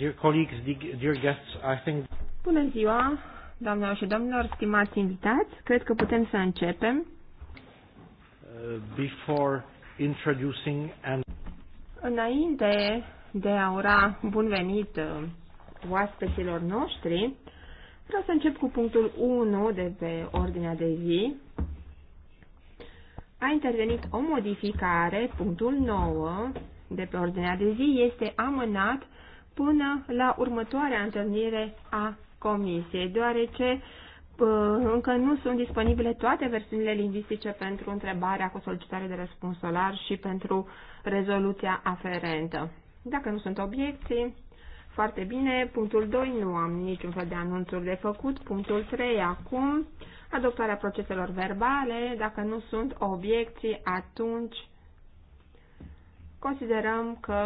Dear colleagues, dear guests, I think... Bună ziua, doamnelor și domnilor, stimați invitați. Cred că putem să începem. Uh, before introducing and... Înainte de a ura bun venit uh, oaspeților noștri, vreau să încep cu punctul 1 de pe ordinea de zi. A intervenit o modificare, punctul 9 de pe ordinea de zi este amânat până la următoarea întâlnire a comisiei, deoarece încă nu sunt disponibile toate versiunile lingvistice pentru întrebarea cu solicitare de răspuns solar și pentru rezoluția aferentă. Dacă nu sunt obiecții, foarte bine. Punctul 2, nu am niciun fel de anunțuri de făcut. Punctul 3, acum, adoptarea proceselor verbale. Dacă nu sunt obiecții, atunci Considerăm că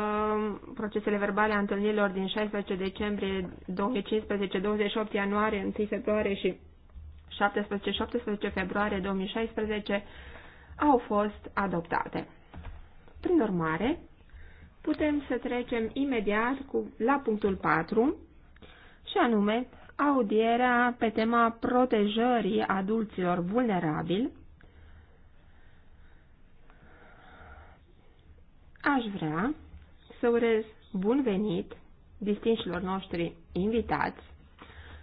procesele verbale a întâlnirilor din 16 decembrie 2015, 28 ianuarie, 1 februarie și 17-17 februarie 2016 au fost adoptate. Prin urmare, putem să trecem imediat cu, la punctul 4, și anume audierea pe tema protejării adulților vulnerabili Aș vrea să urez bun venit distinșilor noștri invitați.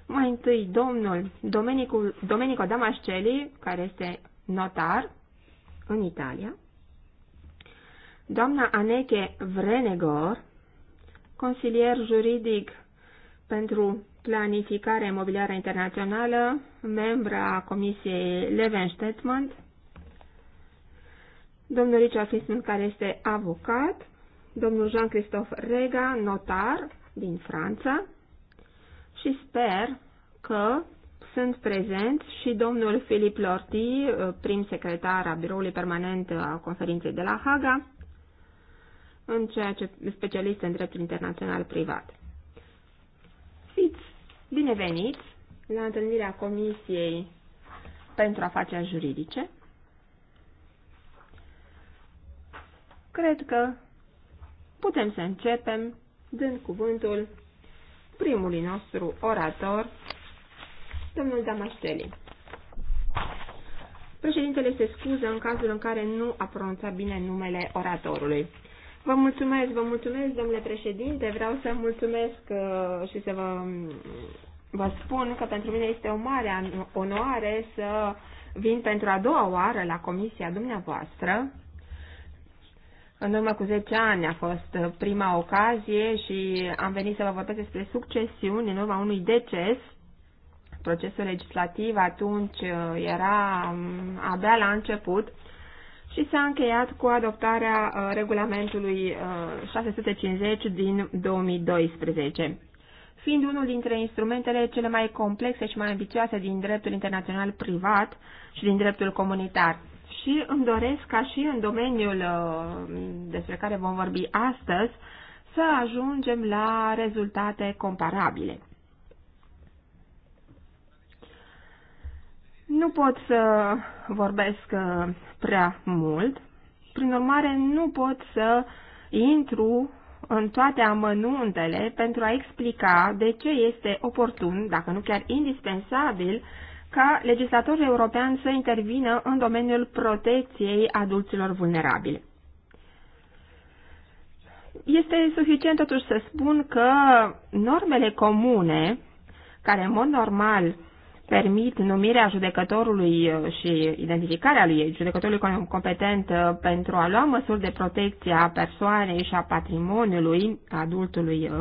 Mai întâi domnul Domenico, Domenico Damascelli, care este notar în Italia, doamna Aneche Vrenegor, consilier juridic pentru planificare imobiliară internațională, membra Comisiei Leven domnul Richard Fisman, care este avocat, domnul Jean-Christophe Rega, notar din Franța, și sper că sunt prezenți și domnul Philip Lorty, prim secretar a Biroului Permanent a Conferinței de la Haga, în ceea ce specialist în dreptul internațional privat. Fiți bineveniți la întâlnirea Comisiei pentru Afaceri Juridice. Cred că putem să începem dând cuvântul primului nostru orator, domnul Damașteli. Președintele se scuză în cazul în care nu a pronunțat bine numele oratorului. Vă mulțumesc, vă mulțumesc, domnule președinte, vreau să mulțumesc uh, și să vă, mm, vă spun că pentru mine este o mare onoare să vin pentru a doua oară la comisia dumneavoastră în urmă cu 10 ani a fost prima ocazie și am venit să vă vorbesc despre succesiuni în urma unui deces. Procesul legislativ atunci uh, era um, abia la început și s-a încheiat cu adoptarea uh, regulamentului 650 uh, din 2012. Fiind unul dintre instrumentele cele mai complexe și mai ambițioase din dreptul internațional privat și din dreptul comunitar, și îmi doresc ca și în domeniul uh, despre care vom vorbi astăzi să ajungem la rezultate comparabile. Nu pot să vorbesc uh, prea mult, prin urmare nu pot să intru în toate amănuntele pentru a explica de ce este oportun, dacă nu chiar indispensabil, ca legislatorul european să intervină în domeniul protecției adulților vulnerabili. Este suficient totuși să spun că normele comune, care în mod normal permit numirea judecătorului și identificarea lui judecătorului competent pentru a lua măsuri de protecție a persoanei și a patrimoniului adultului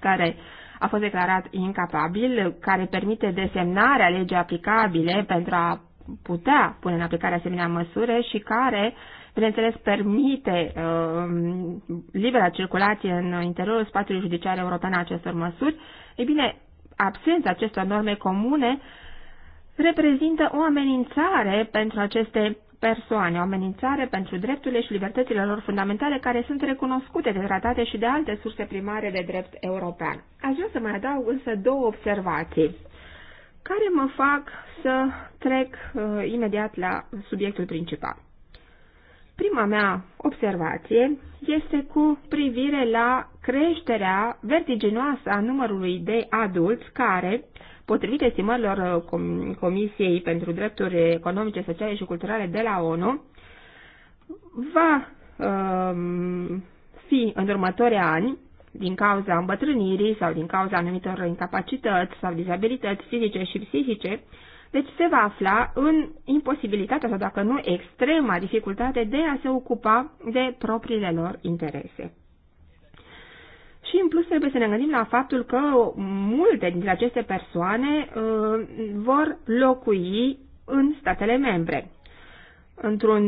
care a fost declarat incapabil, care permite desemnarea legii aplicabile pentru a putea pune în aplicare asemenea măsură și care, bineînțeles, permite uh, libera circulație în interiorul spațiului judiciar european a acestor măsuri, e bine, absența acestor norme comune reprezintă o amenințare pentru aceste persoane, o amenințare pentru drepturile și libertățile lor fundamentale care sunt recunoscute de tratate și de alte surse primare de drept european. Aș vrea să mai adaug însă două observații care mă fac să trec uh, imediat la subiectul principal. Prima mea observație este cu privire la creșterea vertiginoasă a numărului de adulți care, potrivit estimărilor uh, Comisiei pentru Drepturi Economice, Sociale și Culturale de la ONU, va um, fi în următorii ani, din cauza îmbătrânirii sau din cauza anumitor incapacități sau dizabilități fizice și psihice, deci se va afla în imposibilitatea sau, dacă nu, extrema dificultate de a se ocupa de propriile lor interese. Și în plus trebuie să ne gândim la faptul că multe dintre aceste persoane uh, vor locui în statele membre într-un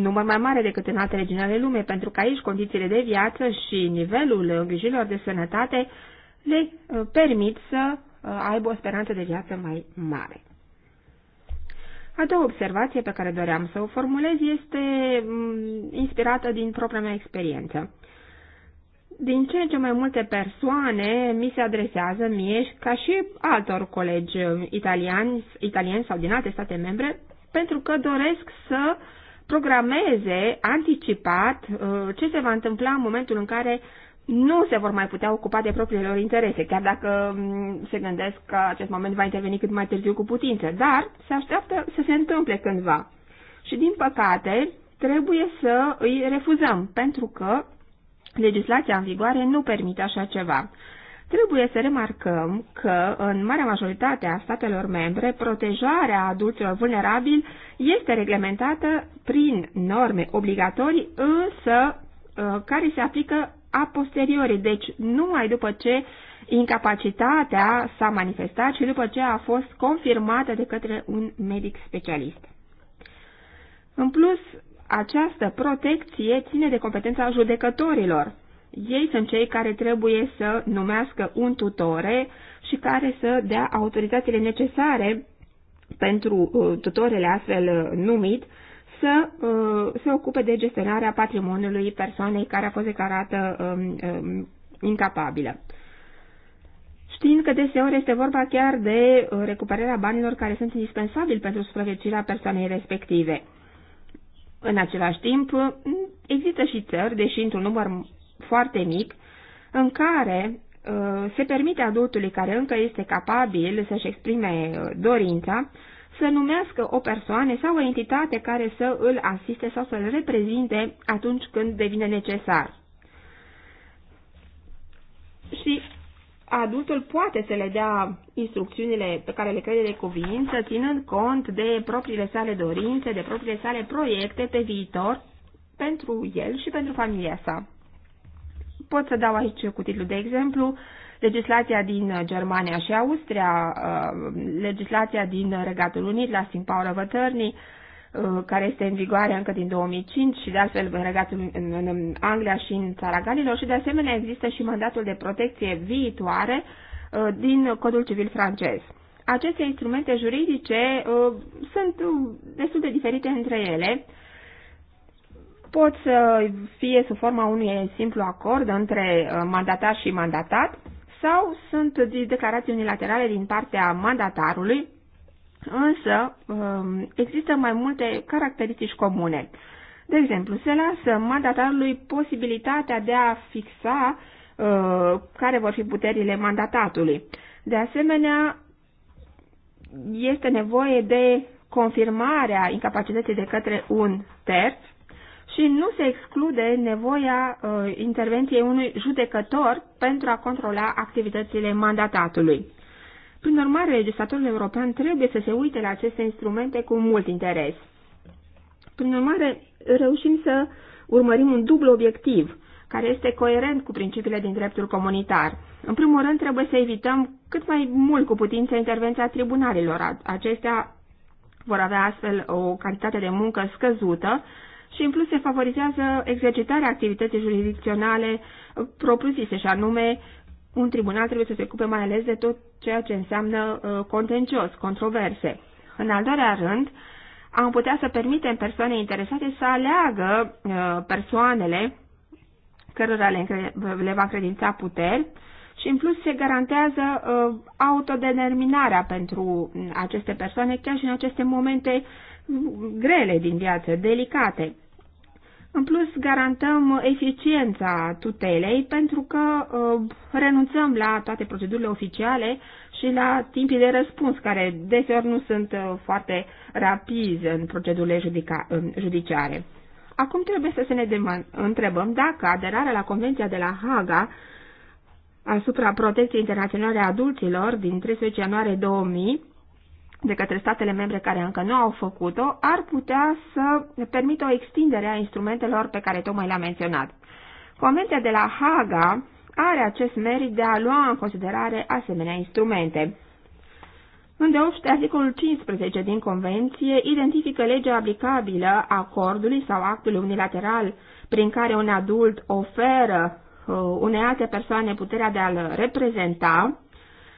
număr mai mare decât în alte regiuni ale lume, pentru că aici condițiile de viață și nivelul îngrijirilor de sănătate le uh, permit să uh, aibă o speranță de viață mai mare. A doua observație pe care doream să o formulez este mm, inspirată din propria mea experiență din ce în ce mai multe persoane mi se adresează mie ca și altor colegi um, italiani, italieni sau din alte state membre pentru că doresc să programeze anticipat uh, ce se va întâmpla în momentul în care nu se vor mai putea ocupa de propriile lor interese, chiar dacă um, se gândesc că acest moment va interveni cât mai târziu cu putință, dar se așteaptă să se întâmple cândva. Și din păcate, trebuie să îi refuzăm, pentru că Legislația în vigoare nu permite așa ceva. Trebuie să remarcăm că, în marea majoritate a statelor membre, protejarea adulților vulnerabili este reglementată prin norme obligatorii, însă uh, care se aplică a posteriori, deci numai după ce incapacitatea s-a manifestat și după ce a fost confirmată de către un medic specialist. În plus, această protecție ține de competența judecătorilor. Ei sunt cei care trebuie să numească un tutore și care să dea autoritățile necesare pentru uh, tutorele astfel uh, numit să uh, se ocupe de gestionarea patrimoniului persoanei care a fost declarată um, um, incapabilă. Știind că deseori este vorba chiar de recuperarea banilor care sunt indispensabili pentru supraviețuirea persoanei respective. În același timp, există și țări, deși într-un număr foarte mic, în care uh, se permite adultului care încă este capabil să-și exprime uh, dorința să numească o persoană sau o entitate care să îl asiste sau să-l reprezinte atunci când devine necesar. Și adultul poate să le dea instrucțiunile pe care le crede de cuvință, ținând cont de propriile sale dorințe, de propriile sale proiecte pe viitor, pentru el și pentru familia sa. Pot să dau aici cu titlu de exemplu legislația din Germania și Austria, uh, legislația din Regatul Unit la Simpower of Attorney, Uh, care este în vigoare încă din 2005 și de altfel în, în, în Anglia și în țara Galilor și de asemenea există și mandatul de protecție viitoare uh, din Codul Civil francez. Aceste instrumente juridice uh, sunt destul de diferite între ele. Pot să fie sub forma unui simplu acord între mandatar și mandatat sau sunt declarații unilaterale din partea mandatarului Însă um, există mai multe caracteristici comune. De exemplu, se lasă mandatarului posibilitatea de a fixa uh, care vor fi puterile mandatatului. De asemenea, este nevoie de confirmarea incapacității de către un terț și nu se exclude nevoia uh, intervenției unui judecător pentru a controla activitățile mandatatului. Prin urmare, legislatorul european trebuie să se uite la aceste instrumente cu mult interes. Prin urmare, reușim să urmărim un dublu obiectiv, care este coerent cu principiile din dreptul comunitar. În primul rând, trebuie să evităm cât mai mult cu putință intervenția tribunalilor. Acestea vor avea astfel o calitate de muncă scăzută și, în plus, se favorizează exercitarea activității jurisdicționale propriu-zise, și anume un tribunal trebuie să se ocupe mai ales de tot ceea ce înseamnă uh, contencios, controverse. În al doilea rând, am putea să permitem persoane interesate să aleagă uh, persoanele cărora le, le va credința puteri și în plus se garantează uh, autodeterminarea pentru aceste persoane chiar și în aceste momente grele din viață, delicate. În plus, garantăm eficiența tutelei pentru că uh, renunțăm la toate procedurile oficiale și la timpii de răspuns, care deseori nu sunt uh, foarte rapizi în procedurile judica, în judiciare. Acum trebuie să ne întrebăm dacă aderarea la Convenția de la Haga asupra protecției internaționale a adulților din 13 ianuarie 2000 de către statele membre care încă nu au făcut-o, ar putea să permită o extindere a instrumentelor pe care tocmai le-am menționat. Convenția de la Haga are acest merit de a lua în considerare asemenea instrumente. Îndeopște, articolul 15 din Convenție identifică legea aplicabilă acordului sau actului unilateral prin care un adult oferă uh, unei alte persoane puterea de a-l reprezenta,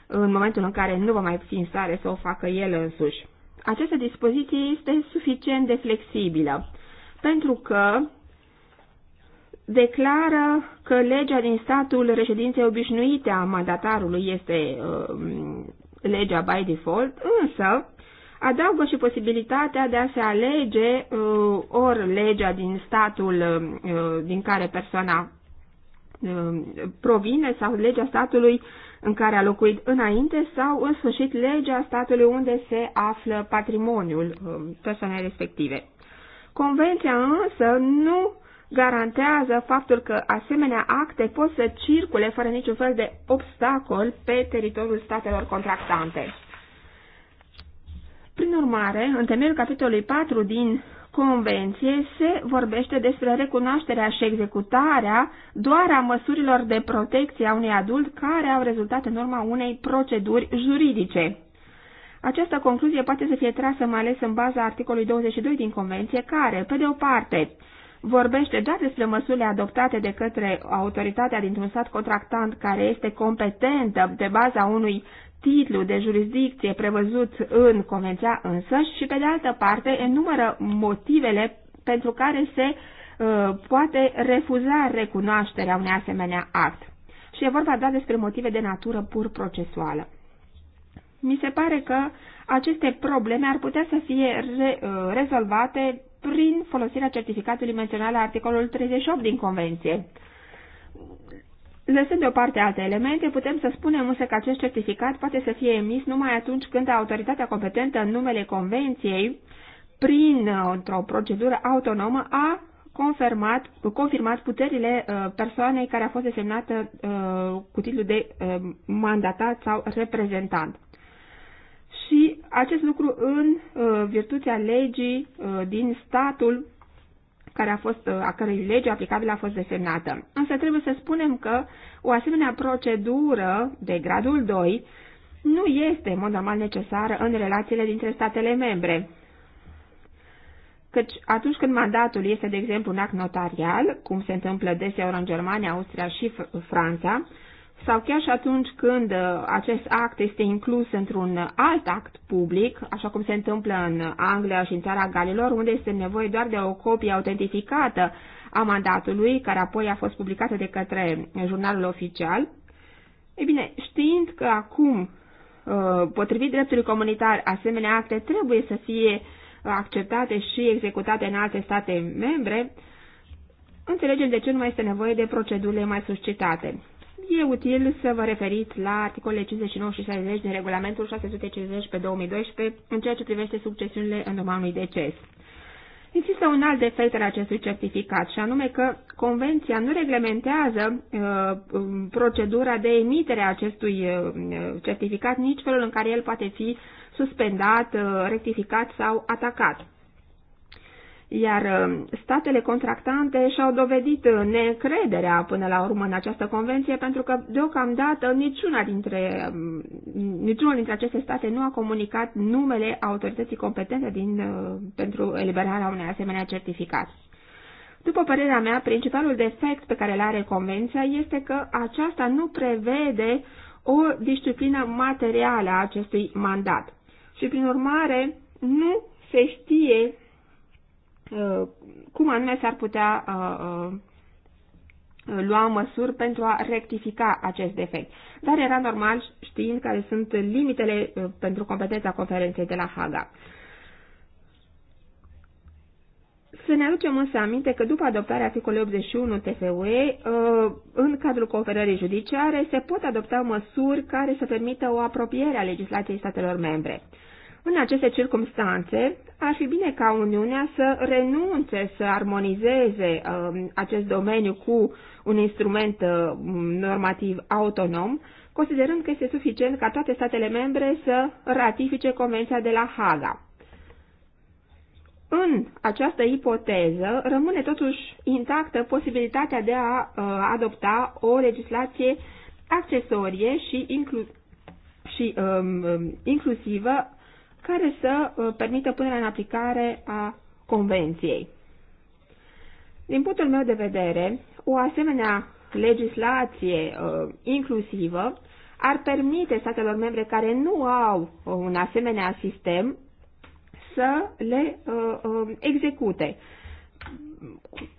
în momentul în care nu va mai fi în stare să o facă el însuși. Această dispoziție este suficient de flexibilă, pentru că declară că legea din statul reședinței obișnuite a mandatarului este uh, legea by default, însă adaugă și posibilitatea de a se alege uh, ori legea din statul um, uh, din care persoana uh, provine sau legea statului în care a locuit înainte sau, în sfârșit, legea statului unde se află patrimoniul um, persoanei respective. Convenția însă nu garantează faptul că asemenea acte pot să circule fără niciun fel de obstacol pe teritoriul statelor contractante. Prin urmare, în temeiul capitolului 4 din convenție se vorbește despre recunoașterea și executarea doar a măsurilor de protecție a unui adult care au rezultat în urma unei proceduri juridice. Această concluzie poate să fie trasă mai ales în baza articolului 22 din convenție care, pe de o parte, vorbește doar despre măsurile adoptate de către autoritatea dintr-un stat contractant care este competentă de baza unui titlu de jurisdicție prevăzut în Convenția însăși și, pe de altă parte, enumără motivele pentru care se uh, poate refuza recunoașterea unei asemenea act. Și e vorba doar despre motive de natură pur procesuală. Mi se pare că aceste probleme ar putea să fie re, uh, rezolvate prin folosirea certificatului menționat la articolul 38 din Convenție Lăsând deoparte alte elemente, putem să spunem însă că acest certificat poate să fie emis numai atunci când autoritatea competentă în numele Convenției, prin uh, o procedură autonomă, a confirmat, confirmat puterile uh, persoanei care a fost desemnată uh, cu titlul de mandatat sau reprezentant. Și acest lucru în virtutea legii din statul care a, fost, a cărei lege aplicabilă a fost desemnată. Însă trebuie să spunem că o asemenea procedură de gradul 2 nu este în mod normal necesară în relațiile dintre statele membre. Căci atunci când mandatul este, de exemplu, un act notarial, cum se întâmplă deseori în Germania, Austria și Franța, sau chiar și atunci când uh, acest act este inclus într-un alt act public, așa cum se întâmplă în Anglia și în țara Galilor, unde este nevoie doar de o copie autentificată a mandatului, care apoi a fost publicată de către jurnalul oficial. Ei bine, știind că acum, uh, potrivit dreptului comunitar, asemenea acte trebuie să fie uh, acceptate și executate în alte state membre, înțelegem de ce nu mai este nevoie de procedurile mai suscitate e util să vă referiți la articolele 59 și 60 din regulamentul 650 pe 2012 în ceea ce privește succesiunile în urma unui deces. Există un alt defect al acestui certificat și anume că convenția nu reglementează uh, um, procedura de emitere a acestui uh, certificat, nici felul în care el poate fi suspendat, uh, rectificat sau atacat iar um, statele contractante și-au dovedit uh, neîncrederea până la urmă în această convenție pentru că deocamdată niciuna dintre, um, niciunul dintre aceste state nu a comunicat numele autorității competente din, uh, pentru eliberarea unei asemenea certificat. După părerea mea, principalul defect pe care îl are convenția este că aceasta nu prevede o disciplină materială a acestui mandat și, prin urmare, nu se știe Uh, cum anume s-ar putea uh, uh, lua măsuri pentru a rectifica acest defect. Dar era normal știind care sunt limitele pentru competența conferinței de la Haga. Să ne aducem însă aminte că după adoptarea articolului 81 TFUE, în cadrul cooperării judiciare, se pot adopta măsuri care să permită o apropiere a legislației statelor membre. În aceste circumstanțe, ar fi bine ca Uniunea să renunțe, să armonizeze uh, acest domeniu cu un instrument uh, normativ autonom, considerând că este suficient ca toate statele membre să ratifice Convenția de la Haga. În această ipoteză rămâne totuși intactă posibilitatea de a uh, adopta o legislație accesorie și, inclu- și um, um inclusivă care să uh, permită punerea în aplicare a convenției. Din punctul meu de vedere, o asemenea legislație uh, inclusivă ar permite statelor membre care nu au uh, un asemenea sistem să le execute.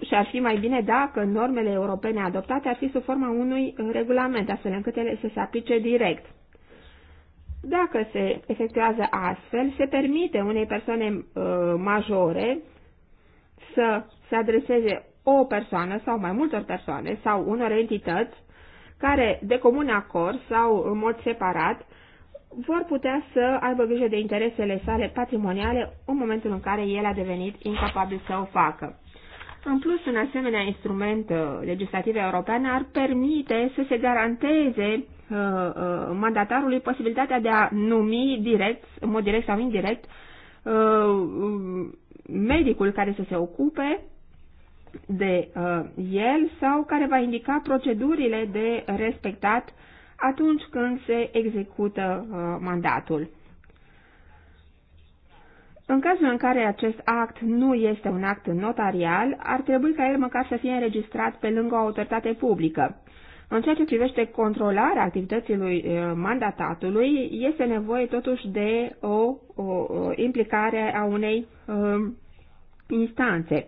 Și ar fi mai bine dacă normele europene adoptate ar fi sub forma unui regulament, astfel încât ele să se aplice direct. Dacă se efectuează astfel, se permite unei persoane uh, majore să se adreseze o persoană sau mai multor persoane sau unor entități care, de comun acord sau în mod separat, vor putea să aibă grijă de interesele sale patrimoniale în momentul în care el a devenit incapabil să o facă. În plus, un asemenea instrument uh, legislativ european ar permite să se garanteze uh, uh, mandatarului posibilitatea de a numi direct, în mod direct sau indirect, medicul care să se ocupe de el sau care va indica procedurile de respectat atunci când se execută mandatul. În cazul în care acest act nu este un act notarial, ar trebui ca el măcar să fie înregistrat pe lângă o autoritate publică. În ceea ce privește controlarea activității eh, mandatatului, este nevoie totuși de o, o, o implicare a unei um, instanțe.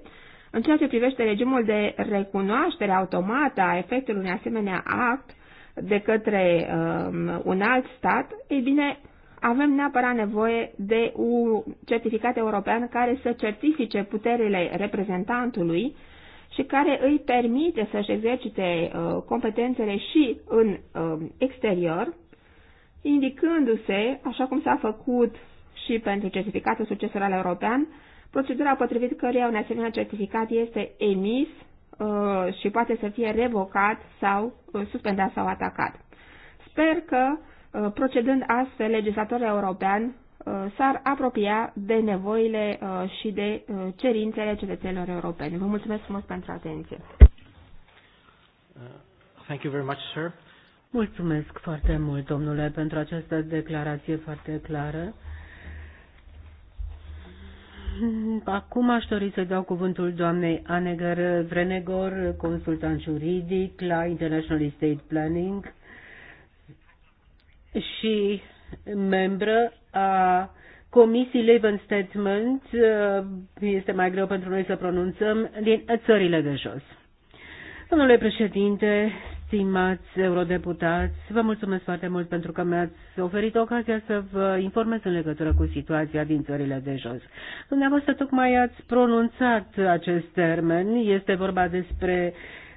În ceea ce privește regimul de recunoaștere automată a efectului unui asemenea act de către um, un alt stat, ei bine, avem neapărat nevoie de un certificat european care să certifice puterile reprezentantului și care îi permite să-și exercite uh, competențele și în uh, exterior, indicându-se, așa cum s-a făcut și pentru certificatul succesoral european, procedura potrivit căreia un asemenea certificat este emis uh, și poate să fie revocat sau suspendat sau atacat. Sper că Uh, procedând astfel, legislatorul european uh, s-ar apropia de nevoile uh, și de cerințele cetățenilor europene. Vă mulțumesc frumos pentru atenție. Thank you very much, sir. Mulțumesc foarte mult, domnule, pentru această declarație foarte clară. Acum aș dori să dau cuvântul doamnei Anegar Vrenegor, consultant juridic la International Estate Planning și membră a Comisiei Leven Statement, uh, este mai greu pentru noi să pronunțăm, din țările de jos. Domnule președinte, stimați eurodeputați, vă mulțumesc foarte mult pentru că mi-ați oferit ocazia să vă informez în legătură cu situația din țările de jos. Dumneavoastră tocmai ați pronunțat acest termen, este vorba despre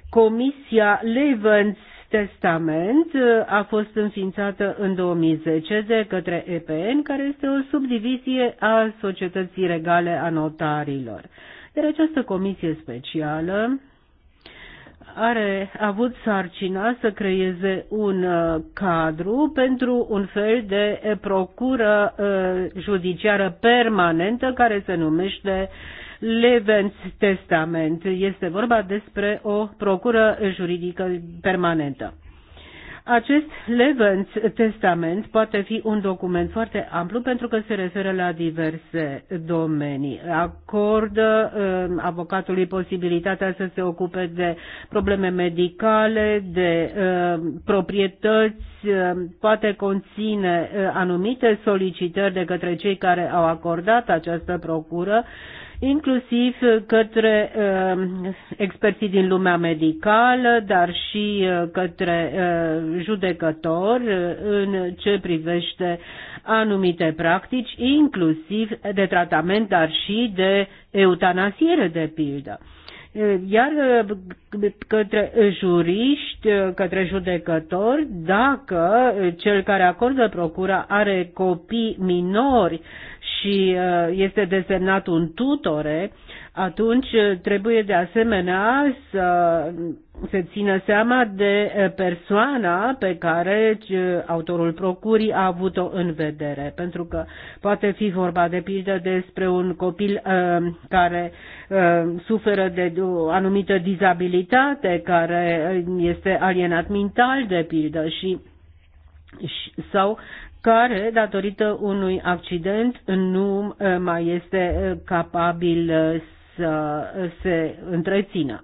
Comisia Levens testament uh, a fost înființată în 2010 de către EPN, care este o subdivizie a Societății Regale a Notarilor. Iar această comisie specială are avut sarcina să creeze un uh, cadru pentru un fel de uh, procură judiciară permanentă care se numește uh, Levens testament. Este vorba despre o procură juridică permanentă. Acest Levens testament poate fi un document foarte amplu pentru că se referă la diverse domenii. Acordă uh, avocatului posibilitatea să se ocupe de probleme medicale, de uh, proprietăți, uh, poate conține uh, anumite solicitări de către cei care au acordat această procură inclusiv către uh, experții din lumea medicală, dar și uh, către uh, judecători în ce privește anumite practici, inclusiv de tratament, dar și de eutanasiere, de pildă iar către juriști, către judecători, dacă cel care acordă procura are copii minori și uh, este desemnat un tutore, atunci uh, trebuie de asemenea să se țină seama de uh, persoana pe care autorul procurii a avut-o în vedere, pentru că poate fi vorba de pildă despre un copil uh, care uh, suferă de o anumită dizabilitate, care este alienat mental de pildă și sau care, datorită unui accident, nu eh, mai este eh, capabil eh, să se întrețină.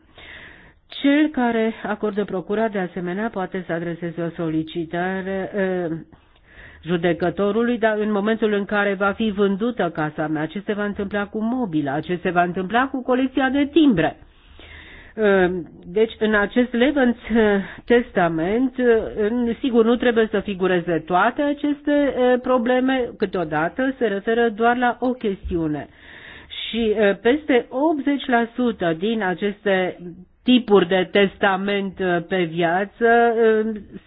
Cel care acordă procura, de asemenea, poate să adreseze o solicitare judecătorului, dar în momentul în care va fi vândută casa mea, ce se va întâmpla cu mobila, ce se va întâmpla cu colecția de timbre. Ehm, deci, în acest Levens eh, Testament, eh, sigur, nu trebuie să figureze toate aceste eh, probleme, câteodată se referă doar la o chestiune. Și peste 80% din aceste tipuri de testament pe viață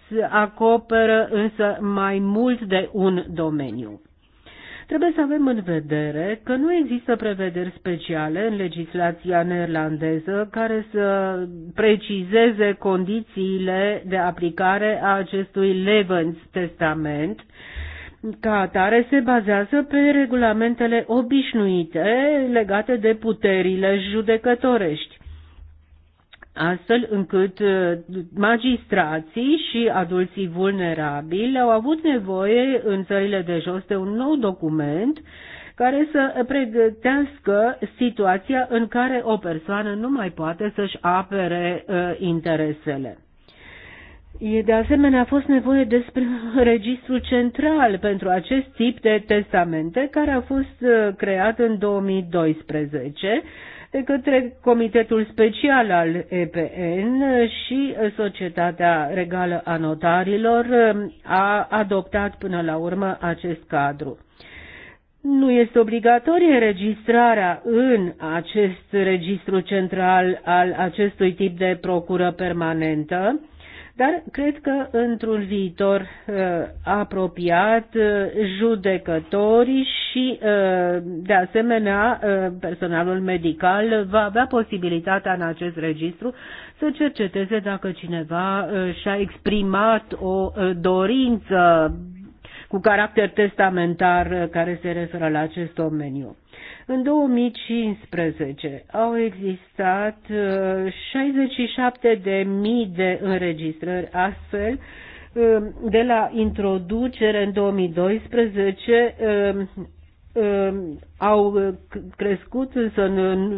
se acoperă însă mai mult de un domeniu. Trebuie să avem în vedere că nu există prevederi speciale în legislația neerlandeză care să precizeze condițiile de aplicare a acestui Levens testament, ca atare se bazează pe regulamentele obișnuite legate de puterile judecătorești astfel încât uh, magistrații și adulții vulnerabili au avut nevoie în țările de jos de un nou document care să pregătească situația în care o persoană nu mai poate să-și apere uh, interesele. De asemenea, a fost nevoie despre registrul central pentru acest tip de testamente care a fost uh, creat în 2012 de către Comitetul Special al EPN și Societatea Regală a Notarilor um, a adoptat până la urmă acest cadru. Nu este obligatorie înregistrarea în acest registru central al acestui tip de procură permanentă, dar cred că într-un viitor uh, apropiat, uh, judecătorii și, uh, de asemenea, uh, personalul medical va avea posibilitatea în acest registru să cerceteze dacă cineva uh, și-a exprimat o uh, dorință cu caracter testamentar uh, care se referă la acest omeniu. În 2015 au existat 67.000 uh, de înregistrări, astfel um, de la introducere în 2012 um, um, au uh, crescut însă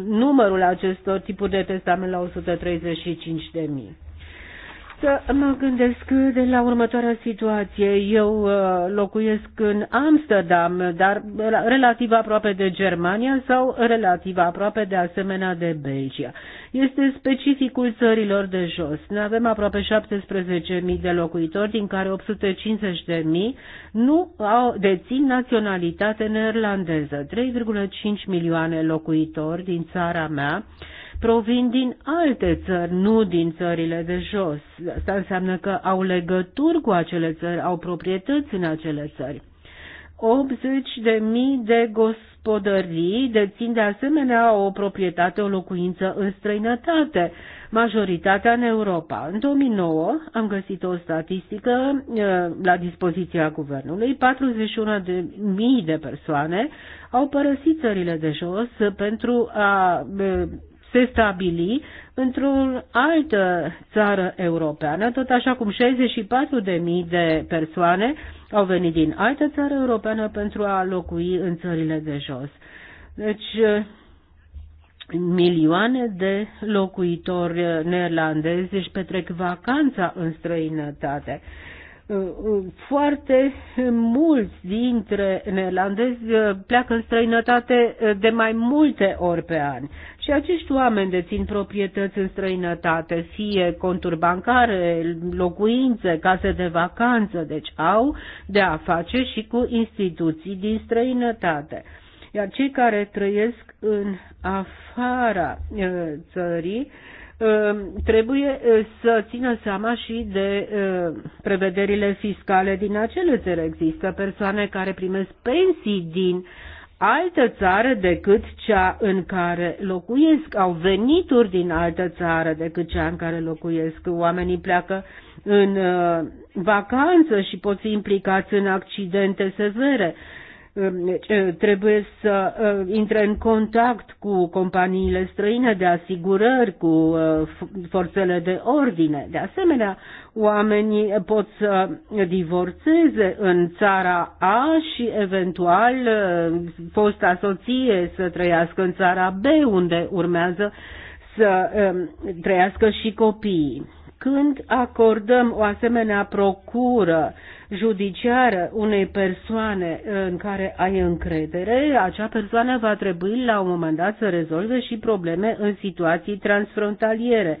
numărul acestor tipuri de testament la 135.000. Să mă gândesc de la următoarea situație. Eu uh, locuiesc în Amsterdam, dar relativ aproape de Germania sau relativ aproape de asemenea de Belgia. Este specificul țărilor de jos. Ne avem aproape 17.000 de locuitori, din care 850.000 nu au, dețin naționalitate neerlandeză. 3,5 milioane locuitori din țara mea provin din alte țări, nu din țările de jos. Asta înseamnă că au legături cu acele țări, au proprietăți în acele țări. 80 de mii de gospodării dețin de asemenea o proprietate, o locuință în străinătate, majoritatea în Europa. În 2009 am găsit o statistică uh, la dispoziția guvernului, 41 de mii de persoane au părăsit țările de jos pentru a uh, se stabili într-o altă țară europeană, tot așa cum 64.000 de persoane au venit din altă țară europeană pentru a locui în țările de jos. Deci, milioane de locuitori neerlandezi își petrec vacanța în străinătate. Uh, uh, foarte mulți dintre neerlandezi uh, pleacă în străinătate de mai multe ori pe an și acești oameni dețin proprietăți în străinătate, fie conturi bancare, locuințe, case de vacanță, deci au de a face și cu instituții din străinătate iar cei care trăiesc în afara țării Ehm, trebuie să țină seama și de prevederile fiscale din acele țări. Există persoane care primesc pensii din altă țară decât cea în care locuiesc, au venituri din altă țară decât cea în care locuiesc. Oamenii pleacă în vacanță și pot fi implicați în accidente severe. Deci, eh, trebuie să eh, intre în contact cu companiile străine de asigurări, cu eh, forțele de ordine. De asemenea, oamenii pot să divorțeze în țara A și eventual fosta soție să trăiască în țara B, unde urmează să trăiască și copiii. Când acordăm o asemenea procură judiciară unei persoane uh, în care ai încredere, acea persoană va trebui la un moment dat să rezolve și probleme în situații transfrontaliere.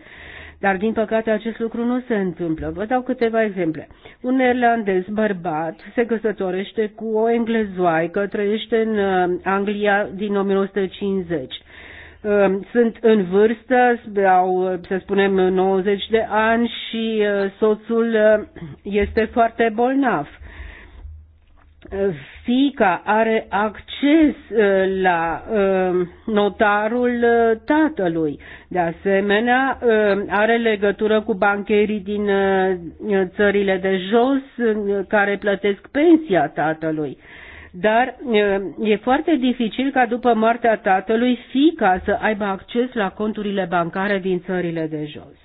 Dar, din păcate, acest lucru nu se întâmplă. Vă dau câteva exemple. Un neerlandez bărbat se căsătorește cu o englezoaică, trăiește în uh, Anglia din 1950. Um, sunt în vârstă, au, să spunem, 90 de ani și uh, soțul uh, este foarte bolnav. Fica are acces uh, la um, notarul tatălui. De asemenea, um, are legătură cu bancherii din țările de jos care plătesc pensia tatălui dar e foarte dificil ca după moartea tatălui fica să aibă acces la conturile bancare din țările de jos.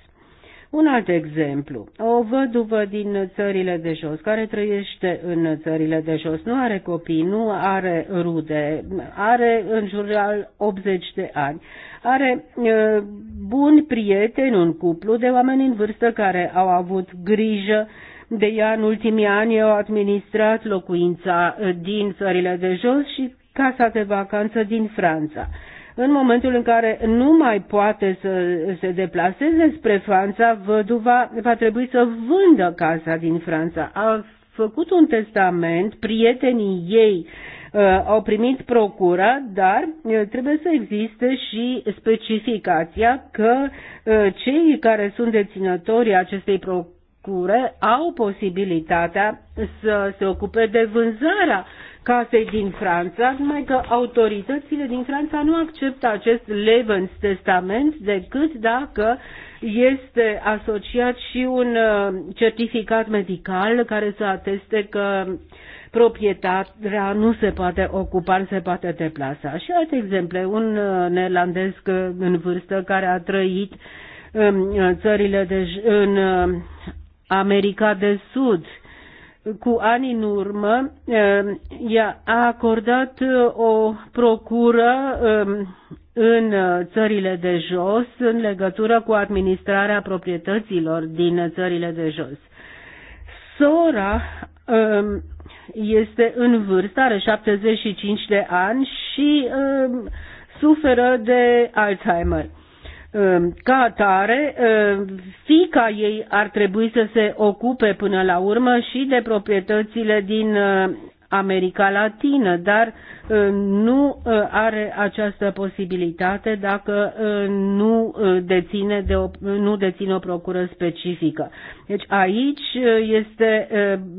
Un alt exemplu, o văduvă din țările de jos, care trăiește în țările de jos, nu are copii, nu are rude, are în jurul 80 de ani, are e, buni prieteni, un cuplu de oameni în vârstă care au avut grijă de ea în ultimii ani au administrat locuința eh, din țările de jos și casa de vacanță din Franța. În momentul în care nu mai poate să se deplaseze spre Franța, văduva va trebui să vândă casa din Franța. A făcut un testament, prietenii ei uh, au primit procura, dar uh, trebuie să existe și specificația că uh, cei care sunt deținătorii acestei procurări Cure au posibilitatea să se ocupe de vânzarea casei din Franța, numai că autoritățile din Franța nu acceptă acest Levens testament decât dacă este asociat și un uh, certificat medical care să ateste că proprietatea nu se poate ocupa, nu se poate deplasa. Și alte exemple, un uh, neerlandez uh, în vârstă care a trăit um, în țările de, în America de Sud. Cu ani în urmă, eh, ea a acordat eh, o procură eh, în țările de jos în legătură cu administrarea proprietăților din țările de jos. Sora este în vârstă, are 75 de ani și suferă de Alzheimer. Ehm, ca atare, ehm, fica ei ar trebui să se ocupe până la urmă și de proprietățile din ehm, America Latină, dar nu are această posibilitate dacă nu deține, de o, nu deține o procură specifică. Deci aici este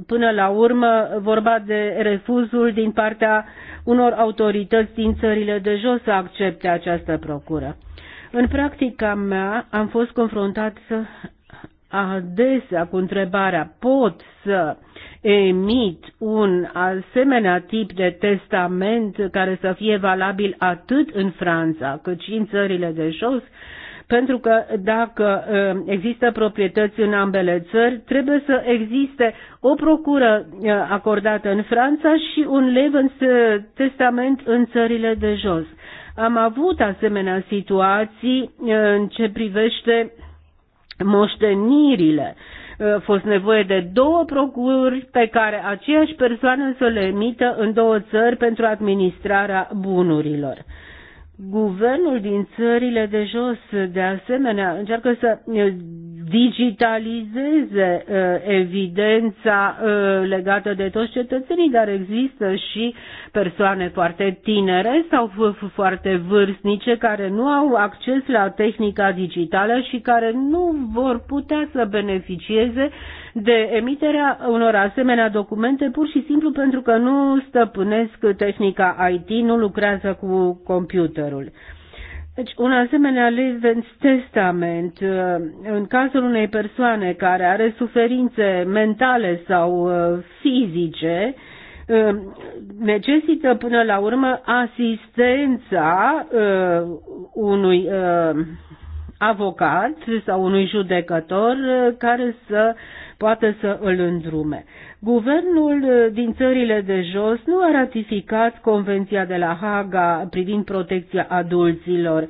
până la urmă vorba de refuzul din partea unor autorități din țările de jos să accepte această procură. În practica mea am fost confruntat adesea cu întrebarea pot să emit un asemenea tip de testament care să fie valabil atât în Franța cât și în țările de jos, pentru că dacă ă, există proprietăți în ambele țări, trebuie să existe o procură ă, acordată în Franța și un Levens ă, testament în țările de jos. Am avut asemenea situații eh, în ce privește moștenirile. Eh, a fost nevoie de două procuri pe care aceeași persoană să le emită în două țări pentru administrarea bunurilor. Guvernul din țările de jos, de asemenea, încearcă să digitalizeze uh, evidența uh, legată de toți cetățenii, dar există și persoane foarte tinere sau foarte vârstnice care nu au acces la tehnica digitală și care nu vor putea să beneficieze de emiterea unor asemenea documente pur și simplu pentru că nu stăpânesc tehnica IT, nu lucrează cu computerul. Deci, un asemenea Living testament, uh, în cazul unei persoane care are suferințe mentale sau uh, fizice, uh, necesită până la urmă asistența unui avocat sau unui judecător care să poată să îl îndrume. Guvernul uh, din țările de jos nu a ratificat Convenția de la Haga privind protecția adulților.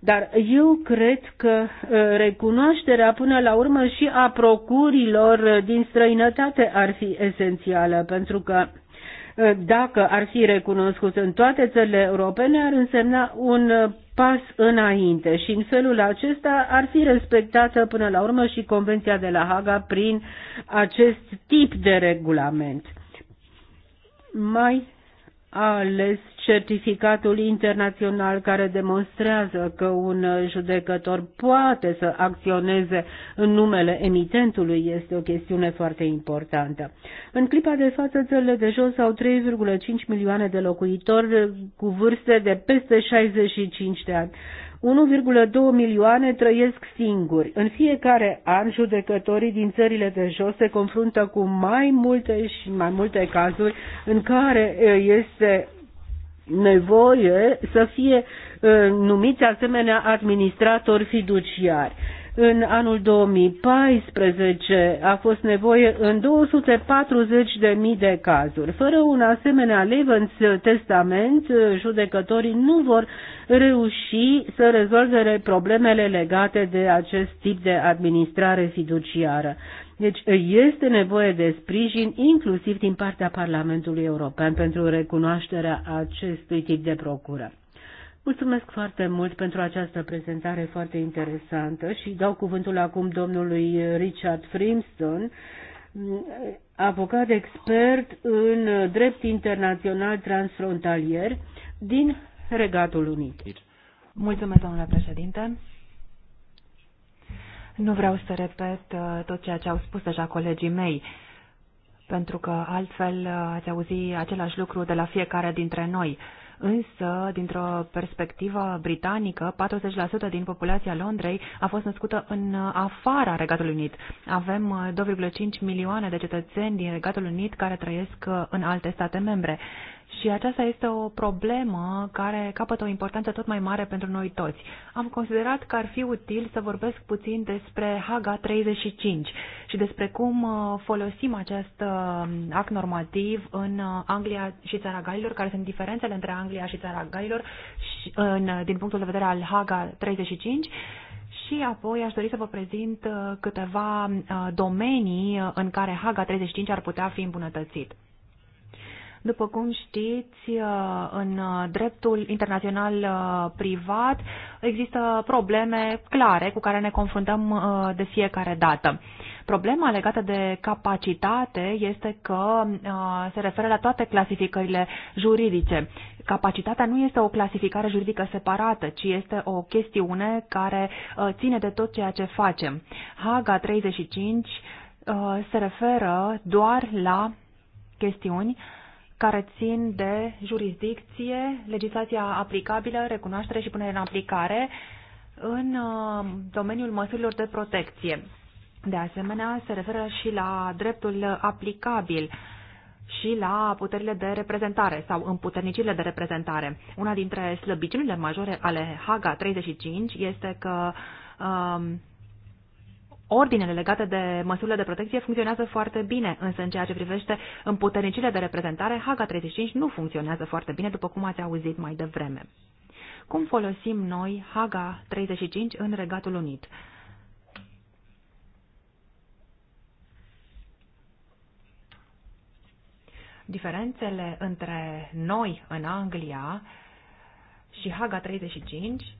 Dar eu cred că uh, recunoașterea până la urmă și a procurilor uh, din străinătate ar fi esențială, pentru că dacă ar fi recunoscut în toate țările europene, ar însemna un pas înainte și în felul acesta ar fi respectată până la urmă și Convenția de la Haga prin acest tip de regulament. Mai ales certificatul internațional care demonstrează că un judecător poate să acționeze în numele emitentului este o chestiune foarte importantă. În clipa de față, țările de jos au 3,5 milioane de locuitori cu vârste de peste 65 de ani. 1,2 milioane trăiesc singuri. În fiecare an, judecătorii din țările de jos se confruntă cu mai multe și mai multe cazuri în care este nevoie să fie numiți asemenea administratori fiduciari. În anul 2014 a fost nevoie în 240.000 de cazuri. Fără un asemenea Levens testament, judecătorii nu vor reuși să rezolve problemele legate de acest tip de administrare fiduciară. Deci este nevoie de sprijin inclusiv din partea Parlamentului European pentru recunoașterea acestui tip de procură. Mulțumesc foarte mult pentru această prezentare foarte interesantă și dau cuvântul acum domnului Richard Frimston, avocat expert în drept internațional transfrontalier din Regatul Unit. Mulțumesc, domnule președinte. Nu vreau să repet uh, tot ceea ce au spus deja colegii mei, pentru că altfel uh, ați auzi același lucru de la fiecare dintre noi însă, dintr-o perspectivă britanică, 40% din populația Londrei a fost născută în afara Regatului Unit. Avem 2,5 uh, milioane de cetățeni din Regatul Unit care trăiesc uh, în alte state membre. Și aceasta este o problemă care capătă o importanță tot mai mare pentru noi toți. Am considerat că ar fi util să vorbesc puțin despre Haga 35 și despre cum uh, folosim acest uh, act normativ în uh, Anglia și Țara Galilor, care sunt diferențele între Anglia și Țara Galilor și, în, din punctul de vedere al Haga 35 și apoi aș dori să vă prezint câteva domenii în care Haga 35 ar putea fi îmbunătățit. După cum știți, uh, în dreptul internațional uh, privat există probleme clare cu care ne confruntăm uh, de fiecare dată. Problema legată de capacitate este că se referă la toate clasificările juridice. Capacitatea nu este o clasificare juridică separată, ci este o chestiune care ține de tot ceea ce facem. Haga 35 se referă doar la chestiuni uh, care țin de jurisdicție, legislația aplicabilă, recunoaștere și punere în aplicare în uh, domeniul măsurilor de protecție. De asemenea, se referă și la dreptul aplicabil și la puterile de reprezentare sau împuternicirile de reprezentare. Una dintre slăbiciunile majore ale Haga 35 este că um, ordinele legate de măsurile de protecție funcționează foarte bine, însă în ceea ce privește împuternicile de reprezentare, Haga 35 nu funcționează foarte bine, după cum ați auzit mai devreme. Cum folosim noi Haga 35 în Regatul Unit? Diferențele între noi în Anglia și Haga 35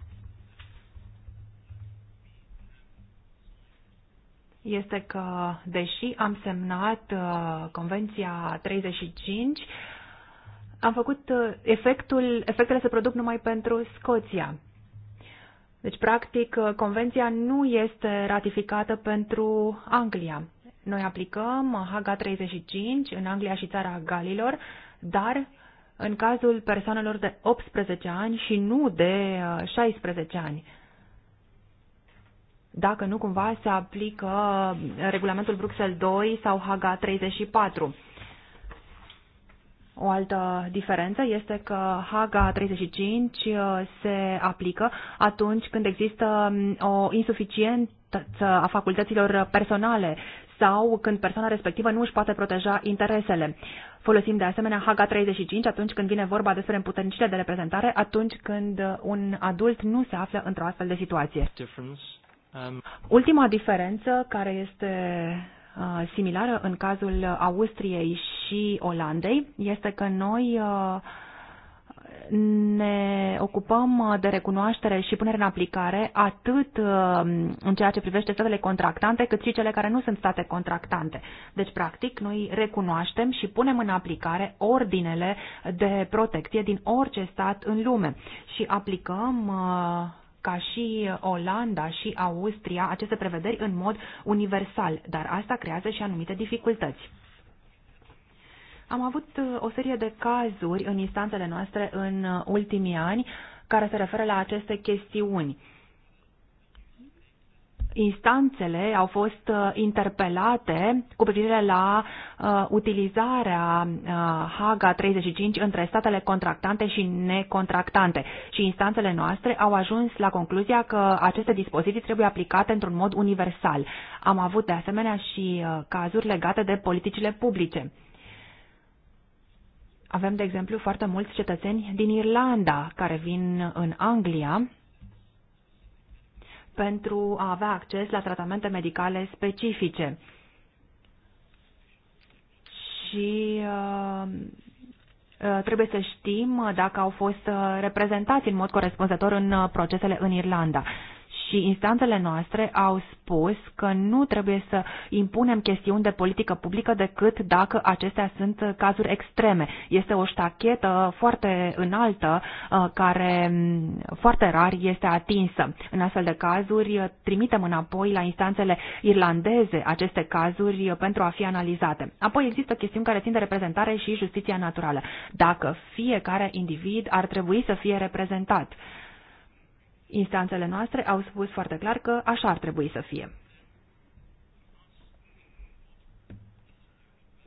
este că, deși am semnat uh, Convenția 35, am făcut uh, efectul, efectele se produc numai pentru Scoția. Deci, practic, uh, convenția nu este ratificată pentru Anglia. Noi aplicăm Haga 35 în Anglia și țara Galilor, dar în cazul persoanelor de 18 ani și nu de 16 ani dacă nu cumva se aplică regulamentul Bruxelles 2 sau Haga 34. O altă diferență este că Haga 35 uh, se aplică atunci când există mm, o insuficiență a facultăților personale sau când persoana respectivă nu își poate proteja interesele. Folosim de asemenea Haga 35 atunci când vine vorba despre împuternicile de reprezentare, atunci când un adult nu se află într-o astfel de situație. Difference. Um, Ultima diferență care este uh, similară în cazul Austriei și Olandei este că noi uh, ne ocupăm de recunoaștere și punere în aplicare atât uh, în ceea ce privește statele contractante, cât și cele care nu sunt state contractante. Deci, practic, noi recunoaștem și punem în aplicare ordinele de protecție din orice stat în lume și aplicăm uh, ca și Olanda și Austria aceste prevederi în mod universal, dar asta creează și anumite dificultăți. Am avut uh, o serie de cazuri în instanțele noastre în uh, ultimii ani care se referă la aceste chestiuni instanțele au fost uh, interpelate cu privire la uh, utilizarea uh, Haga 35 între statele contractante și necontractante și instanțele noastre au ajuns la concluzia că aceste dispoziții trebuie aplicate într-un mod universal. Am avut de asemenea și uh, cazuri legate de politicile publice. Avem, de exemplu, foarte mulți cetățeni din Irlanda care vin în Anglia pentru a avea acces la tratamente medicale specifice. Și uh, uh, trebuie să știm dacă au fost uh, reprezentați în mod corespunzător în procesele în Irlanda și instanțele noastre au spus că nu trebuie să impunem chestiuni de politică publică decât dacă acestea sunt cazuri extreme. Este o ștachetă foarte înaltă uh, care mm, foarte rar este atinsă. În astfel de cazuri trimitem înapoi la instanțele irlandeze aceste cazuri pentru a fi analizate. Apoi există chestiuni care țin de reprezentare și justiția naturală. Dacă fiecare individ ar trebui să fie reprezentat. Instanțele noastre au spus foarte clar că așa ar trebui să fie.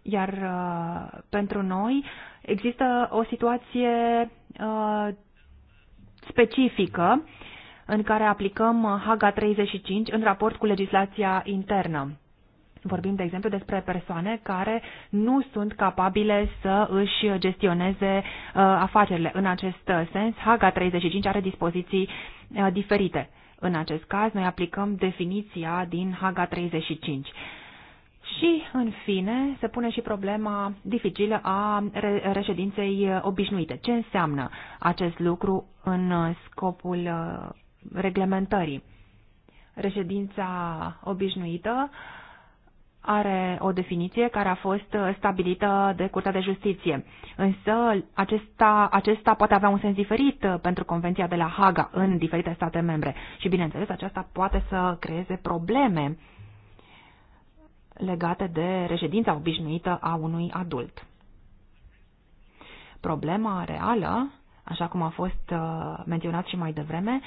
Iar uh, pentru noi există o situație uh, specifică în care aplicăm Haga 35 în raport cu legislația internă. Vorbim, de exemplu, despre persoane care nu sunt capabile să își gestioneze uh, afacerile. În acest uh, sens, Haga 35 are dispoziții uh, diferite. În acest caz, noi aplicăm definiția din Haga 35. Și, în fine, se pune și problema dificilă a reședinței obișnuite. Ce înseamnă acest lucru în scopul reglementării? Reședința obișnuită uh, are o definiție care a fost stabilită de Curtea de Justiție. Însă acesta, acesta poate avea un sens diferit pentru Convenția de la Haga în diferite state membre și, bineînțeles, aceasta poate să creeze probleme legate de reședința obișnuită a unui adult. Problema reală, așa cum a fost uh, menționat și mai devreme,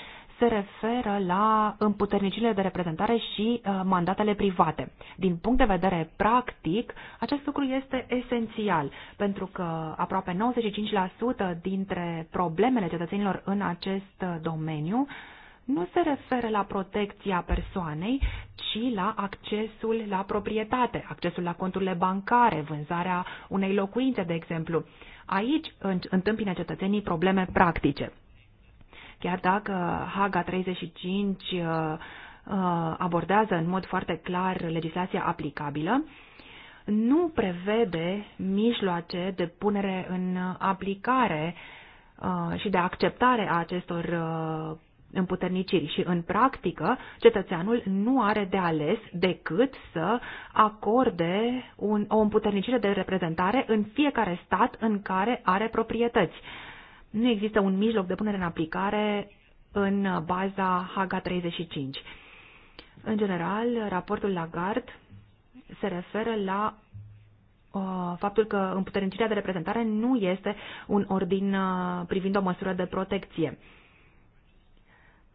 se referă la împuternicile de reprezentare și uh, mandatele private. Din punct de vedere practic, acest lucru este esențial, pentru că aproape 95% dintre problemele cetățenilor în acest uh, domeniu nu se referă la protecția persoanei, ci la accesul la proprietate, accesul la conturile bancare, vânzarea unei locuințe, de exemplu. Aici întâmpină cetățenii probleme practice. Chiar dacă Haga 35 uh, uh, abordează în mod foarte clar legislația aplicabilă, nu prevede mijloace de punere în aplicare uh, și de acceptare a acestor împuterniciri și în practică cetățeanul nu are de ales decât să acorde un, o împuternicire de reprezentare în fiecare stat în care are proprietăți nu există un mijloc de punere în aplicare în baza Haga 35. În general, raportul Lagarde se referă la uh, faptul că împuternicirea de reprezentare nu este un ordin uh, privind o măsură de protecție.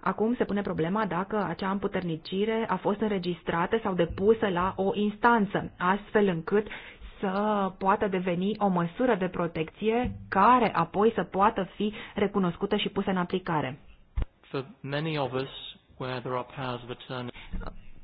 Acum se pune problema dacă acea împuternicire a fost înregistrată sau depusă la o instanță, astfel încât să poată deveni o măsură de protecție care apoi să poată fi recunoscută și pusă în aplicare. For many of us, where there are powers of attorney...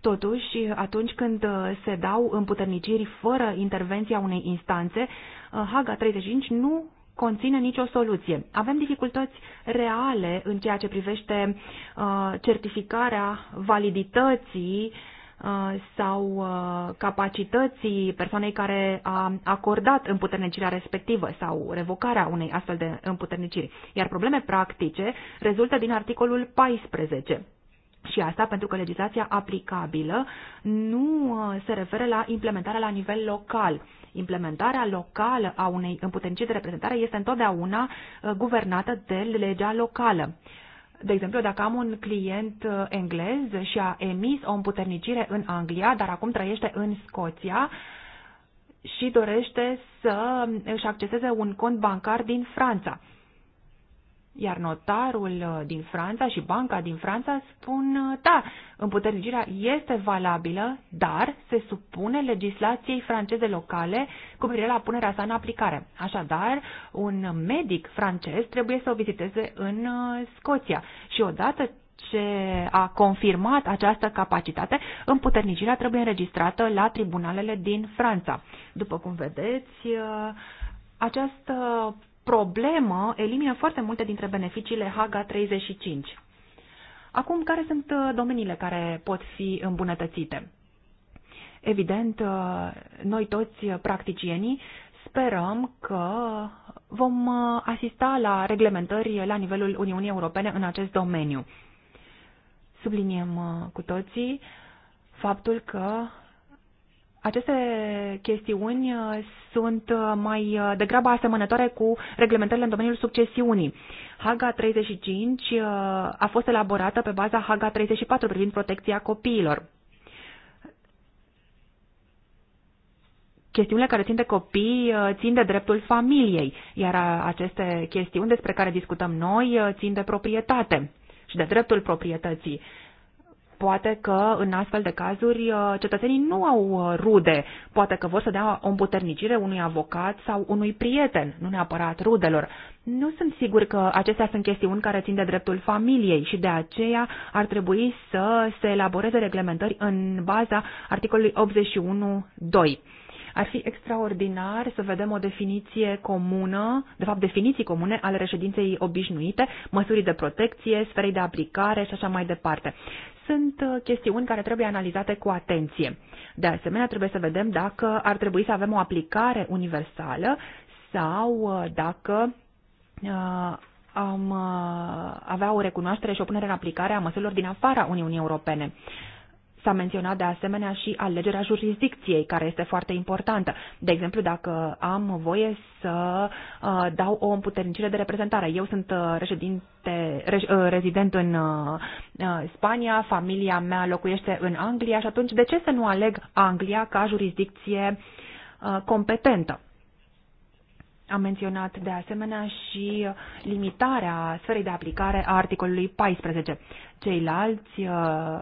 Totuși, atunci când uh, se dau împuterniciri fără intervenția unei instanțe, uh, Haga 35 nu conține nicio soluție. Avem dificultăți reale în ceea ce privește uh, certificarea validității uh, Uh, sau uh, capacității persoanei care a acordat împuternicirea respectivă sau revocarea unei astfel de împuterniciri. Iar probleme practice rezultă din articolul 14. Și asta pentru că legislația aplicabilă nu uh, se referă la implementarea la nivel local. Implementarea locală a unei împuterniciri de reprezentare este întotdeauna guvernată de legea locală. De exemplu, dacă am un client uh, englez și a emis o împuternicire în Anglia, dar acum trăiește în Scoția și dorește să își acceseze un cont bancar din Franța. Iar notarul uh, din Franța și banca din Franța spun, uh, da, împuternicirea este valabilă, dar se supune legislației franceze locale cu privire la punerea sa în aplicare. Așadar, un medic francez trebuie să o viziteze în uh, Scoția și odată ce a confirmat această capacitate, împuternicirea trebuie înregistrată la tribunalele din Franța. După cum vedeți, această problemă elimină foarte multe dintre beneficiile Haga 35. Acum, care sunt uh, domeniile care pot fi îmbunătățite? Evident, uh, noi toți practicienii sperăm că vom uh, asista la reglementări la nivelul Uniunii Europene în acest domeniu. Subliniem cu toții faptul că aceste chestiuni uh, sunt uh, mai uh, degrabă asemănătoare cu reglementările în domeniul succesiunii. Haga 35 a fost elaborată pe baza Haga 34 privind protecția copiilor. Chestiunile care țin de copii țin de dreptul familiei, iar aceste chestiuni despre care discutăm noi țin de proprietate și de dreptul proprietății. Poate că în astfel de cazuri uh, cetățenii nu au uh, rude, poate că vor să dea o împuternicire unui avocat sau unui prieten, nu neapărat rudelor. Nu sunt sigur că acestea sunt chestiuni care țin de dreptul familiei și de aceea ar trebui să se elaboreze reglementări în baza articolului 81.2. Ar fi extraordinar să vedem o definiție comună, de fapt definiții comune ale reședinței obișnuite, măsuri de protecție, sferei de aplicare și așa mai departe sunt uh, chestiuni care trebuie analizate cu atenție. De asemenea, trebuie să vedem dacă ar trebui să avem o aplicare universală sau uh, dacă uh, am avea o recunoaștere și o punere în aplicare a măsurilor din afara Uniunii Europene. S-a menționat de asemenea și alegerea jurisdicției, care este foarte importantă. De exemplu, dacă am voie să uh, dau o împuternicire de reprezentare. Eu sunt uh, reședinte, re, uh, rezident în uh, uh, Spania, familia mea locuiește în Anglia și atunci de ce să nu aleg Anglia ca jurisdicție competentă? Am menționat de asemenea și limitarea sferei de aplicare a articolului 14. Ceilalți uh,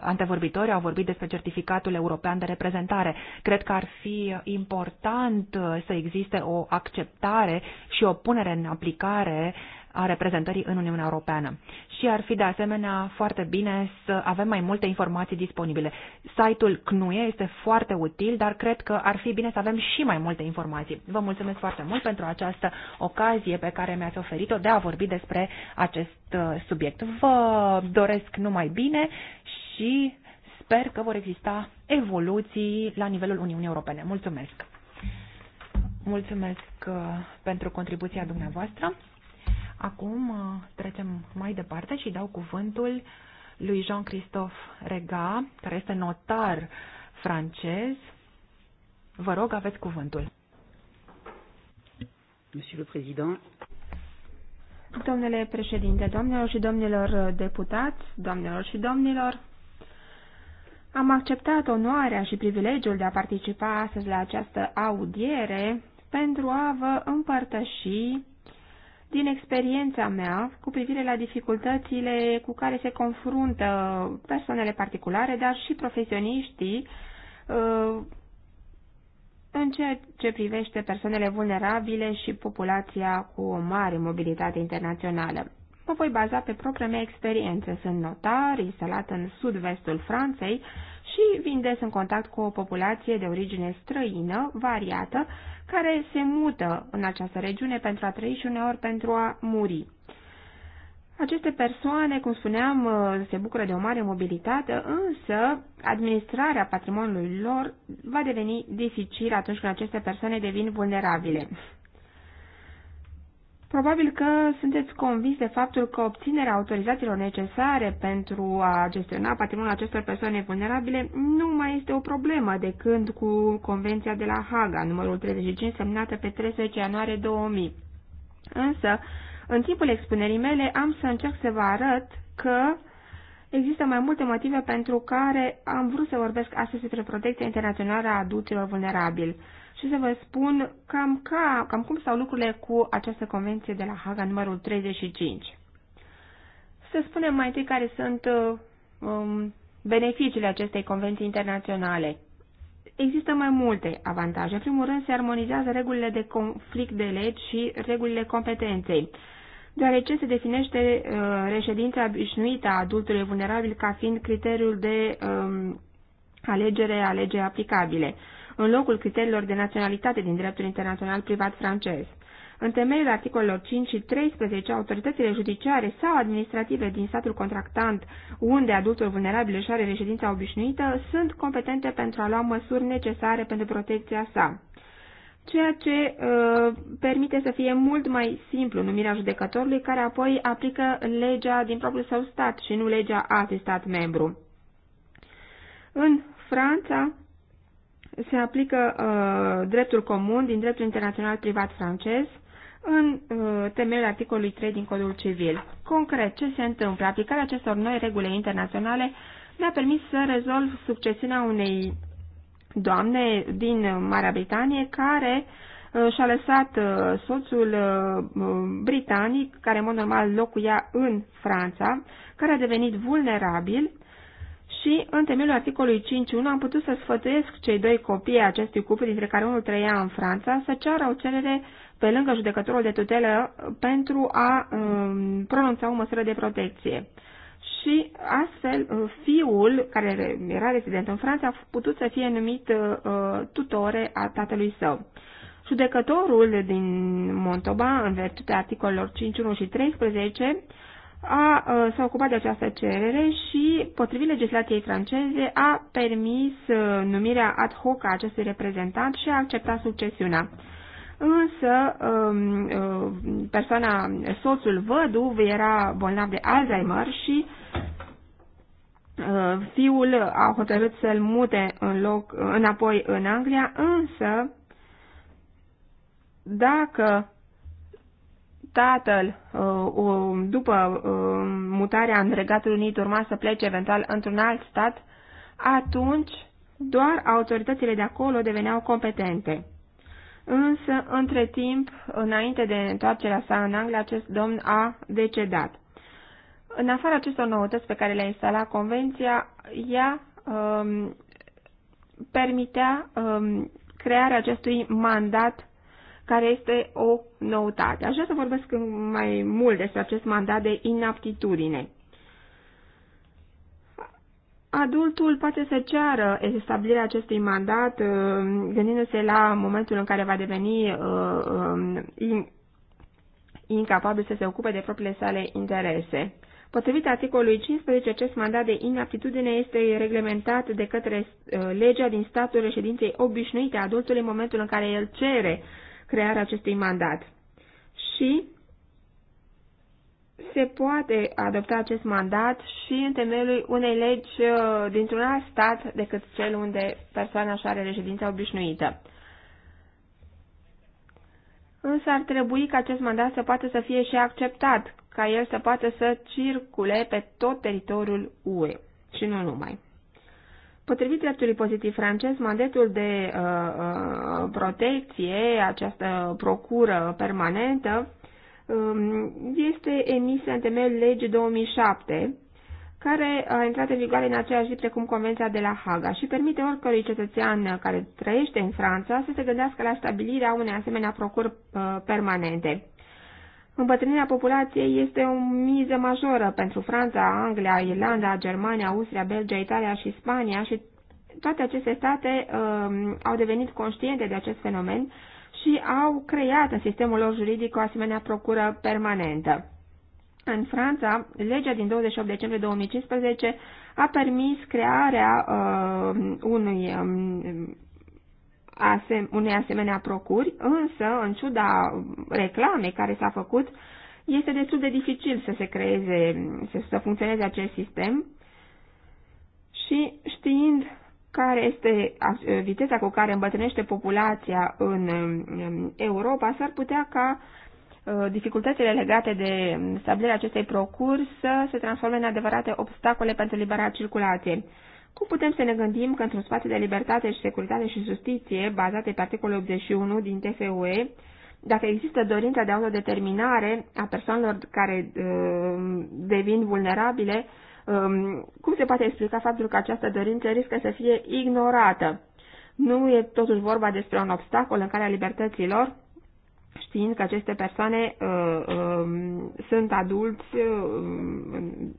antevorbitori au vorbit despre certificatul european de reprezentare. Cred că ar fi important uh, să existe o acceptare și o punere în aplicare a reprezentării în Uniunea Europeană. Și ar fi de asemenea foarte bine să avem mai multe informații disponibile. Site-ul CNUE este foarte util, dar cred că ar fi bine să avem și mai multe informații. Vă mulțumesc foarte mult pentru această ocazie pe care mi-ați oferit-o de a vorbi despre acest uh, subiect. Vă doresc numai bine și sper că vor exista evoluții la nivelul Uniunii Europene. Mulțumesc! Mulțumesc uh, pentru contribuția dumneavoastră. Acum uh, trecem mai departe și dau cuvântul lui Jean-Christophe Rega, care este notar francez. Vă rog, aveți cuvântul. Monsieur le Président. Domnule președinte, doamnelor și domnilor deputați, doamnelor și domnilor, am acceptat onoarea și privilegiul de a participa astăzi la această audiere pentru a vă împărtăși din experiența mea, cu privire la dificultățile cu care se confruntă persoanele particulare, dar și profesioniștii, uh, în ceea ce privește persoanele vulnerabile și populația cu o mare mobilitate internațională. Mă voi baza pe propria mea experiență. Sunt notar, instalat în sud-vestul Franței, și vin des în contact cu o populație de origine străină, variată, care se mută în această regiune pentru a trăi și uneori pentru a muri. Aceste persoane, cum spuneam, se bucură de o mare mobilitate, însă administrarea patrimoniului lor va deveni dificil atunci când aceste persoane devin vulnerabile. Probabil că sunteți convins de faptul că obținerea autorizațiilor necesare pentru a gestiona patrimoniul acestor persoane vulnerabile nu mai este o problemă de când cu Convenția de la Haga, numărul 35, semnată pe 13 ianuarie 2000. Însă, în timpul expunerii mele am să încerc să vă arăt că există mai multe motive pentru care am vrut să vorbesc astăzi despre protecția internațională a adulților vulnerabili și să vă spun cam, ca, cam cum stau lucrurile cu această convenție de la Haga numărul 35. Să spunem mai întâi care sunt uh, um, beneficiile acestei convenții internaționale. Există mai multe avantaje. În primul rând, se armonizează regulile de conflict de legi și regulile competenței, deoarece se definește uh, reședința obișnuită a adultului vulnerabil ca fiind criteriul de um, alegere a legei aplicabile. Uh, în locul criteriilor de naționalitate din dreptul internațional privat francez. În temeiul articolelor 5 și 13, autoritățile judiciare sau administrative din statul contractant, unde adultul vulnerabil își are reședința obișnuită, sunt competente pentru a lua măsuri necesare pentru protecția sa. Ceea ce uh, permite să fie mult mai simplu numirea judecătorului, care apoi aplică legea din propriul său stat și nu legea altui stat membru. În Franța, se aplică uh, dreptul comun din dreptul internațional privat francez în uh, temeiul articolului 3 din Codul Civil. Concret, ce se întâmplă? Aplicarea acestor noi reguli internaționale mi-a permis să rezolv succesiunea unei doamne din Marea Britanie care uh, și-a lăsat uh, soțul uh, britanic, care în mod normal locuia în Franța, care a devenit vulnerabil și, în temeiul articolului 5.1, am putut să sfătuiesc cei doi copii ai acestui cuplu, dintre care unul trăia în Franța, să ceară o cerere pe lângă judecătorul de tutelă pentru a um, pronunța o măsură de protecție. Și astfel, uh, fiul, care era rezident în Franța, a putut să fie numit uh, tutore a tatălui său. Judecătorul din Montoba, în virtutea articolelor 5.1 și 13, a, s-a ocupat de această cerere și, potrivit legislației franceze, a permis numirea ad hoc a acestui reprezentant și a acceptat succesiunea. Însă, persoana, soțul văduv era bolnav de Alzheimer și fiul a hotărât să-l mute în loc, înapoi în Anglia, însă, dacă tatăl, uh, um, după um, mutarea în Regatul Unit, urma să plece eventual într-un alt stat, atunci doar autoritățile de acolo deveneau competente. Însă, între timp, înainte de întoarcerea sa în Anglia, acest domn a decedat. În afara acestor noutăți pe care le-a instalat convenția, ea um, permitea um, crearea acestui mandat care este o noutate. Aș vrea să vorbesc mai mult despre acest mandat de inaptitudine. Adultul poate să ceară stabilirea acestui mandat uh, gândindu-se la momentul în care va deveni uh, um, incapabil să se ocupe de propriile sale interese. Potrivit articolului 15, acest mandat de inaptitudine este reglementat de către uh, legea din statul reședinței obișnuite a adultului în momentul în care el cere crearea acestui mandat. Și se poate adopta acest mandat și în temelul unei legi uh, dintr-un alt stat decât cel unde persoana își are reședința obișnuită. Însă ar trebui ca acest mandat să poată să fie și acceptat, ca el să poată să circule pe tot teritoriul UE și nu numai. Potrivit dreptului pozitiv francez, mandatul de uh, uh, protecție, această procură permanentă, uh, este emisă în temel legii 2007, care a intrat în vigoare în aceeași zi precum Convenția de la Haga și permite oricărui cetățean care trăiește în Franța să se gândească la stabilirea unei asemenea procuri uh, permanente. Îmbătrânirea populației este o miză majoră pentru Franța, Anglia, Irlanda, Germania, Austria, Belgia, Italia și Spania și toate aceste state um, au devenit conștiente de acest fenomen și au creat în sistemul lor juridic o asemenea procură permanentă. În Franța, legea din 28 decembrie 2015 a permis crearea uh, unui um, asem unei asemenea procuri, însă, în ciuda reclamei care s-a făcut, este destul de dificil să se creeze, să funcționeze acest sistem și știind care este viteza cu care îmbătrânește populația în Europa, s-ar putea ca uh, dificultățile legate de stabilirea acestei procuri să se transforme în adevărate obstacole pentru libera circulație. Cum putem să ne gândim că într-un spațiu de libertate și securitate și justiție, bazate pe articolul 81 din TFUE, dacă există dorința de autodeterminare a persoanelor care uh, devin vulnerabile, um, cum se poate explica faptul că această dorință riscă să fie ignorată? Nu e totuși vorba despre un obstacol în calea libertăților, știind că aceste persoane uh, uh, sunt adulți uh, um,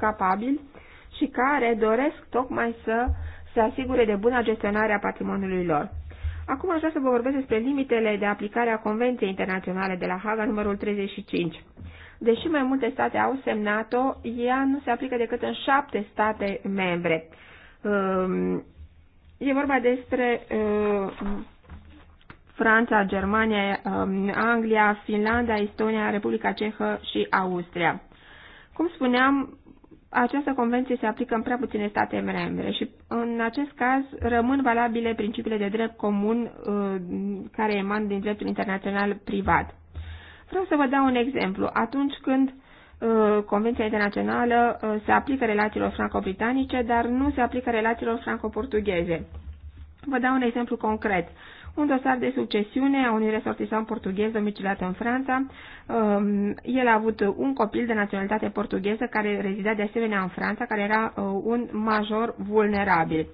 capabili? Uh, și care doresc tocmai să se asigure de buna gestionare a patrimoniului lor. Acum aș vrea să vă vorbesc despre limitele de aplicare a Convenției Internaționale de la Haga numărul 35. Deși mai multe state au semnat-o, ea nu se aplică decât în șapte state membre. Um, e vorba despre um, Franța, Germania, um, Anglia, Finlanda, Estonia, Republica Cehă și Austria. Cum spuneam, această convenție se aplică în prea puține state membre și în acest caz rămân valabile principiile de drept comun uh, care eman din dreptul internațional privat. Vreau să vă dau un exemplu. Atunci când uh, Convenția internațională uh, se aplică relațiilor franco-britanice, dar nu se aplică relațiilor franco-portugheze. Vă dau un exemplu concret un dosar de succesiune a unui resortisan portughez domiciliat în Franța. Um, el a avut un copil de naționalitate portugheză care rezida de asemenea în Franța, care era uh, un major vulnerabil.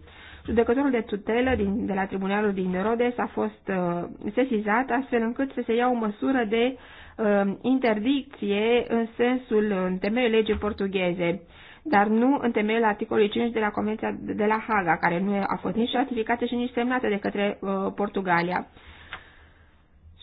Judecătorul de tutelă din, de la tribunalul din Rodes a fost uh, sesizat astfel încât să se ia o măsură de uh, interdicție în sensul în temeiul legii portugheze dar nu în temeiul articolului 5 de la Convenția de la Haga, care nu a fost nici ratificată și nici semnată de către uh, Portugalia.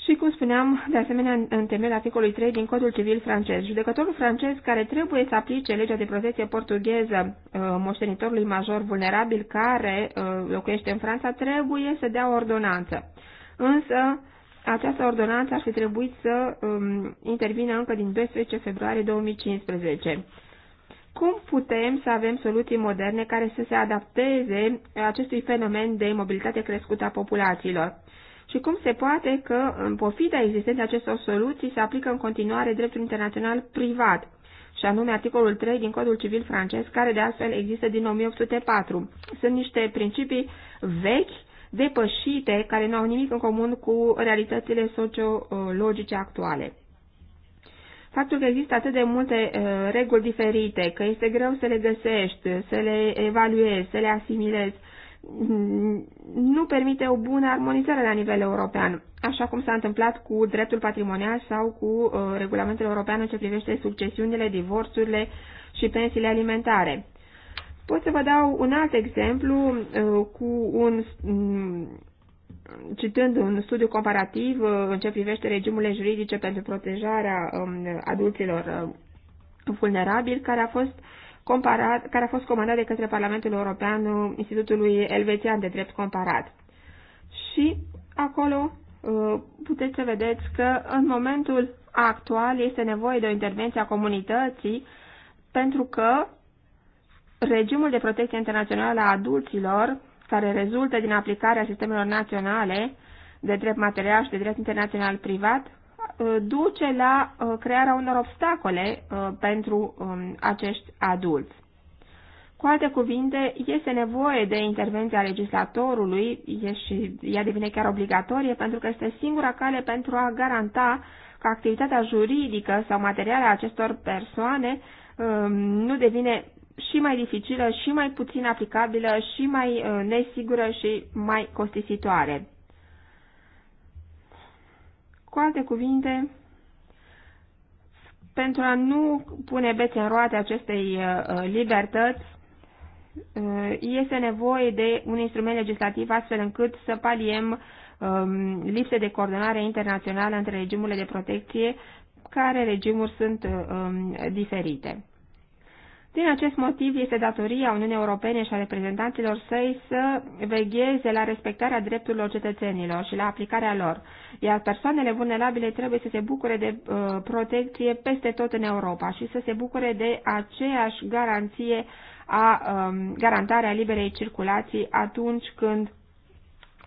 Și, cum spuneam, de asemenea, în temeiul articolului 3 din Codul Civil francez, judecătorul francez care trebuie să aplice legea de protecție portugheză uh, moștenitorului major vulnerabil care uh, locuiește în Franța, trebuie să dea o ordonanță. Însă, această ordonanță ar fi trebuit să um, intervină încă din 12 februarie 2015. Cum putem să avem soluții moderne care să se adapteze acestui fenomen de mobilitate crescută a populațiilor? Și cum se poate că, în pofida existenței acestor soluții, se aplică în continuare dreptul internațional privat, și anume articolul 3 din Codul Civil francez, care de astfel există din 1804. Sunt niște principii vechi, depășite, care nu au nimic în comun cu realitățile sociologice actuale. Faptul că există atât de multe uh, reguli diferite, că este greu să le găsești, să le evaluezi, să le asimilezi, mm, nu permite o bună armonizare la nivel european, așa cum s-a întâmplat cu dreptul patrimonial sau cu uh, regulamentul european în ce privește succesiunile, divorțurile și pensiile alimentare. Pot să vă dau un alt exemplu uh, cu un mm, citând un studiu comparativ uh, în ce privește regimurile juridice pentru protejarea um, adulților uh, vulnerabili, care a fost comparat, care a fost comandat de către Parlamentul European uh, Institutului Elvețian de Drept Comparat. Și acolo puteți să vedeți că în momentul actual este nevoie de o intervenție a comunității pentru că regimul de protecție internațională a adulților care rezultă din aplicarea sistemelor naționale de drept material și de drept internațional privat uh, duce la uh, crearea unor obstacole uh, pentru um, acești adulți. Cu alte cuvinte, este nevoie de intervenția legislatorului e și ea devine chiar obligatorie pentru că este singura cale pentru a garanta că activitatea juridică sau materială a acestor persoane um, nu devine și mai dificilă, și mai puțin aplicabilă, și mai uh, nesigură și mai costisitoare. Cu alte cuvinte, pentru a nu pune bețe în roate acestei uh, uh, libertăți, este nevoie de un instrument legislativ astfel încât să paliem um, lipse de coordonare internațională între regimurile de protecție, care regimuri sunt um, diferite. Din acest motiv este datoria Uniunii Europene și a reprezentanților săi să vegheze la respectarea drepturilor cetățenilor și la aplicarea lor, iar persoanele vulnerabile trebuie să se bucure de uh, protecție peste tot în Europa și să se bucure de aceeași garanție a um, garantarea liberei circulații atunci când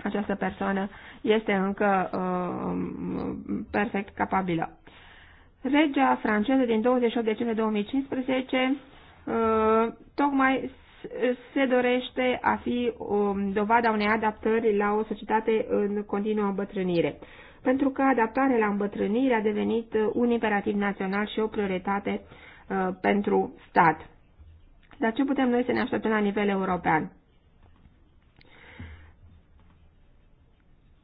această persoană este încă uh, um, perfect capabilă. Regea franceză din 28 decembrie 2015 tocmai se dorește a fi um, dovada unei adaptări la o societate în continuă îmbătrânire. Pentru că adaptarea la îmbătrânire a devenit un imperativ național și o prioritate uh, pentru stat. Dar ce putem noi să ne așteptăm la nivel european?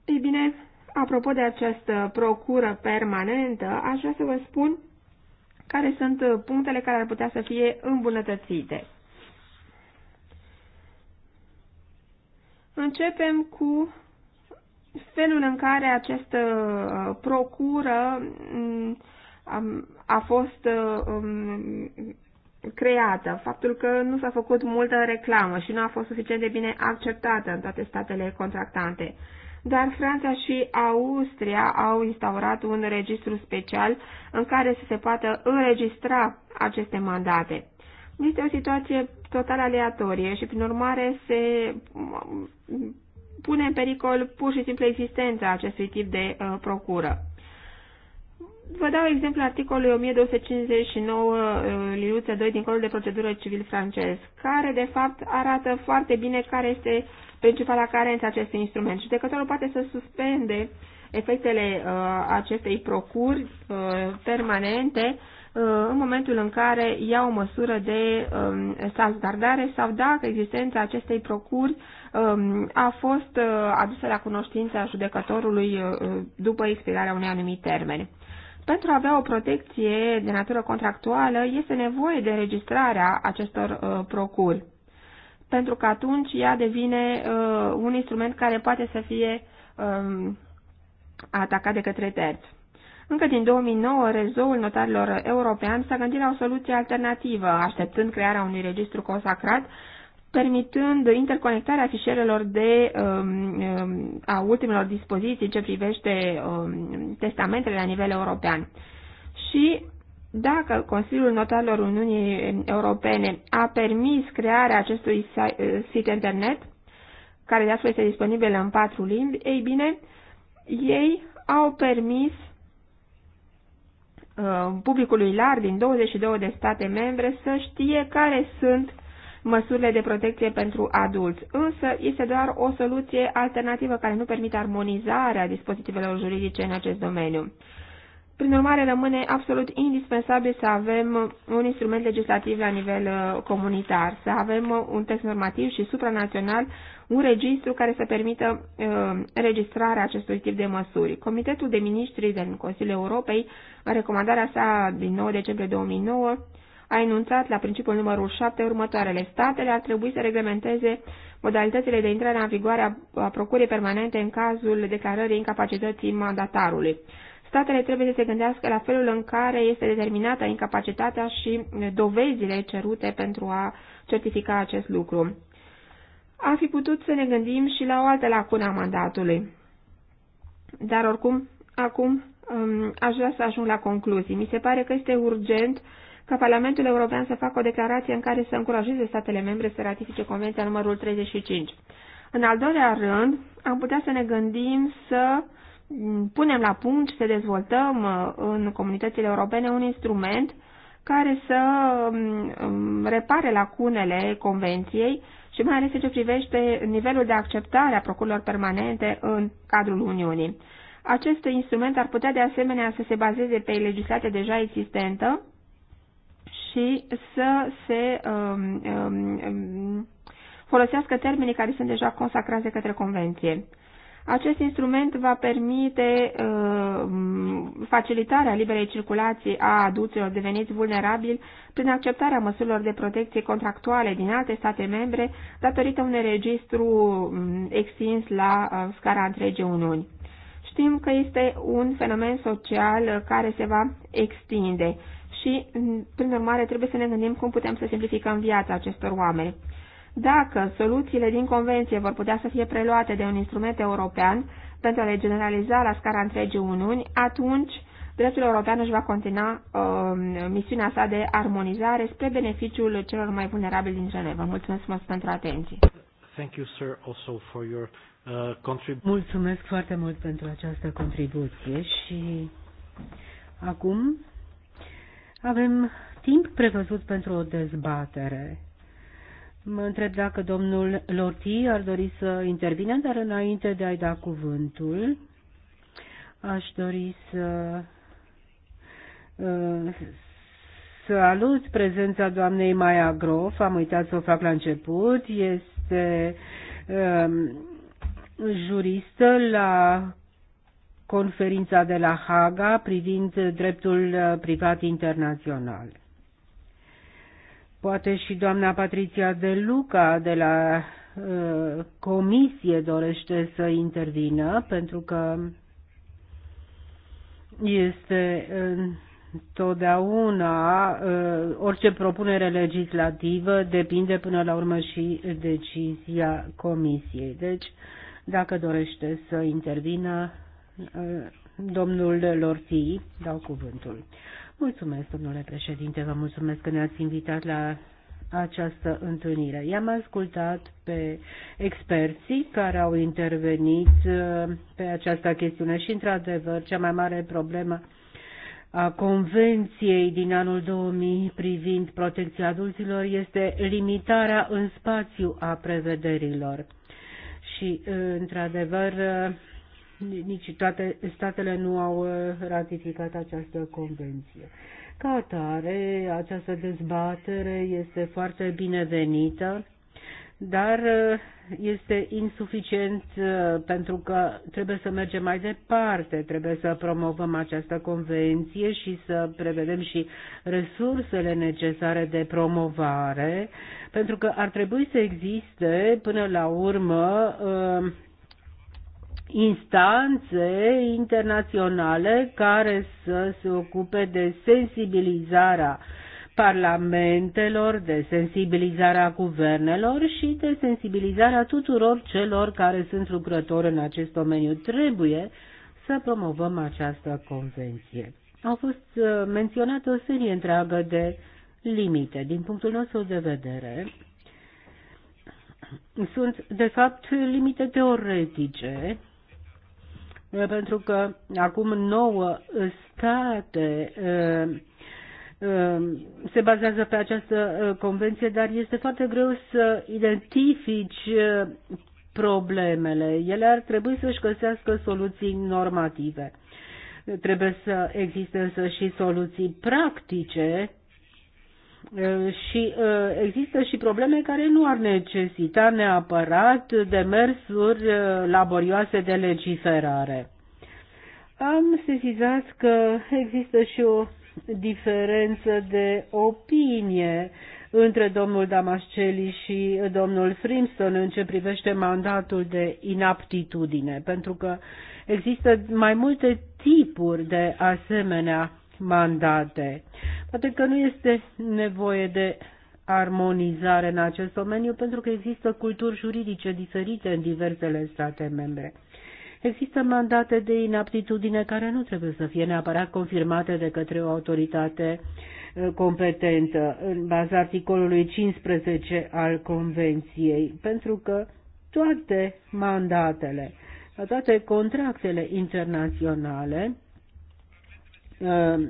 Ei bine, apropo de această procură permanentă, aș vrea să vă spun care sunt uh, punctele care ar putea să fie îmbunătățite. Începem cu felul în care această uh, procură mm, a fost uh, um, creată, faptul că nu s-a făcut multă reclamă și nu a fost suficient de bine acceptată în toate statele contractante. Dar Franța și Austria au instaurat un registru special în care să se poată înregistra aceste mandate. Este o situație total aleatorie și, prin urmare, se pune în pericol pur și simplu existența acestui tip de uh, procură. Vă dau exemplu articolului 1259 liuță 2 din codul de procedură civil francez, care de fapt arată foarte bine care este principala carență acestui instrument. Judecătorul poate să suspende efectele uh, acestei procuri uh, permanente uh, în momentul în care ia o măsură de um, salvgardare sau dacă existența acestei procuri um, a fost uh, adusă la cunoștința judecătorului uh, după expirarea unui anumit termen. Pentru a avea o protecție de natură contractuală, este nevoie de înregistrarea acestor uh, procuri pentru că atunci ea devine uh, un instrument care poate să fie um, atacat de către terți. Încă din 2009, rezoul notarilor european s-a gândit la o soluție alternativă, așteptând crearea unui registru consacrat, permitând interconectarea fișierelor de, um, um a ultimelor dispoziții ce privește um, testamentele la nivel european. Și dacă Consiliul Notarilor Uniunii Europene a permis crearea acestui site eh, internet, care de astfel este disponibil în patru limbi, ei bine, ei au permis eh, publicului larg din 22 de state membre să știe care sunt măsurile de protecție pentru adulți, însă este doar o soluție alternativă care nu permite armonizarea dispozitivelor juridice în acest domeniu. Prin urmare, rămâne absolut indispensabil să avem un instrument legislativ la nivel uh, comunitar, să avem uh, un text normativ și supranațional, un registru care să permită înregistrarea uh, acestui tip de măsuri. Comitetul de Ministri din Consiliul Europei, în recomandarea sa din 9 decembrie 2009, a enunțat la principiul numărul 7 următoarele. Statele ar trebui să reglementeze modalitățile de intrare în vigoare a procurii permanente în cazul declarării incapacității mandatarului statele trebuie să se gândească la felul în care este determinată incapacitatea și dovezile cerute pentru a certifica acest lucru. Ar fi putut să ne gândim și la o altă lacună a mandatului. Dar oricum, acum um, aș vrea să ajung la concluzii. Mi se pare că este urgent ca Parlamentul European să facă o declarație în care să încurajeze statele membre să ratifice Convenția numărul 35. În al doilea rând, am putea să ne gândim să punem la punct și să dezvoltăm uh, în comunitățile europene un instrument care să um, um, repare lacunele convenției și mai ales ce privește nivelul de acceptare a procurilor permanente în cadrul Uniunii. Acest instrument ar putea de asemenea să se bazeze pe legislația deja existentă și să se um, um, um folosească termenii care sunt deja consacrați de către Convenție. Acest instrument va permite uh, facilitarea liberei circulații a adulților deveniți vulnerabili prin acceptarea măsurilor de protecție contractuale din alte state membre datorită unui registru mm, extins la uh, scara întregii Uniuni. Știm că este un fenomen social care se va extinde și, mm, prin urmare, trebuie să ne gândim cum putem să simplificăm viața acestor oameni. Dacă soluțiile din convenție vor putea să fie preluate de un instrument european pentru a le generaliza la scara întregii Uniuni, atunci dreptul european își va continua uh, misiunea sa de armonizare spre beneficiul celor mai vulnerabili din Geneva. Mulțumesc mult pentru atenție. Thank you, sir, also for your, uh, Mulțumesc foarte mult pentru această contribuție și acum avem timp prevăzut pentru o dezbatere. Mă întreb dacă domnul Loti ar dori să intervine, dar înainte de a-i da cuvântul, aș dori să uh, salut prezența doamnei Maia Grof. Am uitat să o fac la început. Este um, juristă la conferința de la Haga privind dreptul uh, privat internațional. Poate și doamna Patricia de Luca de la uh, comisie dorește să intervină, pentru că este uh, întotdeauna, uh, orice propunere legislativă depinde până la urmă și decizia comisiei. Deci, dacă dorește să intervină, uh, domnul Lorții, dau cuvântul. Mulțumesc, domnule președinte, vă mulțumesc că ne-ați invitat la această întâlnire. I-am ascultat pe experții care au intervenit uh, pe această chestiune și, într-adevăr, cea mai mare problemă a Convenției din anul 2000 privind protecția adulților este limitarea în spațiu a prevederilor. Și, uh, într-adevăr, uh, nici toate statele nu au uh, ratificat această convenție. Ca atare, această dezbatere este foarte binevenită, dar uh, este insuficient uh, pentru că trebuie să mergem mai departe, trebuie să promovăm această convenție și să prevedem și resursele necesare de promovare, pentru că ar trebui să existe până la urmă instanțe internaționale care să se ocupe de sensibilizarea parlamentelor, de sensibilizarea guvernelor și de sensibilizarea tuturor celor care sunt lucrători în acest domeniu. Trebuie să promovăm această convenție. Au fost uh, menționate o serie întreagă de limite. Din punctul nostru de vedere, sunt, de fapt, limite teoretice pentru că acum nouă state se bazează pe această convenție, dar este foarte greu să identifici problemele. Ele ar trebui să-și găsească soluții normative. Trebuie să existe însă și soluții practice și există și probleme care nu ar necesita neapărat demersuri laborioase de legiferare. Am sesizat că există și o diferență de opinie între domnul Damasceli și domnul Frimston în ce privește mandatul de inaptitudine, pentru că există mai multe tipuri de asemenea mandate. Poate că nu este nevoie de armonizare în acest domeniu pentru că există culturi juridice diferite în diversele state membre. Există mandate de inaptitudine care nu trebuie să fie neapărat confirmate de către o autoritate uh, competentă în baza articolului 15 al Convenției, pentru că toate mandatele, toate contractele internaționale Uh,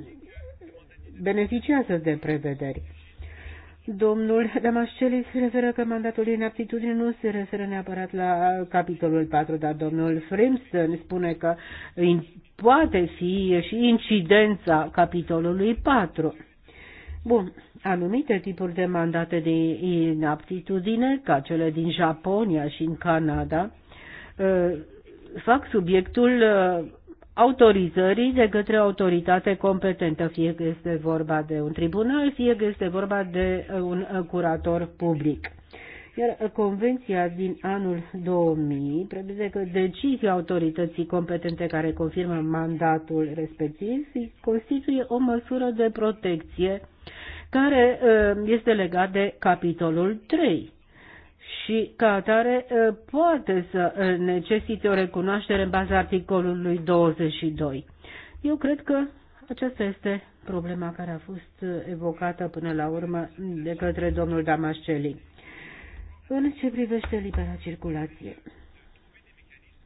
beneficiază de prevederi. Domnul Damasceli se referă că mandatul inaptitudine nu se referă neapărat la capitolul 4, dar domnul Frimston spune că poate fi și incidența capitolului 4. Bun, anumite tipuri de mandate de inaptitudine, ca cele din Japonia și în Canada, uh, fac subiectul uh, autorizării de către autoritate competentă, fie că este vorba de un tribunal, fie că este vorba de uh, un uh, curator public. Iar uh, convenția din anul 2000 prevede că decizia autorității competente care confirmă mandatul respectiv constituie o măsură de protecție care este legat de capitolul 3 și ca atare poate să necesite o recunoaștere în baza articolului 22. Eu cred că aceasta este problema care a fost evocată până la urmă de către domnul Damasceli. În ce privește libera circulație,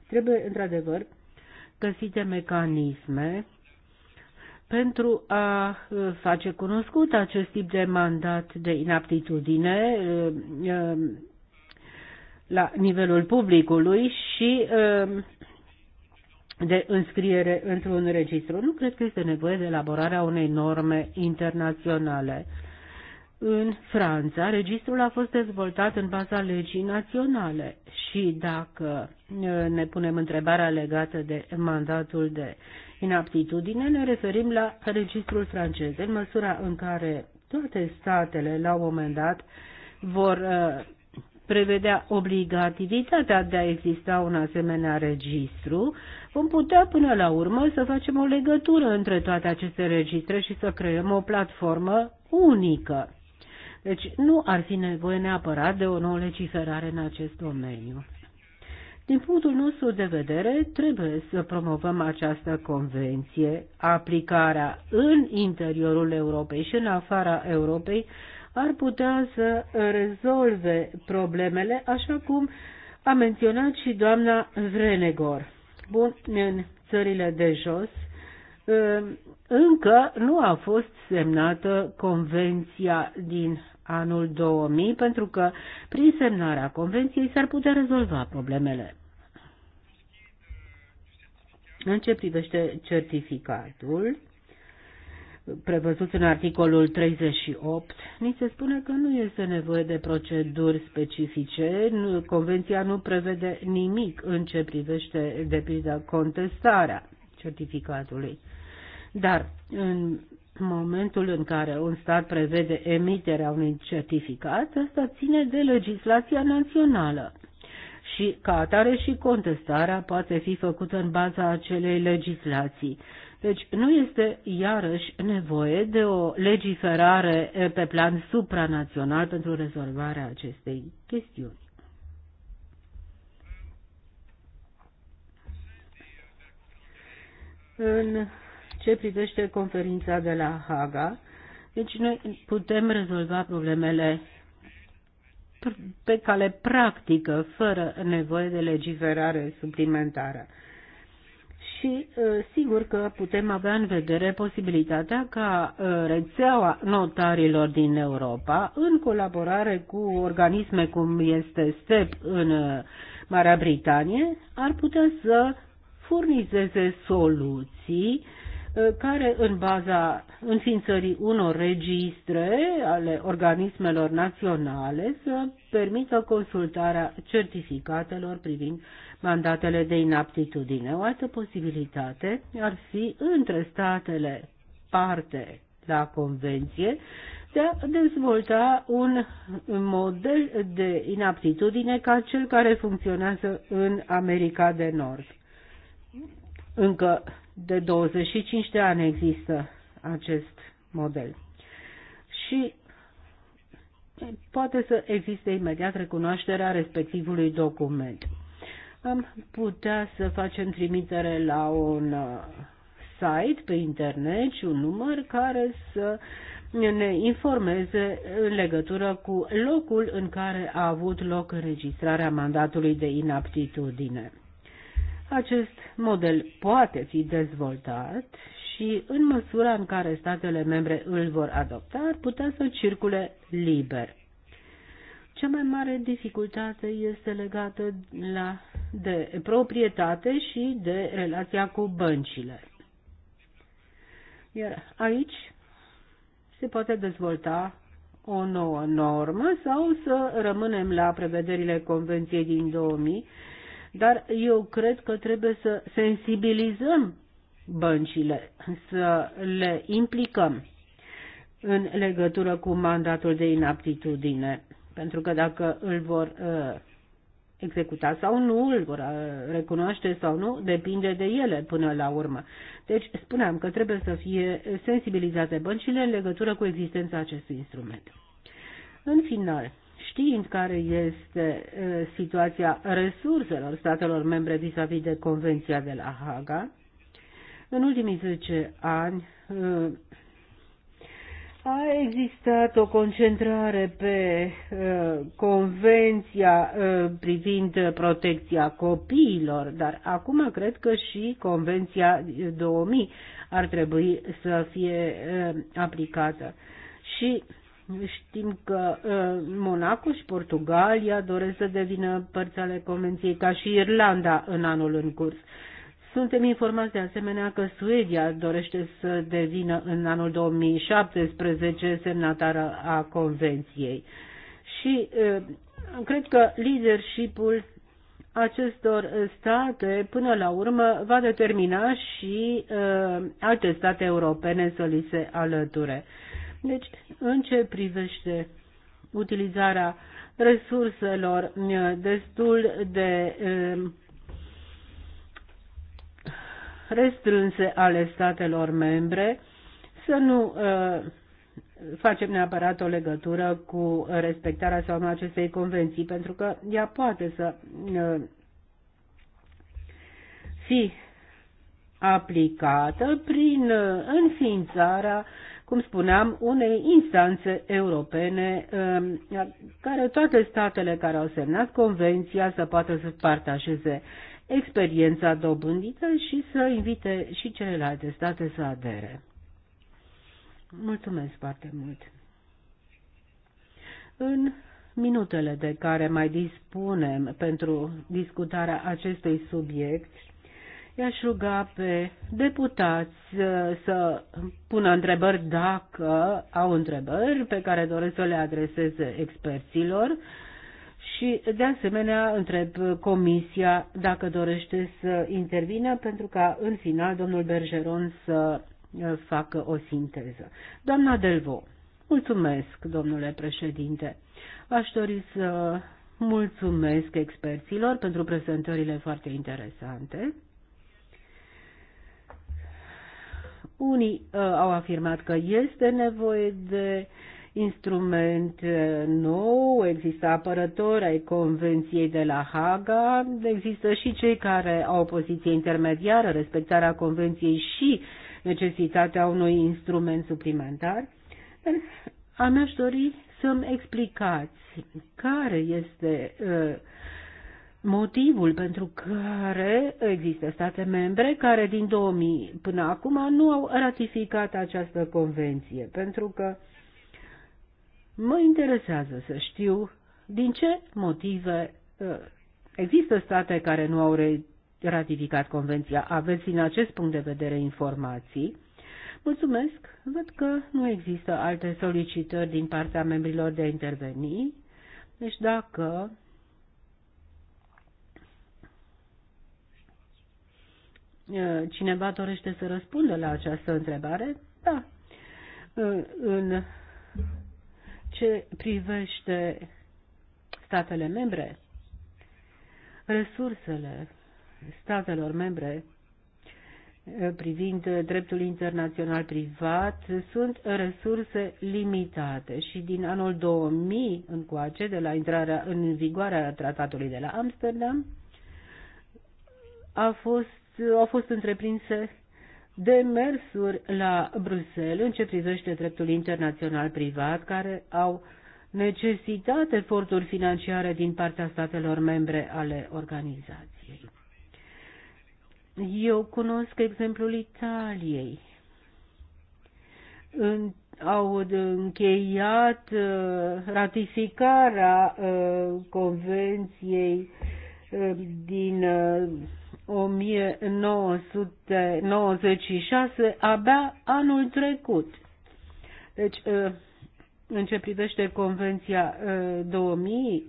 trebuie într-adevăr găsite mecanisme pentru a face cunoscut acest tip de mandat de inaptitudine la nivelul publicului și um, de înscriere într-un registru. Nu cred că este nevoie de elaborarea unei norme internaționale. În Franța, registrul a fost dezvoltat în baza legii naționale și dacă uh, ne punem întrebarea legată de mandatul de inaptitudine, ne referim la registrul francez, în măsura în care toate statele, la un moment dat, vor uh, prevedea obligativitatea de a exista un asemenea registru, vom putea până la urmă să facem o legătură între toate aceste registre și să creăm o platformă unică. Deci nu ar fi nevoie neapărat de o nouă legiferare în acest domeniu. Din punctul nostru de vedere, trebuie să promovăm această convenție, aplicarea în interiorul Europei și în afara Europei ar putea să rezolve problemele, așa cum a menționat și doamna Vrenegor. Bun, în țările de jos uh, încă nu a fost semnată convenția din anul 2000, pentru că prin semnarea convenției s-ar putea rezolva problemele. În ce privește certificatul, prevăzut în articolul 38, ni se spune că nu este nevoie de proceduri specifice, convenția nu prevede nimic în ce privește, de pildă, contestarea certificatului. Dar în momentul în care un stat prevede emiterea unui certificat, asta ține de legislația națională și, ca atare, și contestarea poate fi făcută în baza acelei legislații. Deci nu este iarăși nevoie de o legiferare pe plan supranațional pentru rezolvarea acestei chestiuni. În ce privește conferința de la Haga, deci noi putem rezolva problemele pe cale practică, fără nevoie de legiferare suplimentară și uh, sigur că putem avea în vedere posibilitatea ca uh, rețeaua notarilor din Europa, în colaborare cu organisme cum este STEP în uh, Marea Britanie, ar putea să furnizeze soluții care în baza înființării unor registre ale organismelor naționale să permită consultarea certificatelor privind mandatele de inaptitudine. O altă posibilitate ar fi între statele parte la convenție de a dezvolta un model de inaptitudine ca cel care funcționează în America de Nord. Încă de 25 de ani există acest model. Și poate să existe imediat recunoașterea respectivului document am putea să facem trimitere la un uh, site pe internet și un număr care să ne informeze în legătură cu locul în care a avut loc înregistrarea mandatului de inaptitudine. Acest model poate fi dezvoltat și, în măsura în care statele membre îl vor adopta, ar putea să circule liber. Cea mai mare dificultate este legată la de proprietate și de relația cu băncile. Iar aici se poate dezvolta o nouă normă sau să rămânem la prevederile Convenției din 2000, dar eu cred că trebuie să sensibilizăm băncile, să le implicăm în legătură cu mandatul de inaptitudine, pentru că dacă îl vor uh, executa sau nu, îl vor uh, recunoaște sau nu, depinde de ele până la urmă. Deci spuneam că trebuie să fie sensibilizate băncile în legătură cu existența acestui instrument. În final, știind care este uh, situația resurselor statelor membre vis-a-vis -vis de Convenția de la Haga, în ultimii 10 ani uh, a existat o concentrare pe uh, convenția uh, privind protecția copiilor, dar acum cred că și convenția 2000 ar trebui să fie uh, aplicată. Și știm că uh, Monaco și Portugalia doresc să devină părți ale convenției, ca și Irlanda în anul în curs. Uh, suntem informați de asemenea că Suedia dorește să devină în anul 2017 semnatară a convenției. Și cred că leadershipul acestor state, până la urmă, va determina și uh, alte state europene să li se alăture. Deci, în ce privește utilizarea resurselor destul de uh, restrânse ale statelor membre, să nu uh, facem neapărat o legătură cu respectarea sau nu acestei convenții, pentru că ea poate să uh, fi aplicată prin uh, înființarea, cum spuneam, unei instanțe europene care toate statele care au semnat convenția să poată să partajeze experiența dobândită și să invite și celelalte state să adere. Mulțumesc foarte mult! În minutele de care mai dispunem pentru discutarea acestui subiect, i-aș ruga pe deputați uh, să pună întrebări dacă au întrebări pe care doresc să le adreseze experților și, de asemenea, întreb Comisia dacă dorește să intervină, pentru ca, în final, domnul Bergeron să uh, facă o sinteză. Doamna Delvo, mulțumesc, domnule președinte. Aș dori să mulțumesc experților pentru prezentările foarte interesante. Unii uh, au afirmat că este nevoie de uh, instrument eh, nou, există apărători ai Convenției de la Haga, există și cei care au o poziție intermediară, respectarea Convenției și necesitatea unui instrument suplimentar. A mi-aș dori să-mi explicați care este eh, motivul pentru care există state membre care din 2000 până acum nu au ratificat această convenție, pentru că uh, Mă interesează să știu din ce motive uh, există state care nu au ratificat convenția. Aveți din acest punct de vedere informații? Mulțumesc. Văd că nu există alte solicitări din partea membrilor de a interveni. Deci dacă uh, cineva dorește să răspundă la această întrebare, da. Uh, în ce privește statele membre, resursele statelor membre eh, privind dreptul internațional privat sunt resurse limitate și din anul 2000 încoace, de la intrarea în vigoare a tratatului de la Amsterdam, a fost, au fost întreprinse demersuri la Bruxelles în ce privește dreptul internațional privat, care au necesitat eforturi financiare din partea statelor membre ale organizației. Eu cunosc exemplul Italiei. În, au încheiat uh, ratificarea uh, convenției uh, din uh, 1996, abia anul trecut. Deci, uh, în ce privește Convenția 2000,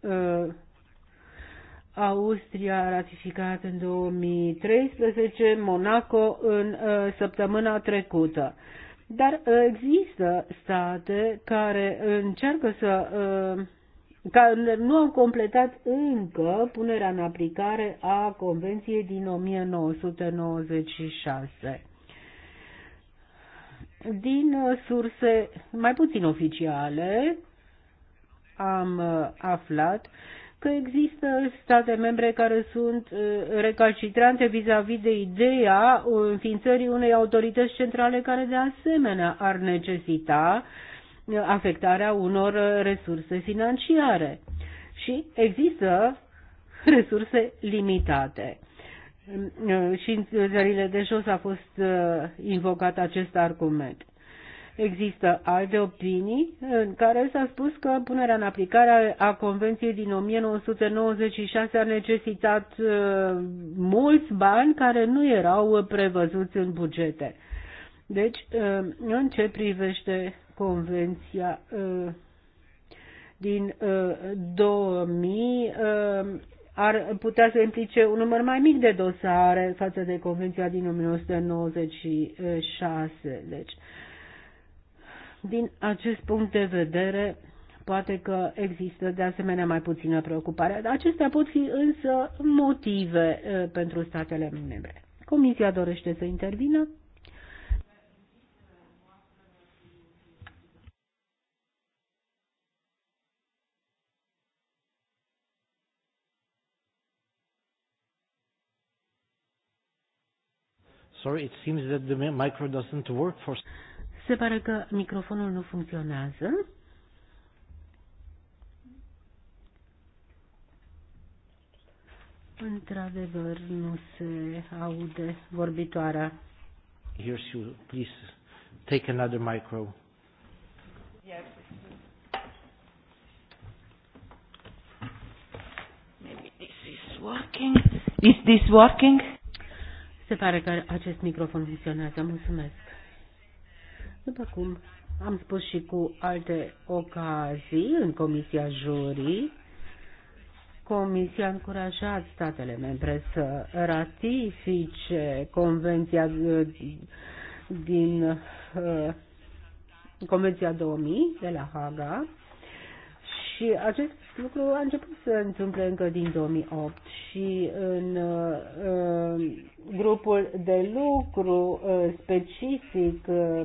uh, uh, Austria a ratificat în 2013, Monaco în săptămâna trecută. Dar există state care încearcă să care nu au completat încă punerea în aplicare a Convenției din 1996. Din uh, surse mai puțin oficiale am uh, aflat că există state membre care sunt uh, recalcitrante vis-a-vis -vis de ideea înființării unei autorități centrale care de asemenea ar necesita afectarea unor uh, resurse financiare. Și există resurse limitate. Mm, uh, și în țările de jos a fost uh, invocat acest argument. Există alte opinii în care s-a spus că punerea în aplicare a Convenției din 1996 a necesitat mulți bani care nu erau prevăzuți în bugete. Deci, în ce privește Convenția uh, din 2000 uh, uh, ar putea să implice un număr mai mic de dosare față de Convenția din 1996. Deci, din acest punct de vedere, poate că există de asemenea mai puțină preocupare. Acestea pot fi însă motive pentru statele membre. Comisia dorește să intervină? Sorry, it seems that the micro doesn't work for... Se pare că microfonul nu funcționează. Într-adevăr, nu se aude vorbitoarea. Here's you. Please take another micro. Yes. Maybe this is working. Is this working? Se pare că acest microfon funcționează. Mulțumesc. După cum am spus și cu alte ocazii în Comisia Jurii, Comisia a încurajat statele membre să ratifice Convenția uh, din uh, Convenția 2000 de la Haga și acest lucru a început să se întâmple încă din 2008 și în uh, grupul de lucru uh, specific uh,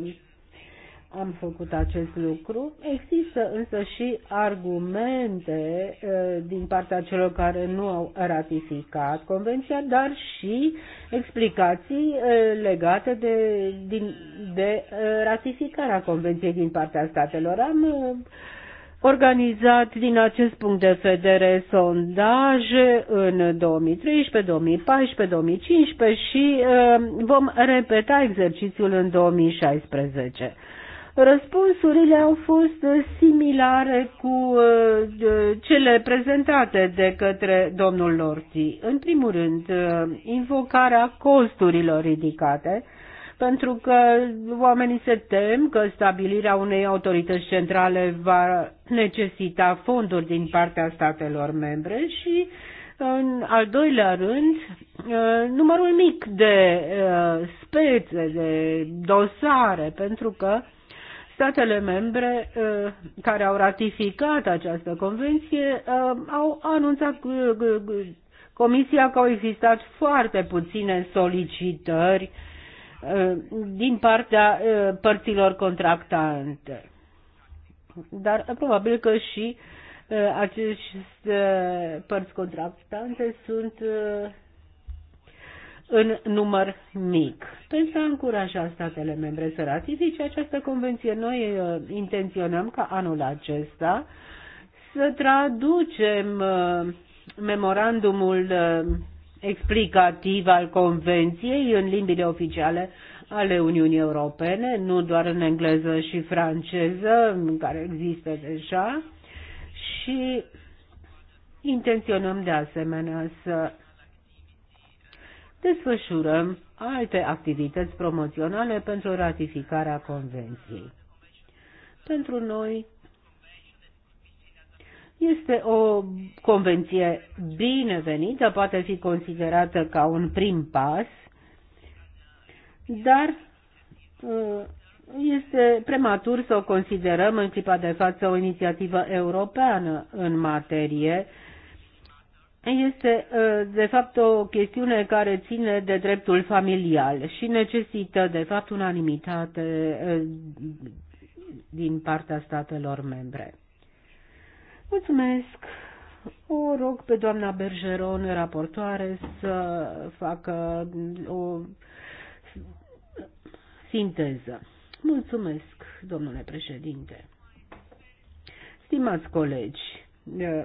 am făcut acest lucru. Există însă și argumente uh, din partea celor care nu au ratificat convenția, dar și explicații uh, legate de, din, de uh, ratificarea convenției din partea statelor. Am organizat din acest punct de vedere sondaje în 2013, 2014, 2015 și uh, vom repeta exercițiul în 2016. Răspunsurile au fost similare cu uh, cele prezentate de către domnul Lorti. În primul rând, uh, invocarea costurilor ridicate, pentru că oamenii se tem că stabilirea unei autorități centrale va necesita fonduri din partea statelor membre și în al doilea rând, uh, numărul mic de uh, spețe, de dosare, pentru că statele membre uh, care au ratificat această convenție au anunțat Comisia că au existat foarte puține solicitări Uh, din partea uh, părților contractante. Dar uh, probabil că și aceste părți contractante sunt în număr mic. Pentru a încuraja statele membre să ratifice această convenție, noi intenționăm ca anul acesta să traducem memorandumul explicativ al Convenției în limbile oficiale ale Uniunii Europene, nu doar în engleză și franceză, care există deja, și intenționăm de asemenea să desfășurăm alte activități promoționale pentru ratificarea Convenției. Pentru noi, este o convenție binevenită, poate fi considerată ca un prim pas, dar uh, este prematur să o considerăm în clipa de față o inițiativă europeană în materie. Este, uh, de fapt, o chestiune care ține de dreptul familial și necesită, de fapt, unanimitate uh, din partea statelor membre. Mulțumesc! O rog pe doamna Bergeron, raportoare, să facă o sinteză. Mulțumesc, domnule președinte. Stimați colegi, eh,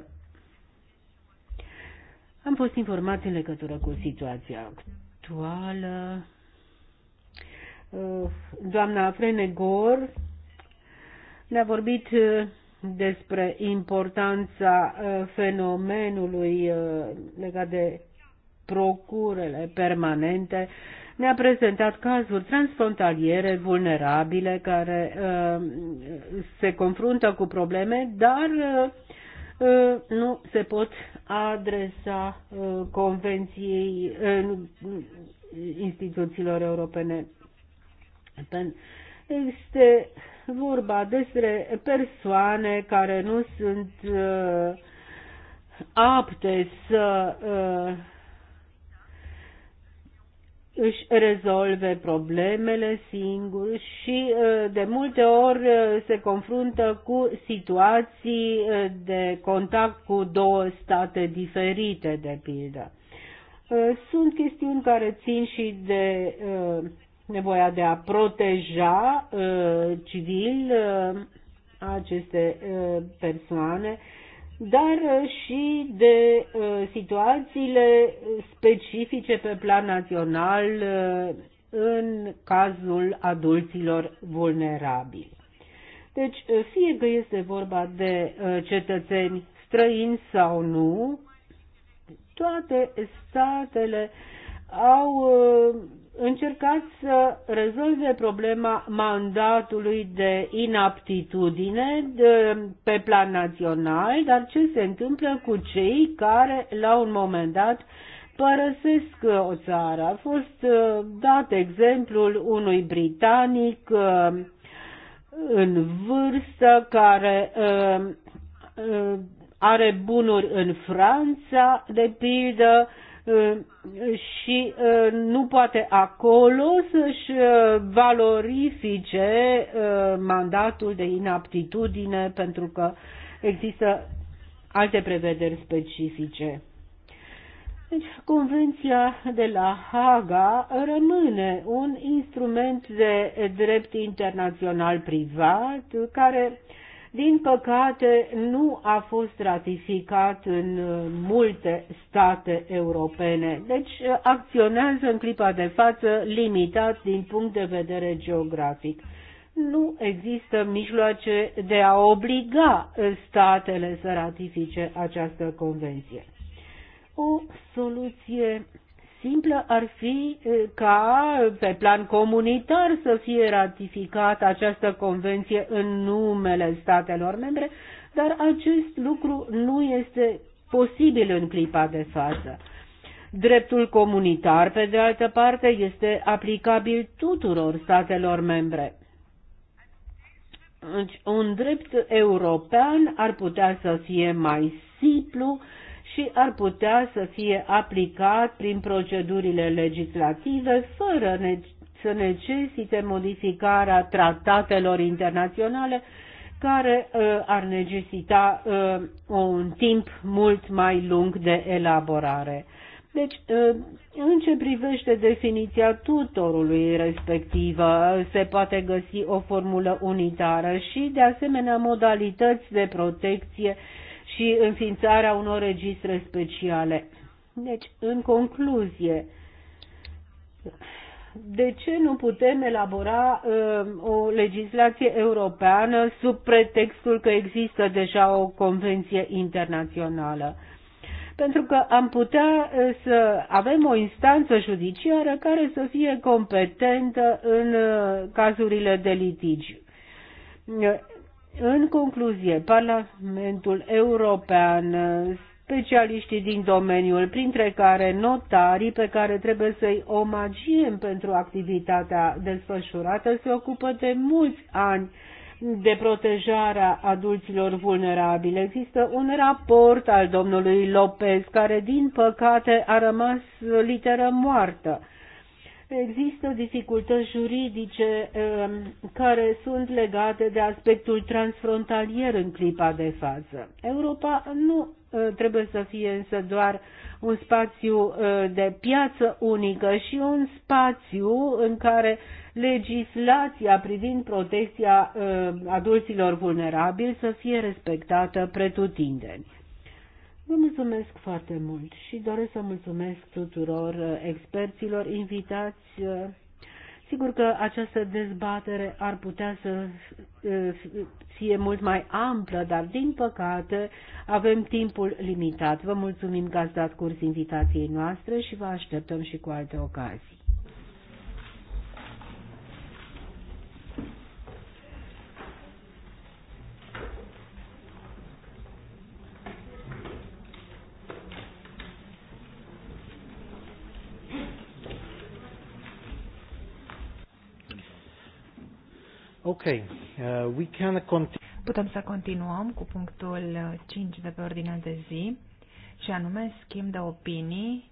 am fost informați în legătură cu situația actuală. Eh, doamna Frenegor ne-a vorbit eh, despre importanța uh, fenomenului uh, legat de procurele permanente, ne-a prezentat cazuri transfrontaliere vulnerabile care uh, se confruntă cu probleme, dar nu se pot adresa convenției instituțiilor europene. Este vorba despre persoane care nu sunt uh, apte să uh, își rezolve problemele singuri și uh, de multe ori uh, se confruntă cu situații uh, de contact cu două state diferite, de pildă. Sunt chestiuni care țin și de nevoia de a proteja uh, civil uh, aceste uh, persoane, dar și de situațiile specifice pe plan național în cazul adulților vulnerabili. Deci, fie că este vorba de cetățeni străini sau nu, toate statele au încercat să rezolve problema mandatului de inaptitudine de, pe plan național, dar ce se întâmplă cu cei care la un moment dat părăsesc uh, o țară. A fost uh, dat exemplul unui britanic uh, în vârstă care are bunuri în Franța, de pildă, Eh, și eh, nu poate acolo să-și eh, valorifice mandatul de inaptitudine pentru că există alte prevederi specifice. Deci, Convenția de la Haga rămâne un instrument de drept internațional privat care uh, din păcate nu a fost ratificat în uh, multe state europene. Deci uh, acționează în clipa de față limitat din punct de vedere geografic. Nu există mijloace de a obliga uh, statele să ratifice această convenție. O soluție simplă ar fi ca pe plan comunitar să fie ratificată această convenție în numele statelor membre, dar acest lucru nu este posibil în clipa de față. Dreptul comunitar, pe de altă parte, este aplicabil tuturor statelor membre. Deci, un drept european ar putea să fie mai simplu, și ar putea să fie aplicat prin procedurile legislative fără ne- să necesite modificarea tratatelor internaționale care uh, ar necesita uh, un timp mult mai lung de elaborare. Deci, uh, în ce privește definiția tutorului respectivă, se poate găsi o formulă unitară și, de asemenea, modalități de protecție uh, și înființarea unor registre speciale. Deci, în concluzie, de ce nu putem elabora uh, o legislație europeană sub pretextul că există deja o convenție internațională? Pentru că am putea uh, să avem o instanță judiciară care să fie competentă în uh, cazurile de litigi. În concluzie, Parlamentul European, specialiștii din domeniul, printre care notarii pe care trebuie să-i omagiem pentru activitatea desfășurată, se ocupă de mulți ani de protejarea adulților vulnerabili. Există un raport al domnului Lopez care, din păcate, a rămas literă moartă. Există dificultăți juridice um, care sunt legate de aspectul transfrontalier în clipa de față. Europa nu uh, trebuie să fie însă doar un spațiu uh, de piață unică și un spațiu în care legislația privind protecția uh, adulților vulnerabili să fie respectată pretutindeni. Vă mulțumesc foarte mult și doresc să mulțumesc tuturor uh, experților invitați. Uh, sigur că această dezbatere ar putea să uh, fie mult mai amplă, dar din păcate avem timpul limitat. Vă mulțumim că ați dat curs invitației noastre și vă așteptăm și cu alte ocazii. Okay. uh, we can Putem să continuăm cu punctul 5 de pe ordinea de zi și anume schimb de opinii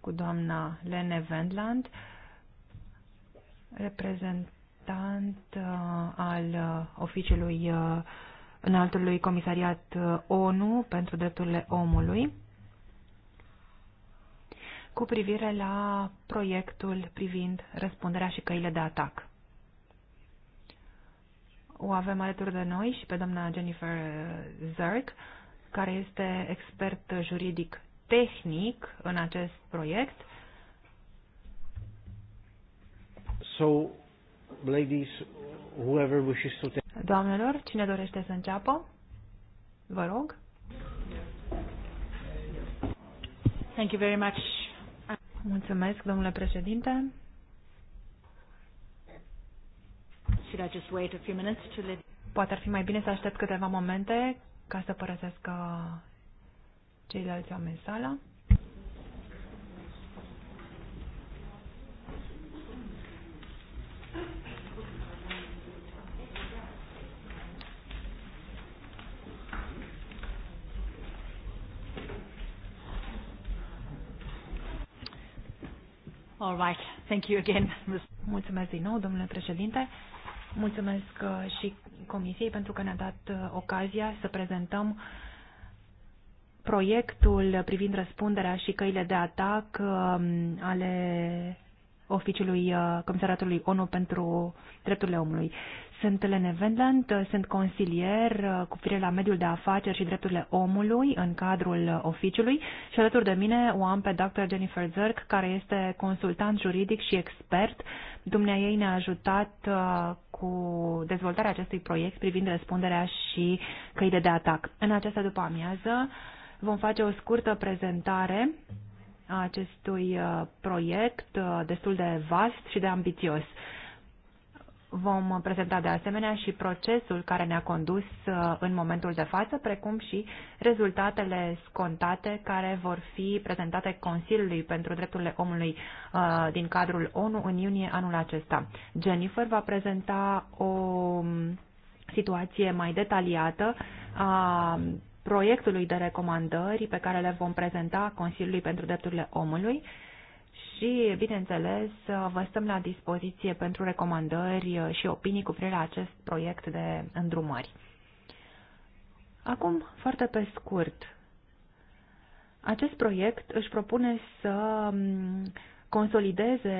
cu doamna Lene Wendland, reprezentant uh, al uh, oficiului uh, înaltului comisariat uh, ONU pentru drepturile omului cu privire la proiectul privind răspunderea și căile de atac. O avem alături de noi și pe doamna Jennifer Zerk, care este expert juridic tehnic în acest proiect. So, ladies, whoever wishes to take... Doamnelor, cine dorește să înceapă? Vă rog. Thank you very much. Mulțumesc, domnule președinte. Should I just wait a few minutes to let... Poate ar fi mai bine să aștept câteva momente ca să părăsească ceilalți oameni sala. All right. Thank you again. Mulțumesc din nou, domnule președinte. Mulțumesc uh, și Comisiei pentru că ne-a dat uh, ocazia să prezentăm proiectul privind răspunderea și căile de atac um, ale Oficiului uh, Comisaratului ONU pentru Drepturile Omului. Sunt Lene Vendland, sunt consilier uh, cu privire la mediul de afaceri și drepturile omului în cadrul oficiului și alături de mine o am pe Dr. Jennifer Zerk, care este consultant juridic și expert. Dumnea ei ne-a ajutat uh, cu dezvoltarea acestui proiect privind răspunderea și căile de atac. În această după amiază vom face o scurtă prezentare a acestui uh, proiect destul de vast și de ambițios. Vom prezenta de asemenea și procesul care ne-a condus uh, în momentul de față, precum și rezultatele scontate care vor fi prezentate Consiliului pentru Drepturile Omului uh, din cadrul ONU în iunie anul acesta. Jennifer va prezenta o um, situație mai detaliată a proiectului de recomandări pe care le vom prezenta Consiliului pentru Drepturile Omului și, bineînțeles, vă stăm la dispoziție pentru recomandări și opinii cu privire la acest proiect de îndrumări. Acum, foarte pe scurt, acest proiect își propune să consolideze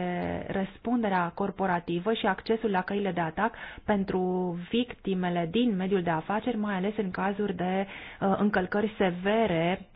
răspunderea corporativă și accesul la căile de atac pentru victimele din mediul de afaceri, mai ales în cazuri de uh, încălcări severe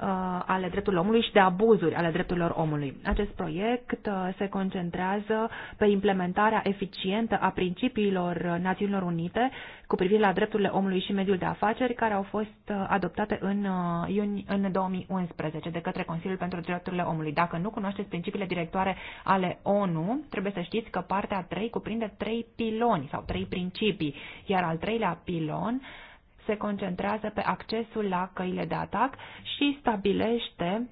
Uh, ale drepturilor omului și de abuzuri ale drepturilor omului. Acest proiect uh, se concentrează pe implementarea eficientă a principiilor uh, Națiunilor Unite cu privire la drepturile omului și mediul de afaceri care au fost adoptate în, iunie în 2011 de către Consiliul pentru Drepturile Omului. Dacă nu cunoașteți principiile directoare ale ONU, trebuie să știți că partea 3 cuprinde 3 piloni sau 3 principii, iar al treilea pilon uh, se concentrează pe accesul la căile de atac și stabilește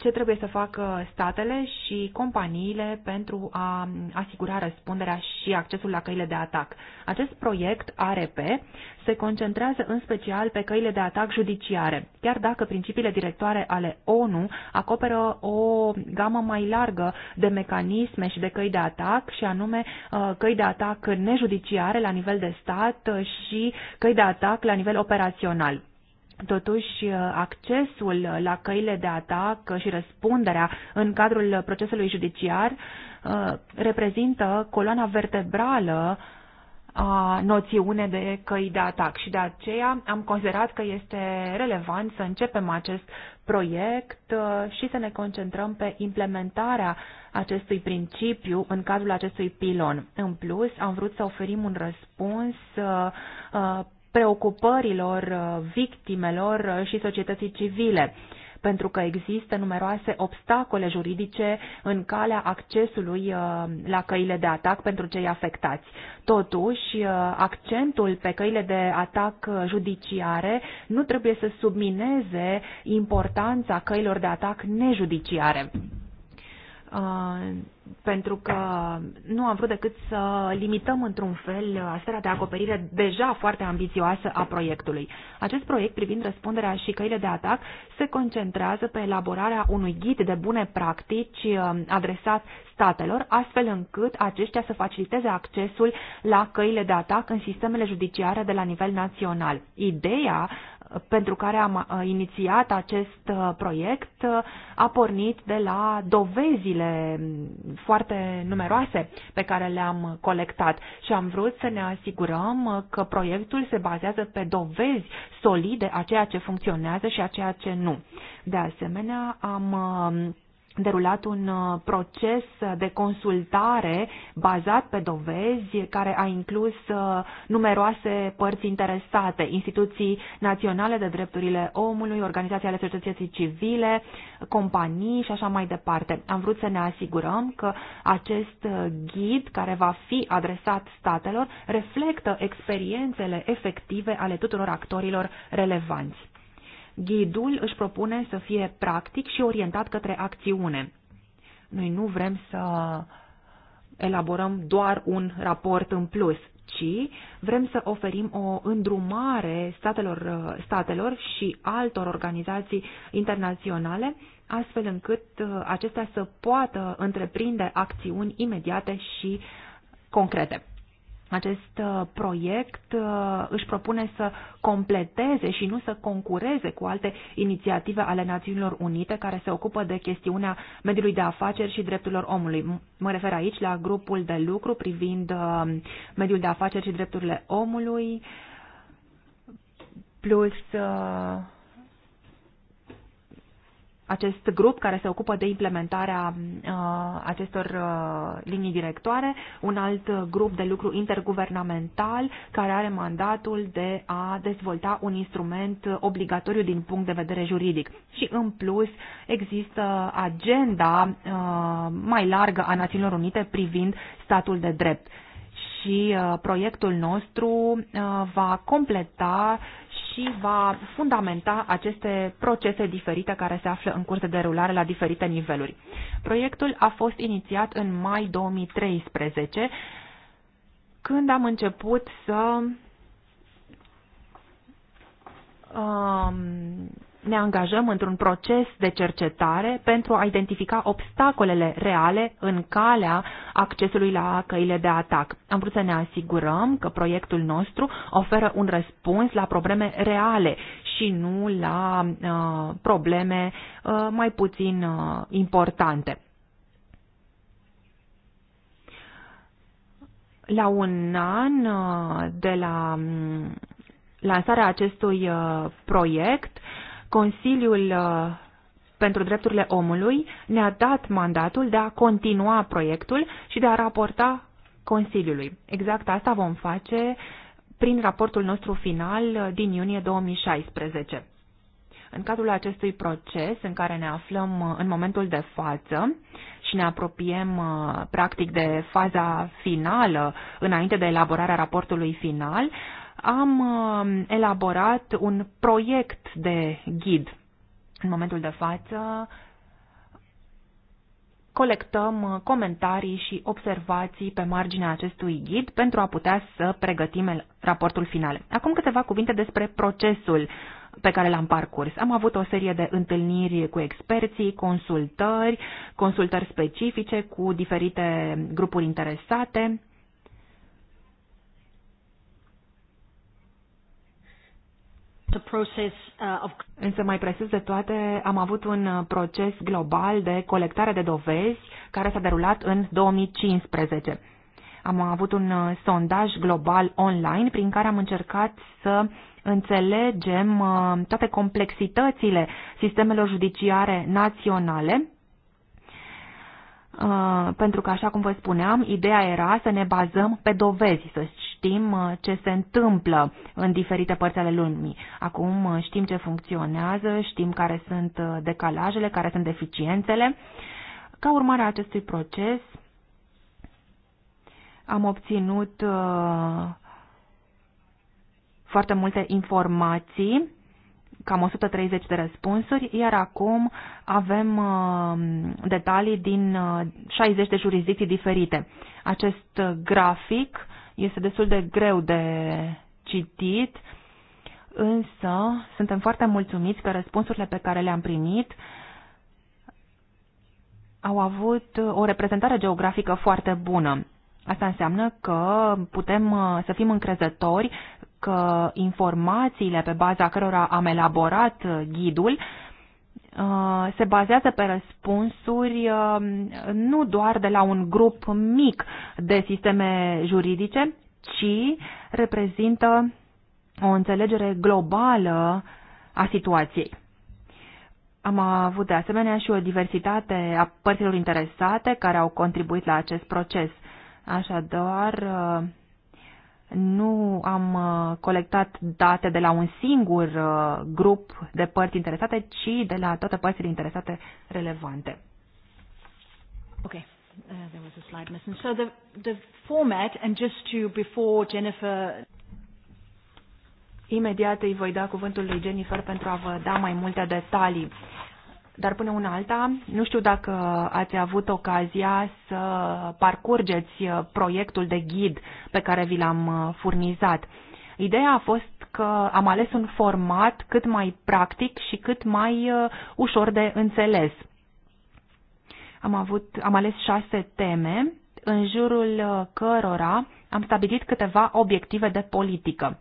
ce trebuie să facă statele și companiile pentru a asigura răspunderea și accesul la căile de atac. Acest proiect ARP se concentrează în special pe căile de atac judiciare, chiar dacă principiile directoare ale ONU acoperă o gamă mai largă de mecanisme și de căi de atac, și anume uh, căi de atac nejudiciare la nivel de stat și căi de atac la nivel operațional. Totuși, uh, accesul uh, la căile de atac și răspunderea în cadrul procesului judiciar uh, reprezintă coloana vertebrală a noțiune de căi de atac și de aceea am considerat că este relevant să începem acest proiect și să ne concentrăm pe implementarea acestui principiu în cadrul acestui pilon. În plus, am vrut să oferim un răspuns preocupărilor uh, victimelor uh, și societății civile, pentru că există numeroase obstacole juridice în calea accesului uh, la căile de atac pentru cei afectați. Totuși, accentul pe căile de atac judiciare nu trebuie să submineze importanța căilor de atac nejudiciare pentru că nu am vrut decât să limităm într-un fel sfera de acoperire deja foarte ambițioasă a proiectului. Acest proiect privind răspunderea și căile de atac se concentrează pe elaborarea unui ghid de bune practici uh, adresat statelor, astfel încât aceștia să faciliteze accesul la căile de atac în sistemele judiciare de la nivel național. Ideea pentru care am uh, inițiat acest uh, proiect uh, a pornit de la dovezile mm, foarte numeroase pe care le-am colectat și am vrut să ne asigurăm că proiectul se bazează pe dovezi solide a ceea ce funcționează și a ceea ce nu. De asemenea, am derulat un uh, proces de consultare bazat pe dovezi care a inclus uh, numeroase părți interesate, instituții naționale de drepturile omului, organizații ale societății civile, companii și așa mai departe. Am vrut să ne asigurăm că acest uh, ghid care va fi adresat statelor reflectă experiențele efective ale tuturor actorilor relevanți. Ghidul își propune să fie practic și orientat către acțiune. Noi nu vrem să elaborăm doar un raport în plus, ci vrem să oferim o îndrumare statelor, statelor și altor organizații internaționale, astfel încât uh, acestea să poată întreprinde acțiuni imediate și concrete. Acest uh, proiect uh, își propune să completeze și nu să concureze cu alte inițiative ale Națiunilor Unite care se ocupă de chestiunea mediului de afaceri și drepturilor omului. Mă refer aici la grupul de lucru privind uh, mediul de afaceri și drepturile omului, plus acest grup care se ocupă de implementarea uh, acestor uh, linii directoare, un alt grup de lucru interguvernamental care are mandatul de a dezvolta un instrument obligatoriu din punct de vedere juridic. Și în plus există agenda uh, mai largă a Națiunilor Unite privind statul de drept și proiectul nostru va completa și va fundamenta aceste procese diferite care se află în curs de derulare la diferite niveluri. Proiectul a fost inițiat în mai 2013, când am început să um, ne angajăm într-un proces de cercetare pentru a identifica obstacolele reale în calea accesului la căile de atac. Am vrut să ne asigurăm că proiectul nostru oferă un răspuns la probleme reale și nu la uh, probleme uh, mai puțin uh, importante. La un an uh, de la mm, lansarea acestui uh, proiect, uh, Consiliul uh, pentru Drepturile Omului ne-a dat mandatul de a continua proiectul și de a raporta Consiliului. Exact asta vom face prin raportul nostru final uh, din iunie 2016. În cadrul acestui proces în care ne aflăm uh, în momentul de față și ne apropiem practic de faza finală înainte de elaborarea raportului final, am um, elaborat un proiect de ghid. În momentul de față colectăm uh, comentarii și observații pe marginea acestui ghid pentru a putea să pregătim raportul final. Acum câteva cuvinte despre procesul pe care l-am parcurs. Am avut o serie de întâlniri cu experții, consultări, consultări specifice cu diferite grupuri interesate, Uh, Însă mai presus de toate, am avut un uh, proces global de colectare de dovezi care s-a derulat în 2015. Am avut un uh, sondaj global online prin care am încercat să înțelegem toate complexitățile sistemelor judiciare naționale pentru că, așa cum vă spuneam, ideea era să ne bazăm pe dovezi, să știm uh, ce se întâmplă în diferite părți ale lumii. Acum uh, știm ce funcționează, știm care sunt uh, decalajele, care sunt deficiențele. Ca urmare a acestui proces, am obținut foarte multe informații, cam 130 de răspunsuri, iar acum avem detalii din 60 de jurisdicții diferite. Acest grafic este destul de greu de citit, însă suntem foarte mulțumiți că răspunsurile pe care le-am primit au avut o reprezentare geografică foarte bună. Asta înseamnă că putem uh, să fim încrezători că informațiile pe baza cărora am elaborat uh, ghidul Uh, se bazează pe răspunsuri uh, nu doar de la un grup mic de sisteme juridice, ci reprezintă o înțelegere globală a situației. Am avut de asemenea și o diversitate a părților interesate care au contribuit la acest proces. Așadar, uh, nu am uh, colectat date de la un singur uh, grup de părți interesate, ci de la toate părțile interesate relevante. Ok. Uh, there was a slide missing. So the, the format, and just to, before Jennifer... Imediat îi voi da cuvântul lui Jennifer pentru a vă da mai multe detalii. Dar până una alta, nu știu dacă ați avut ocazia să parcurgeți uh, proiectul de ghid pe care vi l-am uh, furnizat. Ideea a fost că am ales un format cât mai practic și cât mai uh, ușor de înțeles. Am, avut, am ales șase teme în jurul cărora am stabilit câteva obiective de politică.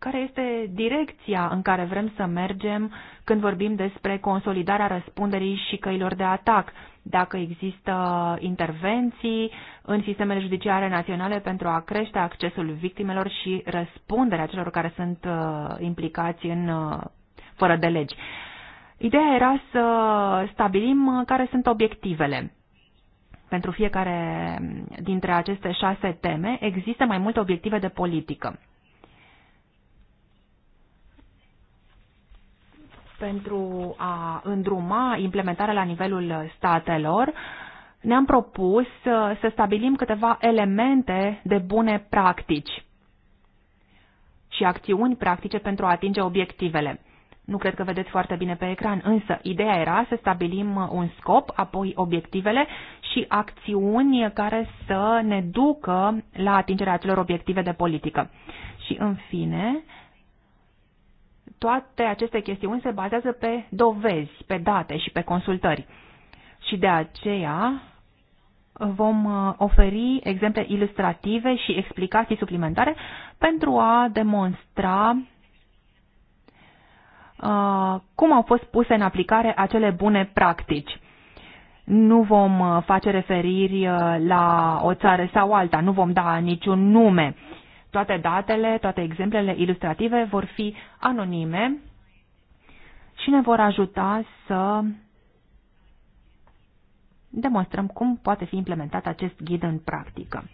care este direcția în care vrem să mergem când vorbim despre consolidarea răspunderii și căilor de atac, dacă există intervenții în sistemele judiciare naționale pentru a crește accesul victimelor și răspunderea celor care sunt uh, implicați în uh, fără de legi. Ideea era să stabilim uh, care sunt obiectivele pentru fiecare dintre aceste șase teme există mai multe obiective de politică. pentru a îndruma implementarea la nivelul statelor, ne-am propus uh, să stabilim câteva elemente de bune practici și acțiuni practice pentru a atinge obiectivele. Nu cred că vedeți foarte bine pe ecran, însă ideea era să stabilim uh, un scop, apoi obiectivele și acțiuni care să ne ducă la atingerea acelor obiective de politică. Și în fine, toate aceste chestiuni se bazează pe dovezi, pe date și pe consultări. Și de aceea vom uh, oferi exemple ilustrative și explicații suplimentare pentru a demonstra uh, cum au fost puse în aplicare acele bune practici. Nu vom uh, face referiri la o țară sau alta, nu vom da niciun nume toate datele, toate exemplele ilustrative vor fi anonime și ne vor ajuta să demonstrăm cum poate fi implementat acest ghid în practică.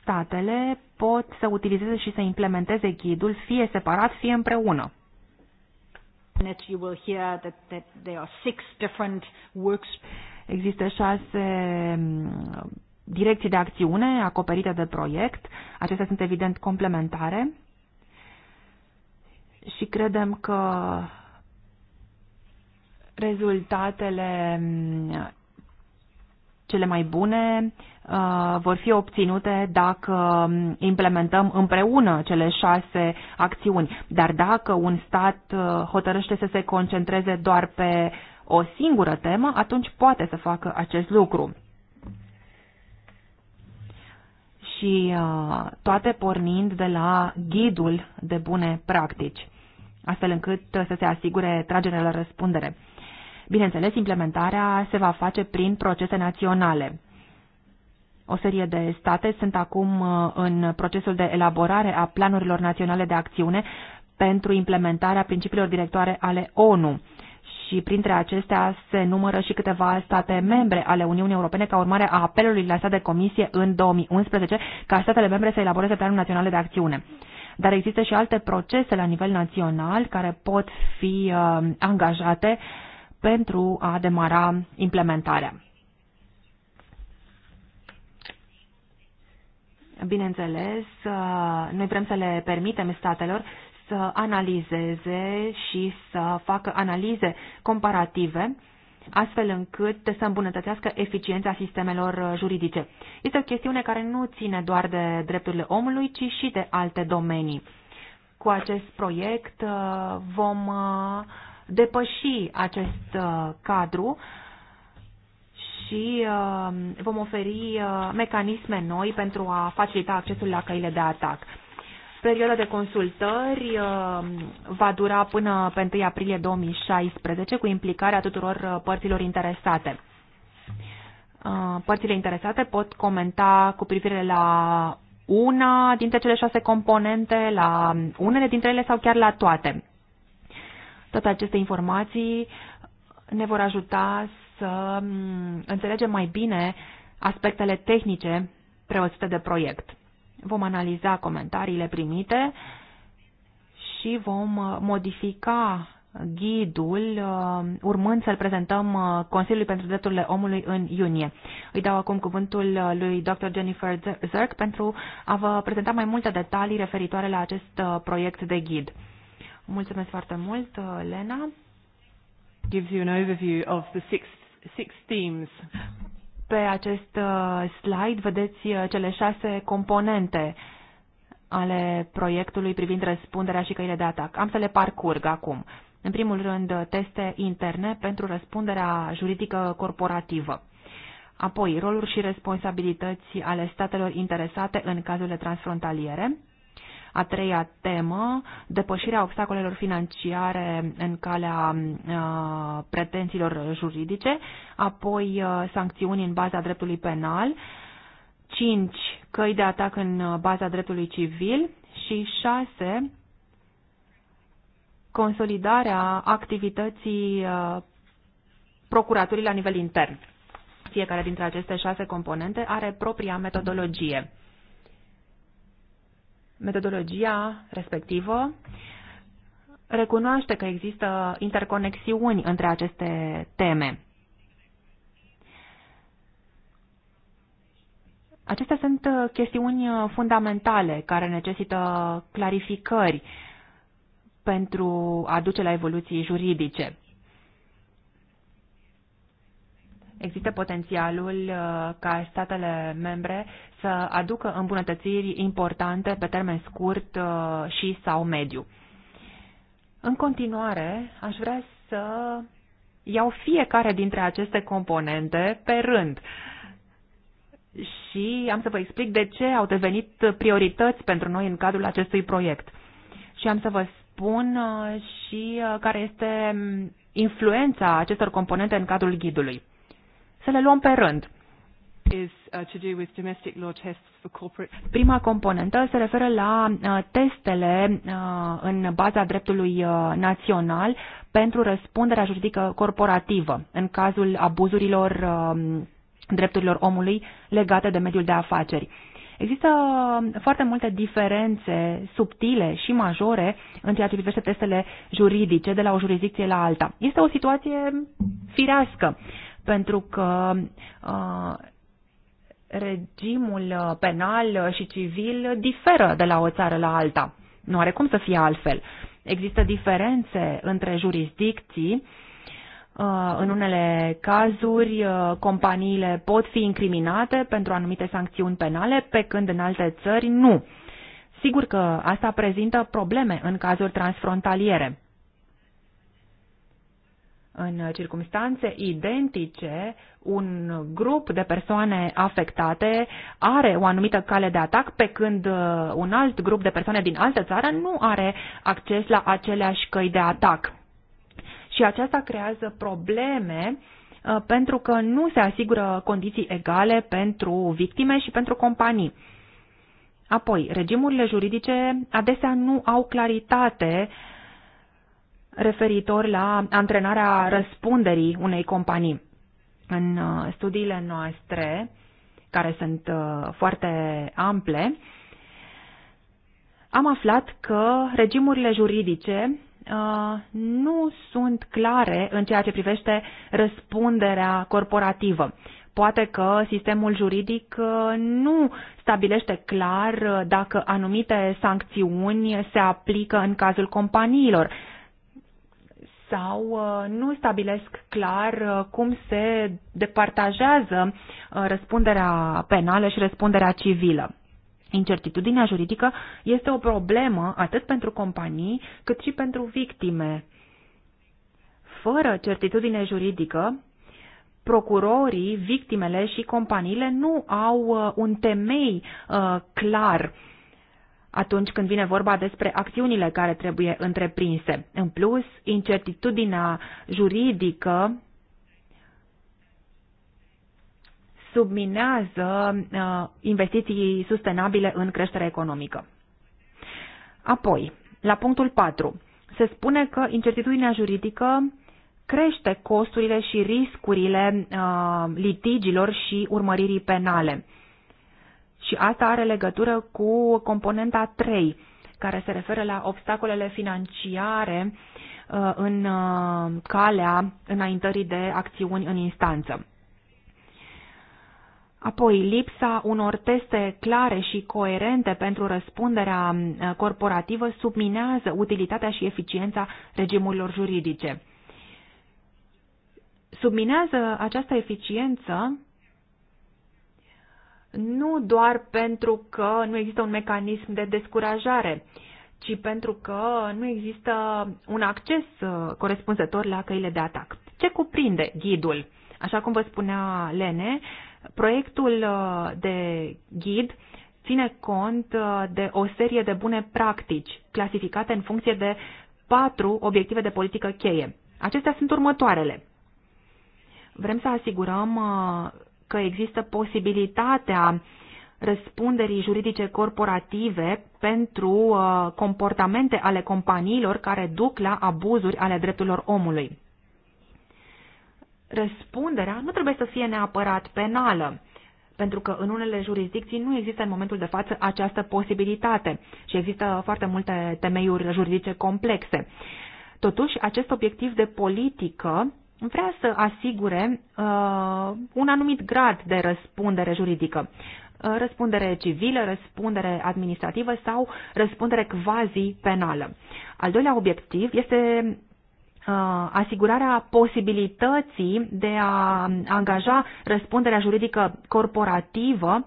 Statele pot să utilizeze și să implementeze ghidul fie separat, fie împreună. Există șase direcții de acțiune acoperite de proiect. Acestea sunt evident complementare și credem că rezultatele mm, cele mai bune uh, vor fi obținute dacă mm, implementăm împreună cele șase acțiuni. Dar dacă un stat uh, hotărăște să se concentreze doar pe o singură temă, atunci poate să facă acest lucru. și uh, toate pornind de la ghidul de bune practici, astfel încât uh, să se asigure tragerea la răspundere. Bineînțeles, implementarea se va face prin procese naționale. O serie de state sunt acum uh, în procesul de elaborare a planurilor naționale de acțiune pentru implementarea principiilor directoare ale ONU și printre acestea se numără și câteva state membre ale Uniunii Europene ca urmare a apelului lansat de Comisie în 2011 ca statele membre să elaboreze planul național de acțiune. Dar există și alte procese la nivel național care pot fi uh, angajate pentru a demara implementarea. Bineînțeles, uh, noi vrem să le permitem statelor să analizeze și să facă analize comparative astfel încât să îmbunătățească eficiența sistemelor juridice. Este o chestiune care nu ține doar de drepturile omului, ci și de alte domenii. Cu acest proiect uh, vom uh, depăși acest uh, cadru și vom oferi mecanisme noi pentru a facilita accesul la căile de atac. Perioada de consultări uh, va dura până pe 1 aprilie 2016 cu implicarea tuturor uh, părților interesate. Uh, părțile interesate pot comenta cu privire la una dintre cele șase componente, la unele dintre ele sau chiar la toate. Toate aceste informații ne vor ajuta să mm, înțelegem mai bine aspectele tehnice prevăzute de proiect. Vom analiza comentariile primite și vom uh, modifica ghidul, uh, urmând să-l prezentăm uh, Consiliului pentru Drepturile Omului în iunie. Îi dau acum cuvântul lui Dr. Jennifer Zerk pentru a vă prezenta mai multe detalii referitoare la acest proiect de ghid. Mulțumesc foarte mult, Lena. Gives you an overview of the six, six themes. Pe acest uh, slide vedeți uh, cele șase componente ale proiectului privind răspunderea și căile de atac. Am să le parcurg acum. În primul rând, teste interne pentru răspunderea juridică corporativă. Apoi, roluri și responsabilități ale statelor interesate în cazurile transfrontaliere. A treia temă, depășirea obstacolelor financiare în calea uh, pretențiilor juridice, apoi uh, sancțiuni în baza dreptului penal, 5. Căi de atac în uh, baza dreptului civil și 6. Consolidarea activității procuraturii la nivel intern. Fiecare dintre aceste șase componente are propria metodologie. Metodologia respectivă recunoaște că există interconexiuni între aceste teme. Acestea sunt uh, chestiuni uh, fundamentale care necesită clarificări pentru a duce la evoluții juridice. Există potențialul uh, ca statele membre să aducă îmbunătățiri importante pe termen scurt uh, și sau mediu. În continuare, aș vrea să iau fiecare dintre aceste componente pe rând și am să vă explic de ce au devenit priorități pentru noi în cadrul acestui proiect. Și am să vă spun uh, și uh, care este influența acestor componente în cadrul ghidului. Să le luăm pe rând. Prima componentă se referă la uh, testele uh, în baza dreptului uh, național pentru răspunderea juridică corporativă în cazul abuzurilor um, drepturilor omului legate de mediul de afaceri. Există foarte multe diferențe subtile și majore în ceea ce privește testele juridice de la o jurisdicție la alta. Este o situație firească, pentru că uh, regimul uh, penal uh, și civil diferă de la o țară la alta. Nu are cum să fie altfel. Există diferențe între jurisdicții. Uh, în unele cazuri, companiile pot fi incriminate pentru anumite sancțiuni penale, pe când în alte țări nu. Sigur că asta prezintă probleme în cazuri transfrontaliere în circumstanțe identice, un grup de persoane afectate are o anumită cale de atac, pe când uh, un alt grup de persoane din altă țară nu are acces la aceleași căi de atac. Și aceasta creează probleme uh, pentru că nu se asigură condiții egale pentru victime și pentru companii. Apoi, regimurile juridice adesea nu au claritate uh, referitor la antrenarea răspunderii unei companii. În uh, studiile noastre, care sunt uh, foarte ample, am aflat că regimurile juridice uh, nu sunt clare în ceea ce privește răspunderea corporativă. Poate că sistemul juridic nu stabilește clar dacă anumite sancțiuni se aplică în cazul companiilor sau uh, nu stabilesc clar uh, cum se departajează uh, răspunderea penală și răspunderea civilă. Incertitudinea juridică este o problemă atât pentru companii cât și pentru victime. Fără certitudine juridică, procurorii, victimele și companiile nu au un temei clar atunci când vine vorba despre acțiunile care trebuie întreprinse. În plus, incertitudinea juridică subminează uh, investiții sustenabile în creștere economică. Apoi, la punctul 4, se spune că incertitudinea juridică crește costurile și riscurile uh, litigilor și urmăririi penale. Și asta are legătură cu componenta 3, care se referă la obstacolele financiare uh, în uh, calea înaintării de acțiuni în instanță. Apoi, lipsa unor teste clare și coerente pentru răspunderea uh, corporativă subminează utilitatea și eficiența regimurilor juridice. Subminează această eficiență nu doar pentru că nu există un mecanism de descurajare, ci pentru că nu există un acces uh, corespunzător la căile de atac. Ce cuprinde ghidul? Așa cum vă spunea Lene, proiectul uh, de ghid ține cont uh, de o serie de bune practici clasificate în funcție de patru obiective de politică cheie. Acestea sunt următoarele. Vrem să asigurăm că există posibilitatea răspunderii juridice corporative pentru uh, comportamente ale companiilor care duc la abuzuri ale drepturilor omului. Răspunderea nu trebuie să fie neapărat penală, pentru că în unele jurisdicții nu există în momentul de față această posibilitate și există foarte multe temeiuri juridice complexe. Totuși, acest obiectiv de politică vrea să asigure uh, un anumit grad de răspundere juridică. Uh, răspundere civilă, răspundere administrativă sau răspundere quasi-penală. Al doilea obiectiv este uh, asigurarea posibilității de a angaja răspunderea juridică corporativă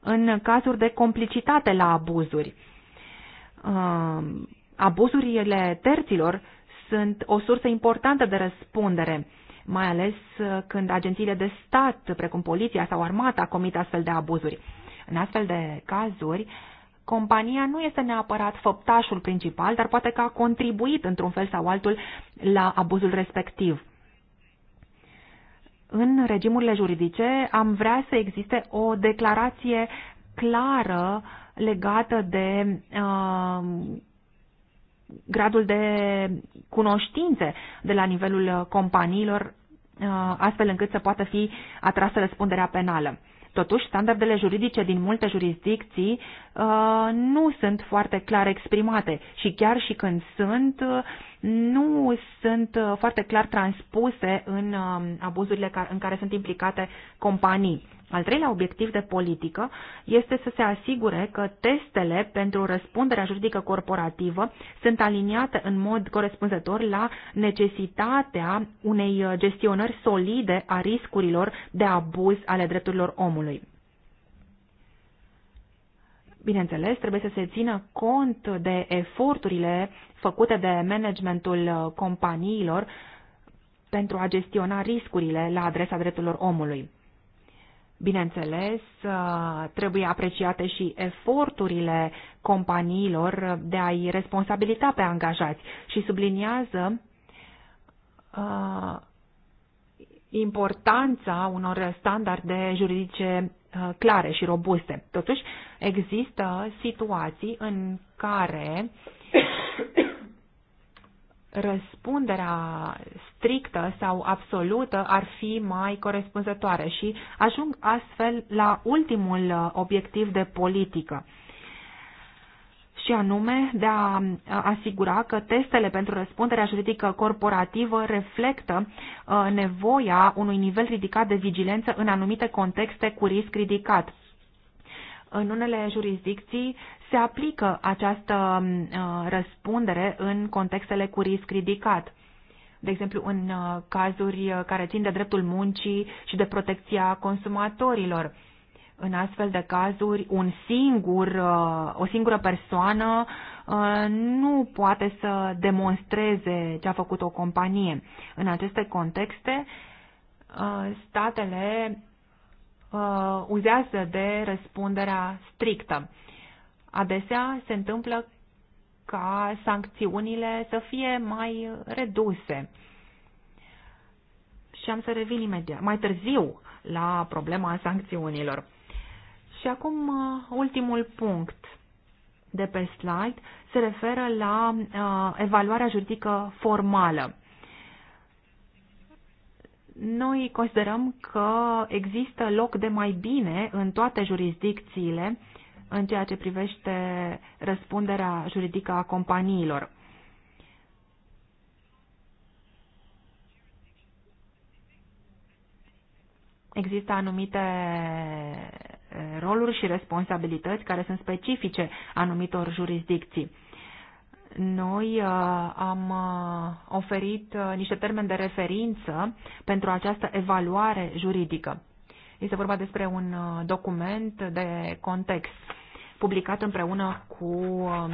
în cazuri de complicitate la abuzuri. Uh, abuzurile terților sunt o sursă importantă de răspundere, mai ales uh, când agențiile de stat, precum poliția sau armata, comit astfel de abuzuri. În astfel de cazuri, compania nu este neapărat făptașul principal, dar poate că a contribuit într-un fel sau altul la abuzul respectiv. În regimurile juridice am vrea să existe o declarație clară legată de uh, gradul de cunoștințe de la nivelul companiilor, uh, astfel încât să poată fi atrasă răspunderea penală. Totuși, standardele juridice din multe jurisdicții uh, nu sunt foarte clar exprimate și chiar și când sunt, uh, nu sunt foarte clar transpuse în abuzurile în care sunt implicate companii. Al treilea obiectiv de politică este să se asigure că testele pentru răspunderea juridică corporativă sunt aliniate în mod corespunzător la necesitatea unei gestionări solide a riscurilor de abuz ale drepturilor omului. Bineînțeles, trebuie să se țină cont de eforturile făcute de managementul companiilor pentru a gestiona riscurile la adresa drepturilor omului. Bineînțeles, uh, trebuie apreciate și eforturile companiilor de a-i responsabilita pe angajați și subliniază uh, importanța unor standarde juridice uh, clare și robuste. Totuși, există situații în care răspunderea strictă sau absolută ar fi mai corespunzătoare și ajung astfel la ultimul uh, obiectiv de politică și anume de a asigura că testele pentru răspunderea juridică corporativă reflectă uh, nevoia unui nivel ridicat de vigilență în anumite contexte cu risc ridicat. În unele jurisdicții se aplică această mm, uh, răspundere în contextele cu risc ridicat de exemplu în uh, cazuri uh, care țin de dreptul muncii și de protecția consumatorilor. În astfel de cazuri, un singur, o singură persoană nu poate să demonstreze ce a făcut o companie. În aceste contexte, statele uh, uzează de răspunderea strictă. Adesea se întâmplă ca sancțiunile să fie mai reduse. Și am să revin imediat, mai târziu, la problema sancțiunilor. Și acum uh, ultimul punct de pe slide se referă la uh, evaluarea juridică formală. Noi considerăm că există loc de mai bine în toate jurisdicțiile în ceea ce privește răspunderea juridică a companiilor. Există anumite eh, roluri și responsabilități care sunt specifice anumitor jurisdicții noi uh, am uh, oferit uh, niște termeni de referință pentru această evaluare juridică. Este vorba despre un document de context publicat împreună cu um,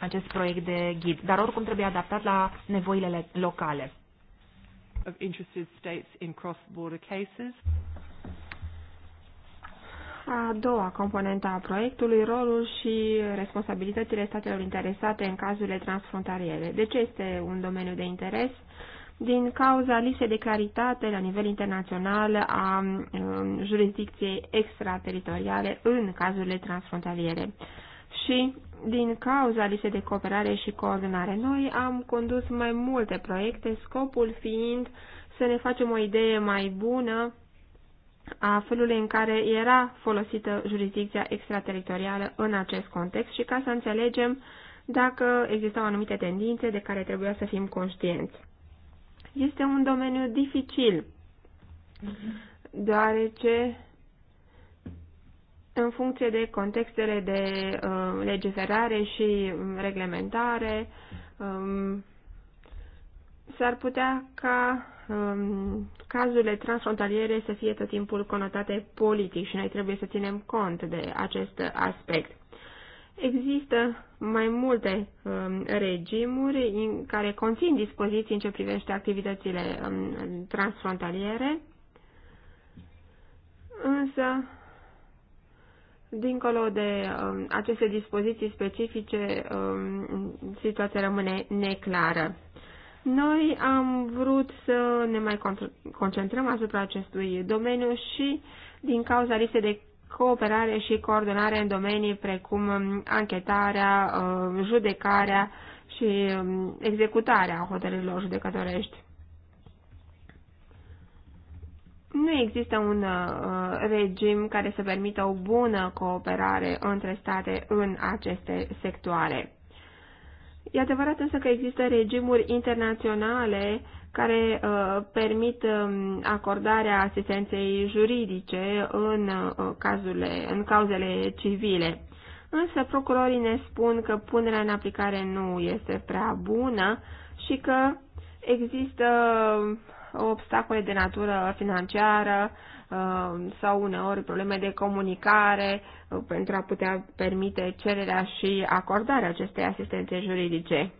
acest proiect de ghid, dar oricum trebuie adaptat la nevoile locale a doua componentă a proiectului, rolul și responsabilitățile statelor interesate în cazurile transfrontaliere. De ce este un domeniu de interes? Din cauza lipsei de claritate la nivel internațional a um, jurisdicției extrateritoriale în cazurile transfrontaliere. Și din cauza lipsei de cooperare și coordonare, noi am condus mai multe proiecte, scopul fiind să ne facem o idee mai bună a felului în care era folosită jurisdicția extrateritorială în acest context și ca să înțelegem dacă existau anumite tendințe de care trebuia să fim conștienți. Este un domeniu dificil, deoarece în funcție de contextele de uh, legiferare și um, reglementare, um, s-ar putea ca um, cazurile transfrontaliere să fie tot timpul conotate politic și noi trebuie să ținem cont de acest aspect. Există mai multe um, regimuri în care conțin dispoziții în ce privește activitățile um, transfrontaliere, însă, dincolo de um, aceste dispoziții specifice, um, situația rămâne neclară. Noi am vrut să ne mai concentrăm asupra acestui domeniu și din cauza lipsei de cooperare și coordonare în domenii precum um, anchetarea, um, judecarea și um, executarea hotărârilor judecătorești. Nu există un uh, regim care să permită o bună cooperare între state în aceste sectoare. E adevărat însă că există regimuri internaționale care uh, permit uh, acordarea asistenței juridice în uh, cazurile, în cauzele civile. Însă procurorii ne spun că punerea în aplicare nu este prea bună și că există um, obstacole de natură financiară, Uh, sau uneori probleme de comunicare uh, pentru a putea permite cererea și acordarea acestei asistențe juridice.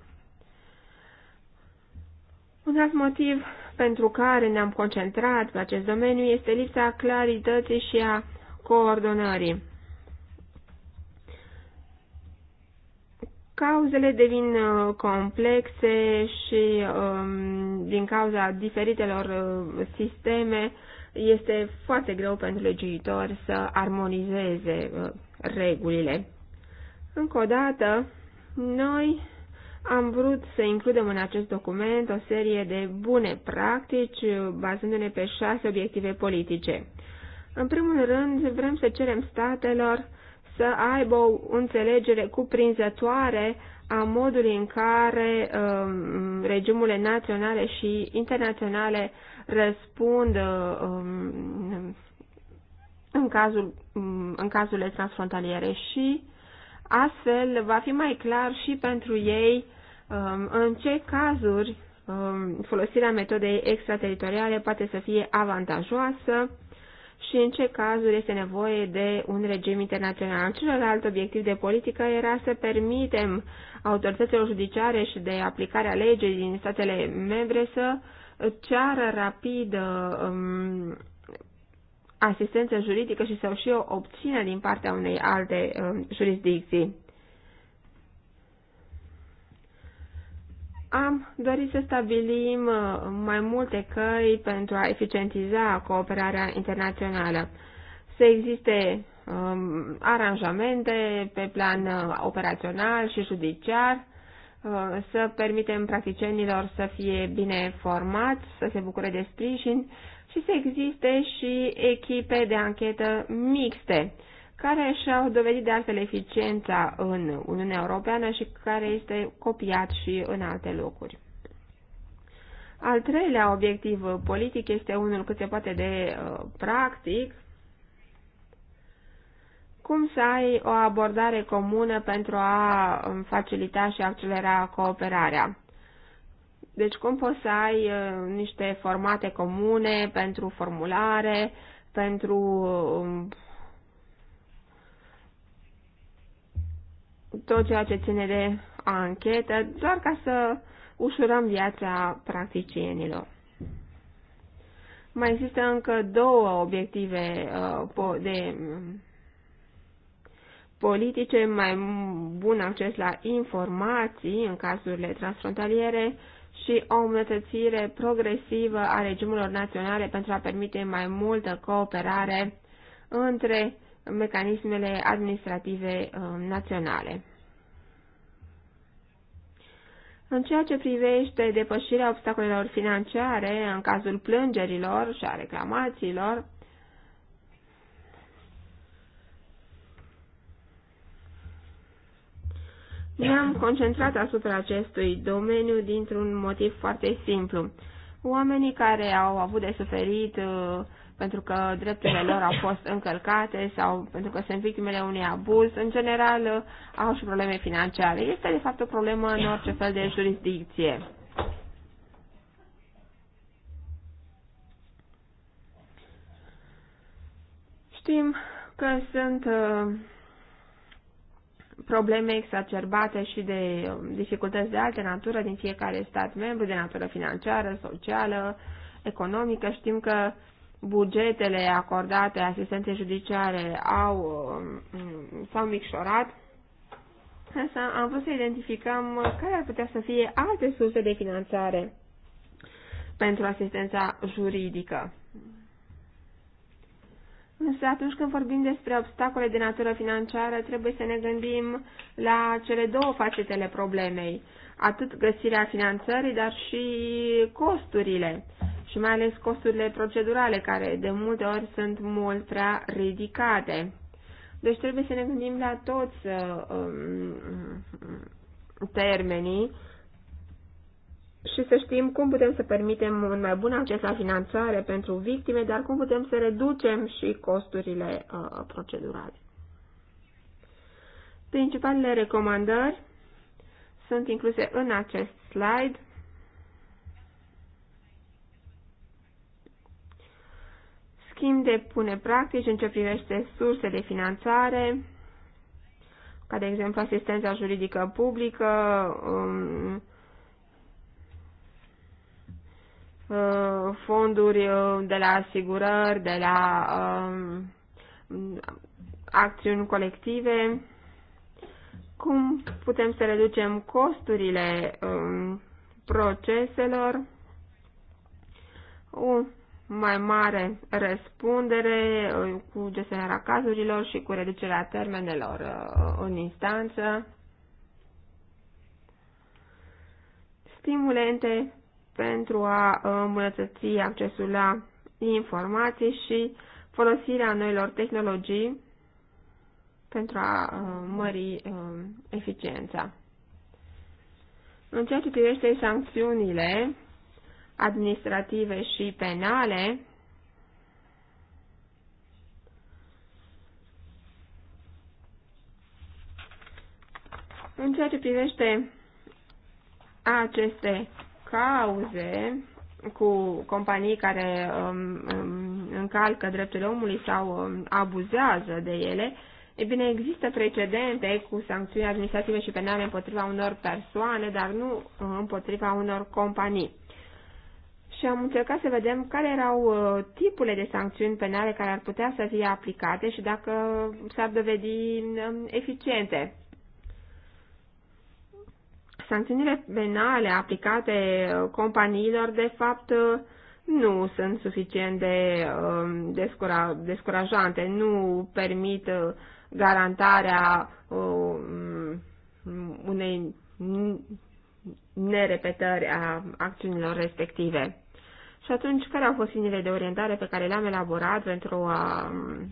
Un alt motiv pentru care ne-am concentrat pe acest domeniu este lipsa clarității și a coordonării. Cauzele devin uh, complexe și um, din cauza diferitelor sisteme este foarte greu pentru legiuitor să armonizeze uh, regulile. Încă o dată, noi am vrut să includem în acest document o serie de bune practici uh, bazându-ne pe șase obiective politice. În primul rând, vrem să cerem statelor să aibă o înțelegere cuprinzătoare a modului în care um, regimurile naționale și internaționale răspund um, în cazul, um, în cazurile transfrontaliere și astfel va fi mai clar și pentru ei um, în ce cazuri folosirea metodei extrateritoriale poate să fie avantajoasă și în ce cazuri este nevoie de un regim internațional. Celălalt obiectiv de politică era să permitem autorităților judiciare și de aplicarea legii din statele membre să uh, ceară rapid um, asistență juridică și sau și o obțină din partea unei alte um, jurisdicții. Am dorit să stabilim uh, mai multe căi pentru a eficientiza cooperarea internațională. Să existe um, aranjamente pe plan uh, operațional și judiciar, Uh, să permitem practicienilor să fie bine formați, să se bucure de sprijin și să existe și echipe de anchetă mixte, care și-au dovedit de altfel eficiența în Uniunea Europeană și care este copiat și în alte locuri. Al treilea obiectiv politic este unul cât se poate de uh, practic, cum să ai o abordare comună pentru a um, facilita și accelera cooperarea. Deci cum poți să ai uh, niște formate comune pentru formulare, pentru um, tot ceea ce ține de anchetă, doar ca să ușurăm viața practicienilor. Mai există încă două obiective uh, de um, politice, mai bun acces la informații în cazurile transfrontaliere și o îmbunătățire progresivă a regimurilor naționale pentru a permite mai multă cooperare între mecanismele administrative um, naționale. În ceea ce privește depășirea obstacolelor financiare în cazul plângerilor și a reclamațiilor, Ne-am concentrat asupra acestui domeniu dintr-un motiv foarte simplu. Oamenii care au avut de suferit uh, pentru că drepturile lor au fost încălcate sau pentru că sunt victimele unui abuz, în general uh, au și probleme financiare. Este de fapt o problemă în orice fel de jurisdicție. Știm că sunt uh, probleme exacerbate și de um, dificultăți de altă natură din fiecare stat membru, de natură financiară, socială, economică. Știm că bugetele acordate asistenței judiciare au, um, s-au micșorat, însă am vrut să identificăm care ar putea să fie alte surse de finanțare pentru asistența juridică. Însă atunci când vorbim despre obstacole de natură financiară, trebuie să ne gândim la cele două facetele problemei, atât găsirea finanțării, dar și costurile, și mai ales costurile procedurale, care de multe ori sunt mult prea ridicate. Deci trebuie să ne gândim la toți uh, um, termenii și să știm cum putem să permitem un mai bun acces la finanțare pentru victime, dar cum putem să reducem și costurile uh, procedurale. Principalele recomandări sunt incluse în acest slide. Schimb de pune practici în ce privește surse de finanțare, ca de exemplu asistența juridică publică, um, Uh, fonduri uh, de la asigurări, de la um, acțiuni colective, cum putem să reducem costurile um, proceselor, o mai mare răspundere uh, cu gestionarea cazurilor și cu reducerea termenelor în instanță, stimulente pentru a îmbunătăți accesul la informații și folosirea noilor tehnologii pentru a uh, mări uh, eficiența. În ceea ce privește sancțiunile administrative și penale, în ceea ce privește aceste cauze cu companii care um, um, încalcă drepturile omului sau um, abuzează de ele, e bine, există precedente cu sancțiuni administrative și penale împotriva unor persoane, dar nu uh, împotriva unor companii. Și am încercat să vedem care erau uh, tipurile de sancțiuni penale care ar putea să fie aplicate și dacă s-ar dovedi um, eficiente sancțiunile penale aplicate uh, companiilor, de fapt, uh, nu sunt suficient de um, descura, descurajante, nu permit uh, garantarea mm, unei nerepetări a acțiunilor respective. Și atunci, care au fost liniile de orientare pe care le-am elaborat pentru a mm,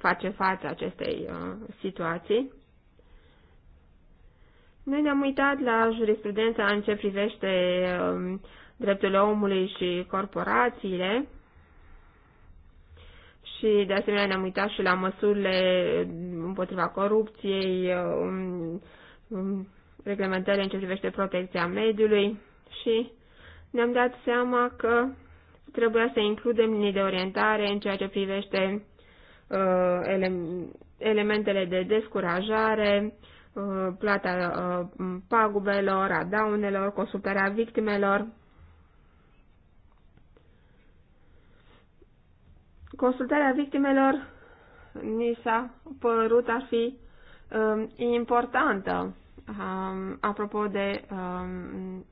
face față acestei situații? Noi ne-am uitat la jurisprudența în ce privește um, dreptul omului și corporațiile și de asemenea ne-am uitat și la măsurile împotriva corupției, um, um, reglementările în ce privește protecția mediului și ne-am dat seama că trebuia să includem linii de orientare în ceea ce privește uh, ele elementele de descurajare, Uh, plata uh, pagubelor, a daunelor, consultarea victimelor, consultarea victimelor ni s-a părut a fi um, importantă um, apropo de um,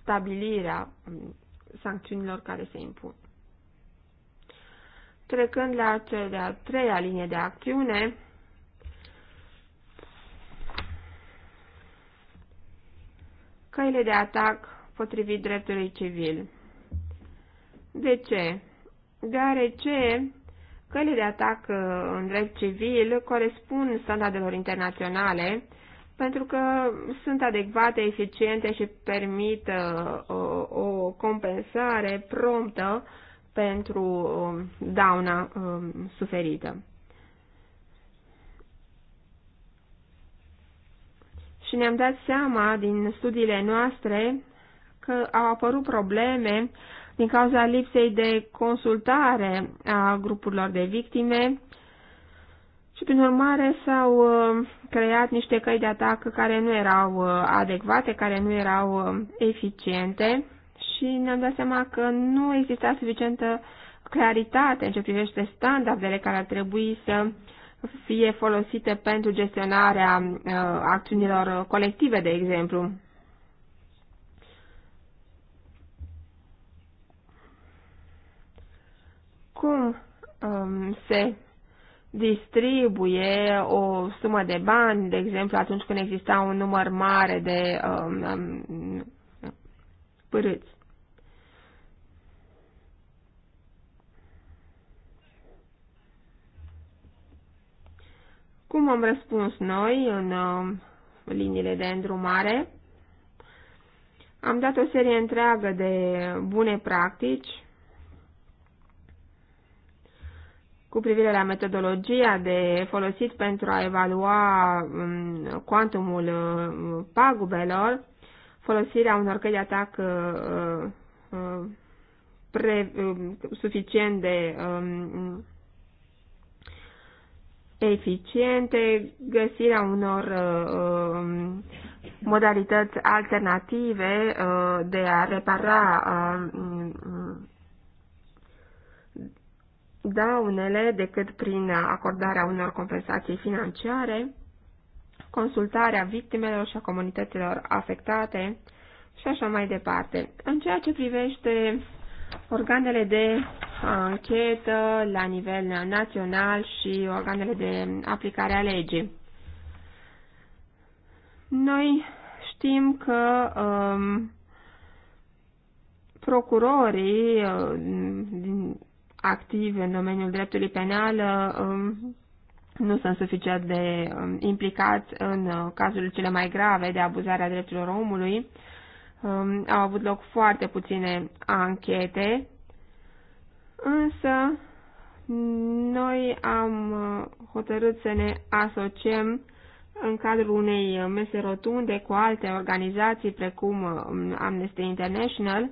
stabilirea um, sancțiunilor care se impun. Trecând la cea de-a treia linie de acțiune, căile de atac potrivit dreptului civil. De ce? Deoarece căile de atac uh, în drept civil corespund standardelor internaționale pentru că sunt adecvate, eficiente și permit uh, o, o compensare promptă pentru uh, dauna suferită. și ne-am dat seama din studiile noastre că au apărut probleme din cauza lipsei de consultare a grupurilor de victime și, prin urmare, s-au uh, creat niște căi de atac care nu erau uh, adecvate, care nu erau uh, eficiente și ne-am dat seama că nu exista suficientă claritate în ce privește standardele care ar trebui să fie folosite pentru gestionarea uh, acțiunilor colective, de exemplu. Cum um, se distribuie o sumă de bani, de exemplu, atunci când exista un număr mare de um, um, pârâți? Cum am răspuns noi în um, liniile de îndrumare? Am dat o serie întreagă de bune practici cu privire la metodologia de folosit pentru a evalua um, cuantumul uh, pagubelor, folosirea unor căi de atac uh, uh, pre, um, suficient de eficiente, găsirea unor uh, um, modalități alternative uh, de a repara uh, daunele decât prin acordarea unor compensații financiare, consultarea victimelor și a comunităților afectate și așa mai departe. În ceea ce privește Organele de anchetă la nivel național și organele de aplicare a legii. Noi știm că um, procurorii um, activi în domeniul dreptului penal um, nu sunt suficient de um, implicați în uh, cazurile cele mai grave de abuzarea drepturilor omului um, au avut loc foarte puține anchete, însă noi am uh, hotărât să ne asociem în cadrul unei mese rotunde cu alte organizații precum um, Amnesty International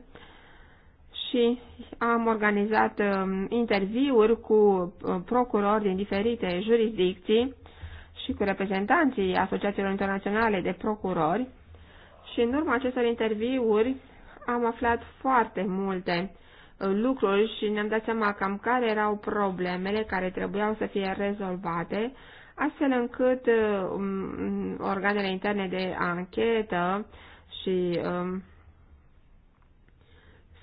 și am organizat um, interviuri cu uh, procurori din diferite jurisdicții și cu reprezentanții Asociațiilor Internaționale de Procurori și în urma acestor interviuri am aflat foarte multe uh, lucruri și ne-am dat seama cam care erau problemele care trebuiau să fie rezolvate, astfel încât uh, um, organele interne de anchetă și um,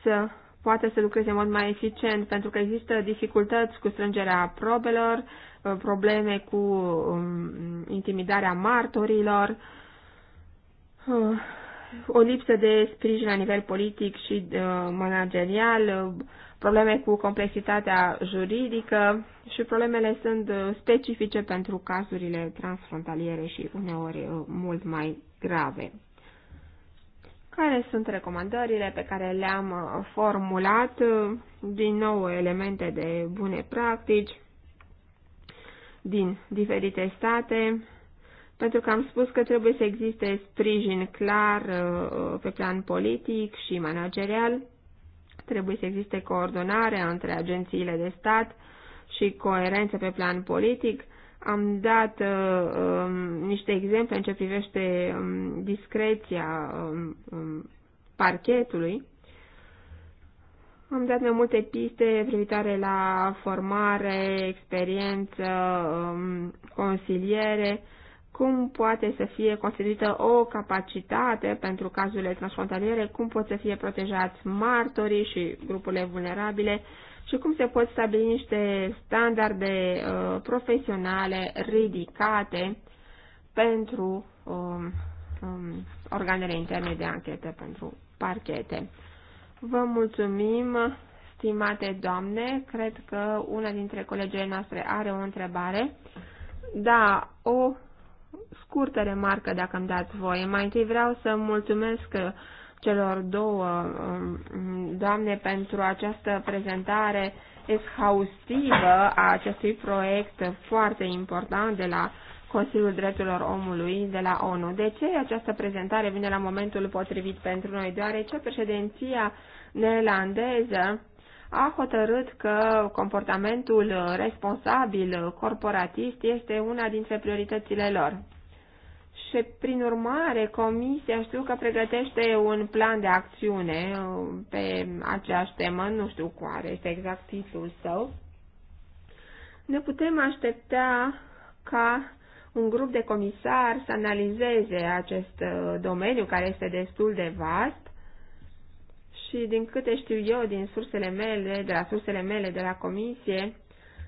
să poate să lucreze în mod mai eficient, pentru că există dificultăți cu strângerea probelor, uh, probleme cu um, intimidarea martorilor Uh, o lipsă de sprijin la nivel politic și uh, managerial, uh, probleme cu complexitatea juridică și problemele sunt specifice pentru cazurile transfrontaliere și uneori mult mai grave. Care sunt recomandările pe care le-am formulat? Din nou, elemente de bune practici din diferite state, pentru că am spus că trebuie să existe sprijin clar uh, uh, pe plan politic și managerial, trebuie să existe coordonare între agențiile de stat și coerență pe plan politic. Am dat uh, um, niște exemple în ce privește um, discreția um, um, parchetului. Am dat mai multe piste privitoare la formare, experiență, um, consiliere, uh, cum poate să fie constituită o capacitate pentru cazurile transfrontaliere, cum pot să fie protejați martorii și grupurile vulnerabile și cum se pot stabili niște standarde uh, profesionale ridicate pentru um, um, organele interne de anchetă, pentru parchete. Vă mulțumim, stimate doamne, cred că una dintre colegele noastre are o întrebare. Da, o scurtă remarcă, dacă îmi dați voie. Mai întâi vreau să mulțumesc celor două um, doamne pentru această prezentare exhaustivă a acestui proiect foarte important de la Consiliul Drepturilor Omului de la ONU. De ce această prezentare vine la momentul potrivit pentru noi? Deoarece președinția neerlandeză a hotărât că comportamentul responsabil corporatist este una dintre prioritățile lor. Și, prin urmare, Comisia știu că pregătește un plan de acțiune uh, pe aceeași temă, nu știu care este exact titlul său. Ne putem aștepta ca un grup de comisari să analizeze acest uh, domeniu care este destul de vast și din câte știu eu, din sursele mele, de la sursele mele, de la comisie,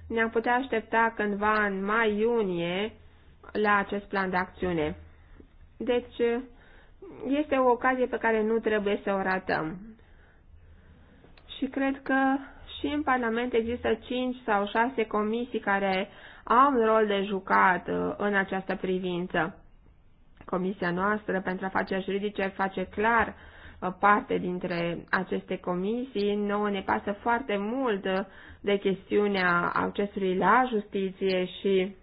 ne-am putea aștepta cândva în mai-iunie la acest plan de acțiune. Deci, este o ocazie pe care nu trebuie să o ratăm. Și cred că și în Parlament există 5 sau 6 comisii care au un rol de jucat uh, în această privință. Comisia noastră pentru afaceri juridice face clar Uh, parte dintre aceste comisii. Nouă ne pasă foarte mult uh, de chestiunea accesului la justiție și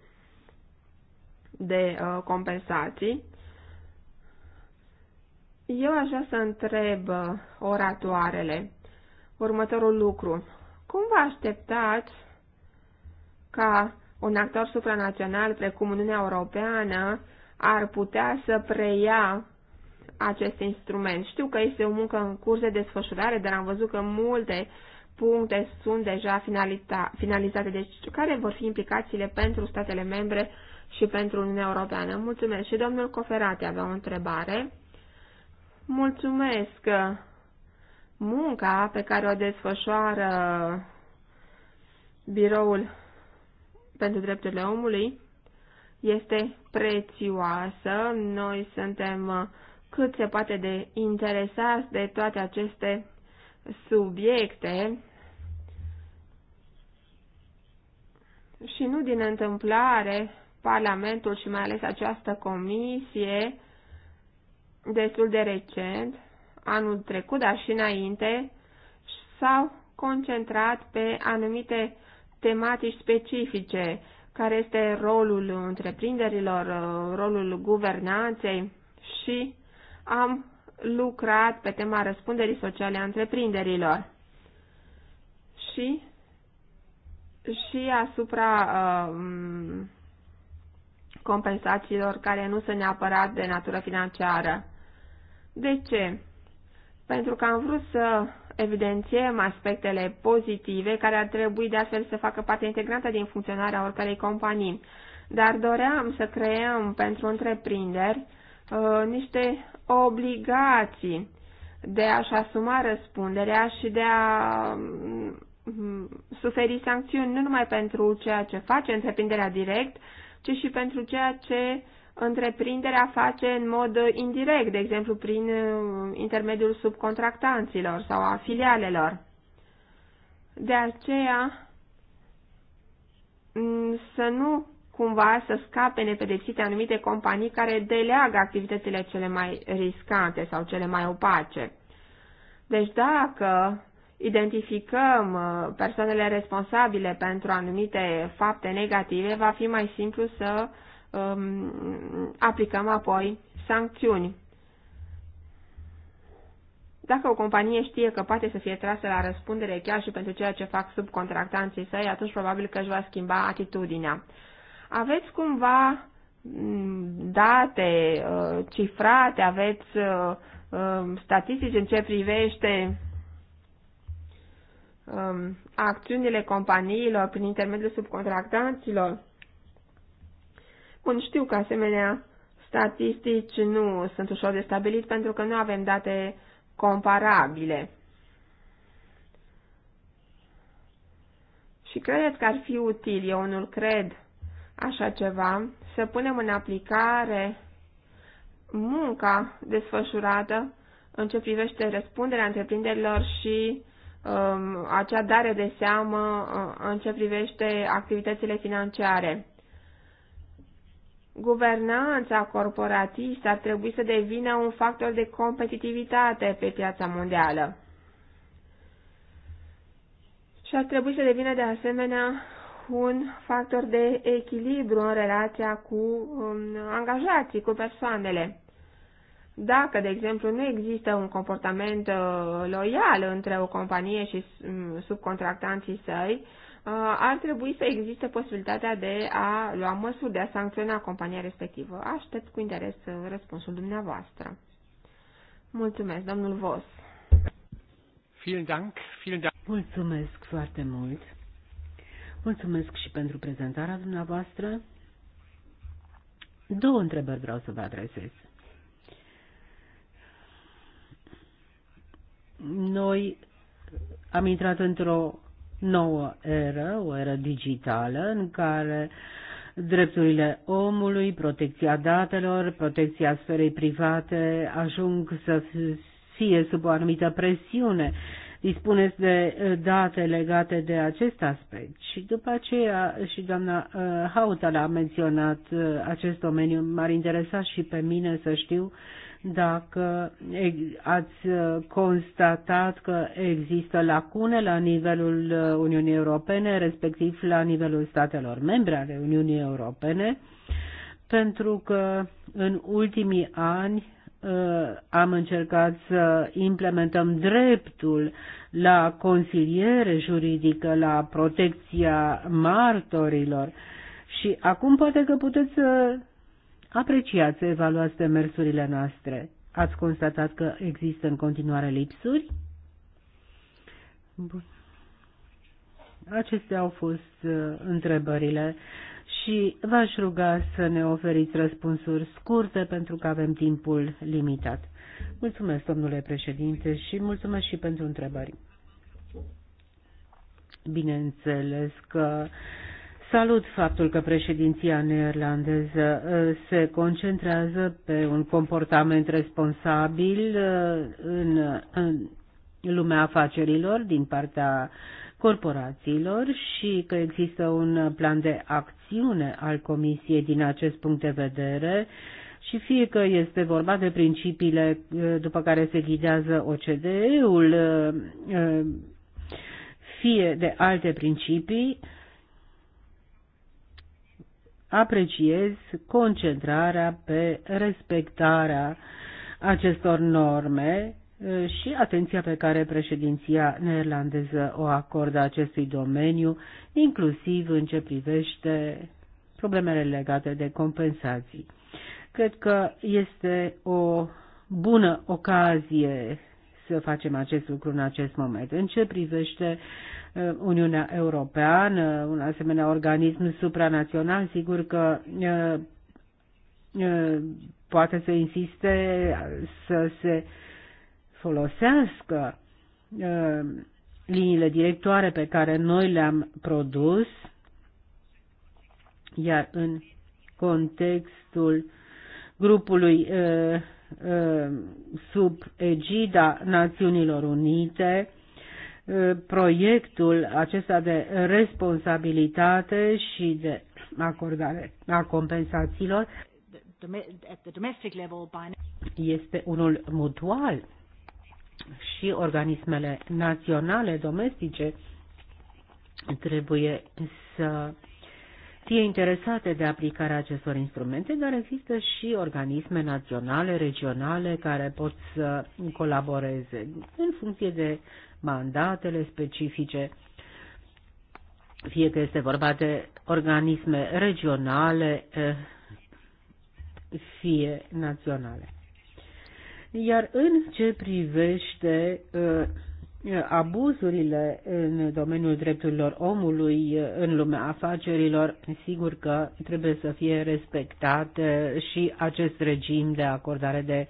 de uh, compensații. Eu aș vrea să întreb oratoarele următorul lucru. Cum vă așteptați ca un actor supranațional precum Uniunea Europeană ar putea să preia acest instrument. Știu că este o muncă în curs de desfășurare, dar am văzut că multe puncte sunt deja finalizate. Deci, care vor fi implicațiile pentru statele membre și pentru Uniunea Europeană? Mulțumesc. Și domnul Coferate avea o întrebare. Mulțumesc. Munca pe care o desfășoară biroul pentru drepturile omului este prețioasă. Noi suntem cât se poate de interesați de toate aceste subiecte și nu din întâmplare Parlamentul și mai ales această comisie destul de recent, anul trecut, dar și înainte, s-au concentrat pe anumite tematici specifice, care este rolul întreprinderilor, rolul guvernanței și am lucrat pe tema răspunderii sociale a întreprinderilor și, și asupra uh, compensațiilor care nu sunt neapărat de natură financiară. De ce? Pentru că am vrut să evidențiem aspectele pozitive care ar trebui de astfel să facă parte integrantă din funcționarea oricărei companii, dar doream să creăm pentru întreprinderi uh, niște obligații de a-și asuma răspunderea și de a mm, suferi sancțiuni nu numai pentru ceea ce face întreprinderea direct, ci și pentru ceea ce întreprinderea face în mod indirect, de exemplu prin mm, intermediul subcontractanților sau a filialelor. De aceea, mm, să nu cumva să scape nepedepsite anumite companii care deleagă activitățile cele mai riscante sau cele mai opace. Deci dacă identificăm uh, persoanele responsabile pentru anumite fapte negative, va fi mai simplu să um, aplicăm apoi sancțiuni. Dacă o companie știe că poate să fie trasă la răspundere chiar și pentru ceea ce fac subcontractanții săi, atunci probabil că își va schimba atitudinea. Aveți cumva mm, date uh, cifrate, aveți uh, um, statistici în ce privește um, acțiunile companiilor prin intermediul subcontractanților? Bun, știu că asemenea statistici nu sunt ușor de stabilit pentru că nu avem date comparabile. Și credeți că ar fi util, eu unul cred, așa ceva, să punem în aplicare munca desfășurată în ce privește răspunderea întreprinderilor și um, acea dare de seamă uh, în ce privește activitățile financiare. Guvernanța corporatistă ar trebui să devină un factor de competitivitate pe piața mondială. Și ar trebui să devină de asemenea un factor de echilibru în relația cu um, angajații, cu persoanele. Dacă, de exemplu, nu există un comportament uh, loial între o companie și um, subcontractanții săi, uh, ar trebui să existe posibilitatea de a lua măsuri, de a sancționa compania respectivă. Aștept cu interes uh, răspunsul dumneavoastră. Mulțumesc, domnul Vos. Vielen Dank, vielen Dank. Mulțumesc foarte mult. Mulțumesc și pentru prezentarea dumneavoastră. Două întrebări vreau să vă adresez. Noi am intrat într-o nouă eră, o eră digitală, în care drepturile omului, protecția datelor, protecția sferei private ajung să fie sub o anumită presiune dispuneți de eh, date legate de acest aspect. Și după aceea și doamna eh, l a menționat eh, acest domeniu. M-ar interesa și pe mine să știu dacă ați constatat că există lacune la nivelul Uniunii Europene, respectiv la nivelul statelor membre ale Uniunii Europene, pentru că în ultimii ani Uh, am încercat să implementăm dreptul la consiliere juridică, la protecția martorilor. Și acum poate că puteți să apreciați, să evaluați demersurile noastre. Ați constatat că există în continuare lipsuri? Bun. Acestea au fost uh, întrebările și v-aș ruga să ne oferiți răspunsuri scurte pentru că avem timpul limitat. Mulțumesc, domnule președinte, și mulțumesc și pentru întrebări. Bineînțeles că salut faptul că președinția neerlandeză uh, se concentrează pe un comportament responsabil uh, în lumea afacerilor din partea uh, corporațiilor și că există un plan de acțiune al Comisiei din acest punct de vedere și fie că este vorba de principiile eh, după care se ghidează OCDE-ul, eh, eh, fie de alte principii, apreciez concentrarea pe respectarea acestor norme și atenția pe care președinția neerlandeză o acordă acestui domeniu, inclusiv în ce privește problemele legate de compensații. Cred că este o bună ocazie să facem acest lucru în acest moment. În ce privește uh, Uniunea Europeană, un asemenea organism supranațional, sigur că uh, uh, poate să insiste să se folosească uh, liniile directoare pe care noi le-am produs, iar în contextul grupului uh, uh, sub egida Națiunilor Unite, proiectul acesta de responsabilitate și de acordare a compensațiilor este unul mutual și organismele naționale domestice trebuie să fie interesate de aplicarea acestor instrumente, dar există și organisme naționale, regionale, care pot să colaboreze în funcție de mandatele specifice, fie că este vorba de organisme regionale, eh, fie naționale. Iar în ce privește uh, abuzurile în domeniul drepturilor omului uh, în lumea afacerilor, sigur că trebuie să fie respectat uh, și acest regim de acordare de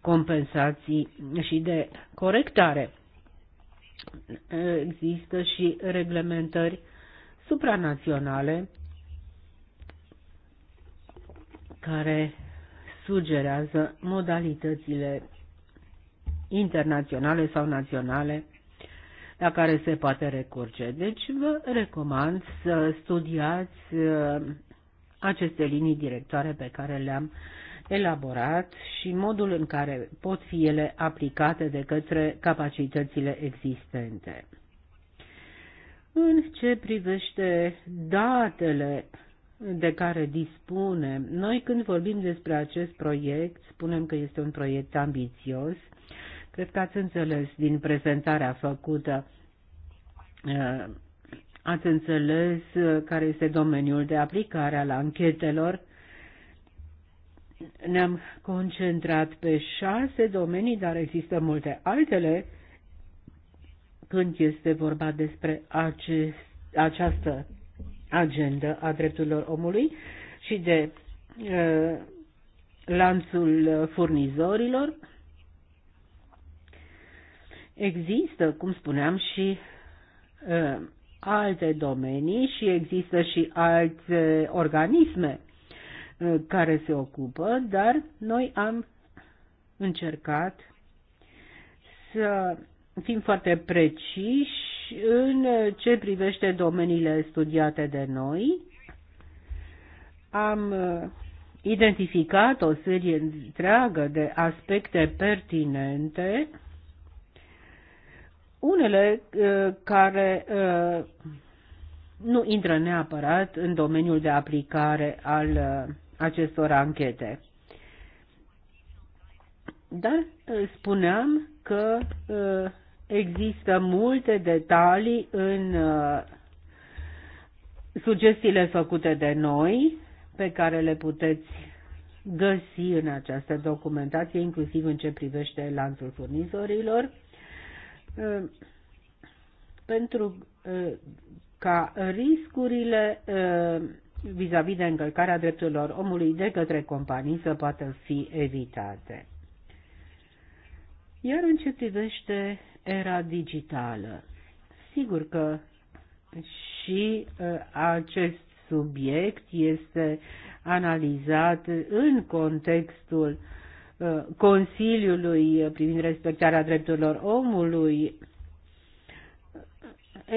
compensații și de corectare. Există și reglementări supranaționale care sugerează modalitățile internaționale sau naționale la care se poate recurge. Deci vă recomand să studiați uh, aceste linii directoare pe care le-am elaborat și modul în care pot fi ele aplicate de către capacitățile existente. În ce privește datele de care dispune Noi când vorbim despre acest proiect, spunem că este un proiect ambițios. Cred că ați înțeles din prezentarea făcută, uh, ați înțeles uh, care este domeniul de aplicare al anchetelor. Ne-am concentrat pe șase domenii, dar există multe altele când este vorba despre acest această agendă a drepturilor omului și de uh, lanțul furnizorilor. Există, cum spuneam, și uh, alte domenii și există și alte organisme uh, care se ocupă, dar noi am încercat să fim foarte preciși deci, în ce privește domeniile studiate de noi, am uh, identificat o serie întreagă de aspecte pertinente, unele uh, care uh, nu intră neapărat în domeniul de aplicare al acestor anchete. Dar spuneam că Există multe detalii în uh, sugestiile făcute de noi pe care le puteți găsi în această documentație, inclusiv în ce privește lanțul furnizorilor, uh, pentru uh, ca riscurile vis-a-vis -vis de încălcarea drepturilor omului de către companii să poată fi evitate. Iar în ce privește era digitală. Sigur că și uh, acest subiect este analizat în contextul uh, Consiliului privind respectarea drepturilor omului.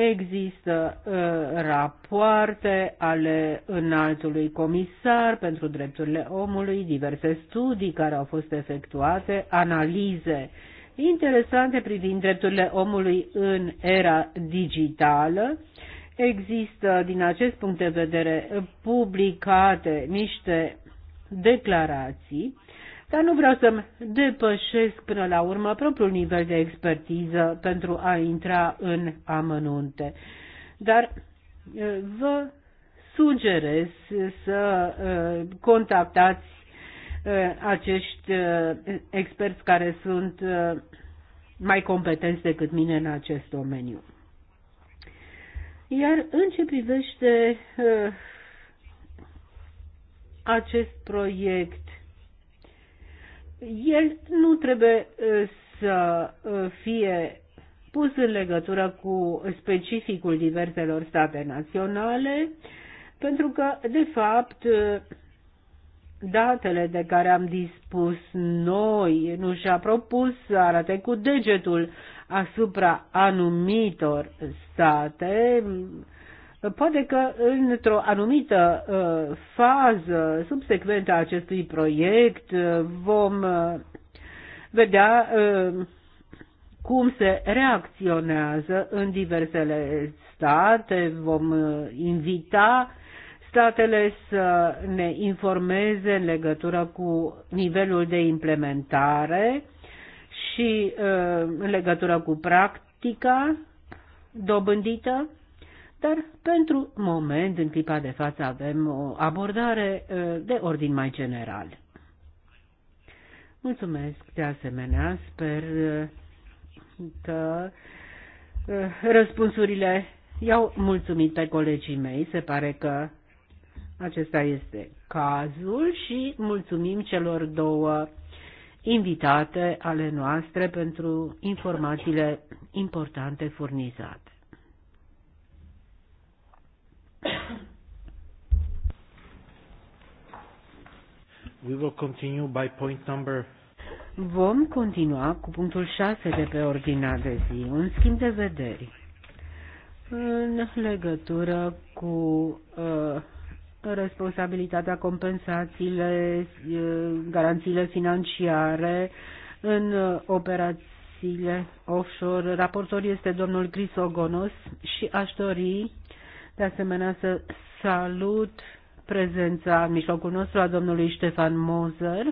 Există uh, rapoarte ale înaltului comisar pentru drepturile omului, diverse studii care au fost efectuate, analize uh, interesante privind drepturile omului în era digitală. Există, din acest punct de vedere, publicate niște declarații, dar nu vreau să-mi depășesc până la urmă propriul nivel de expertiză pentru a intra în amănunte. Dar eh, vă sugerez să eh, contactați Uh, acești uh, experți care sunt uh, mai competenți decât mine în acest domeniu. Iar în ce privește acest proiect, el nu trebuie să fie pus în legătură cu specificul diverselor state naționale, pentru că, de fapt, datele de care am dispus noi nu și-a propus să arate cu degetul asupra anumitor state, poate că într-o anumită uh, fază subsecventă a acestui proiect uh, vom uh, vedea uh, cum se reacționează în diversele state, vom uh, invita statele să ne informeze în legătură cu nivelul de implementare și ă, în legătură cu practica dobândită, dar pentru moment, în clipa de față, avem o abordare ă, de ordin mai general. Mulțumesc de asemenea, sper ă, că răspunsurile i-au mulțumit pe colegii mei, se pare că acesta este cazul și mulțumim celor două invitate ale noastre pentru informațiile importante furnizate. We will continue by point number Vom continua cu punctul 6 de pe ordinea de zi, un schimb de vederi în legătură cu uh, responsabilitatea, compensațiile, garanțiile financiare în operațiile offshore. Raportor este domnul Ogonos și aș dori de asemenea să salut prezența în mijlocul nostru a domnului Ștefan Moser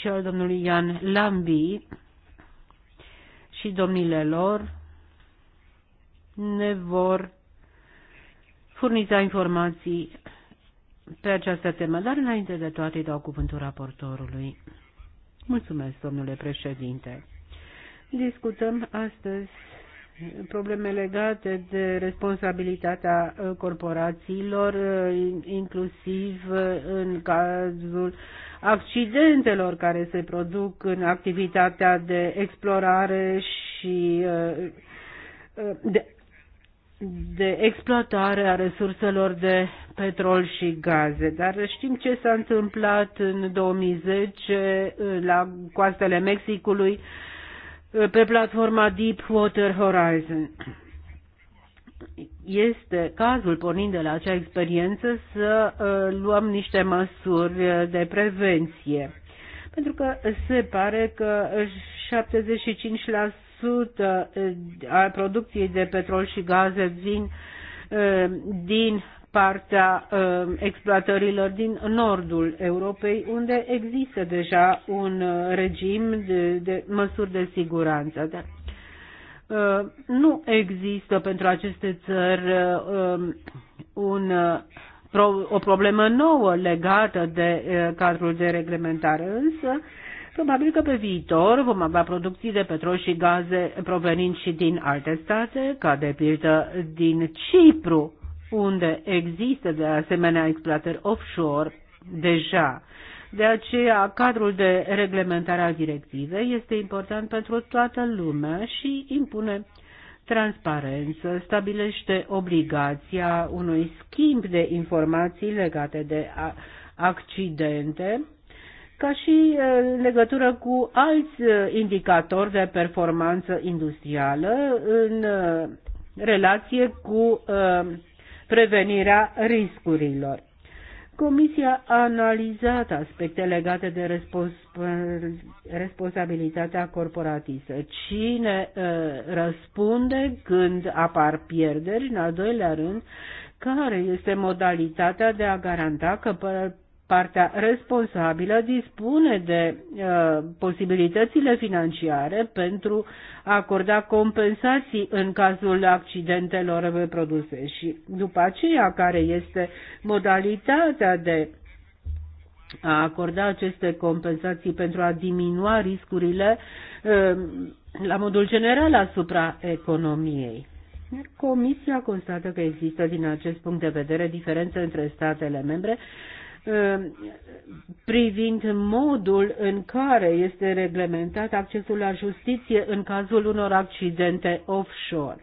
și al domnului Ian Lambi și domnile lor ne vor furniza informații pe această temă, dar înainte de toate dau cuvântul raportorului. Mulțumesc, domnule președinte. Discutăm astăzi probleme legate de responsabilitatea corporațiilor, inclusiv în cazul accidentelor care se produc în activitatea de explorare și uh, uh, de de exploatare a resurselor de petrol și gaze. Dar știm ce s-a întâmplat în 2010 uh, la coastele Mexicului uh, pe platforma Deepwater Horizon. Este cazul, pornind de la acea experiență, să uh, luăm niște măsuri de prevenție. Pentru că se pare că 75% a producției de petrol și gaze vin din partea exploatărilor din nordul Europei, unde există deja un regim de, de măsuri de siguranță. Dar nu există pentru aceste țări un, o problemă nouă legată de cadrul de reglementare, însă Probabil că pe viitor vom avea producții de petrol și gaze provenind și din alte state, ca de pildă din Cipru, unde există de asemenea exploatări offshore deja. De aceea, cadrul de reglementare a directivei este important pentru toată lumea și impune transparență, stabilește obligația unui schimb de informații legate de accidente ca și uh, în legătură cu alți uh, indicatori de performanță industrială în uh, relație cu prevenirea riscurilor. Comisia a analizat aspecte legate de respons responsabilitatea corporatistă. Cine uh, răspunde când apar pierderi? În al doilea rând, care este modalitatea de a garanta că partea responsabilă dispune de uh, posibilitățile financiare pentru a acorda compensații în cazul accidentelor produse și după aceea care este modalitatea de a acorda aceste compensații pentru a diminua riscurile uh, la modul general asupra economiei. Comisia constată că există din acest punct de vedere diferențe între statele membre Uh, privind modul în care este reglementat accesul la justiție în cazul unor accidente offshore.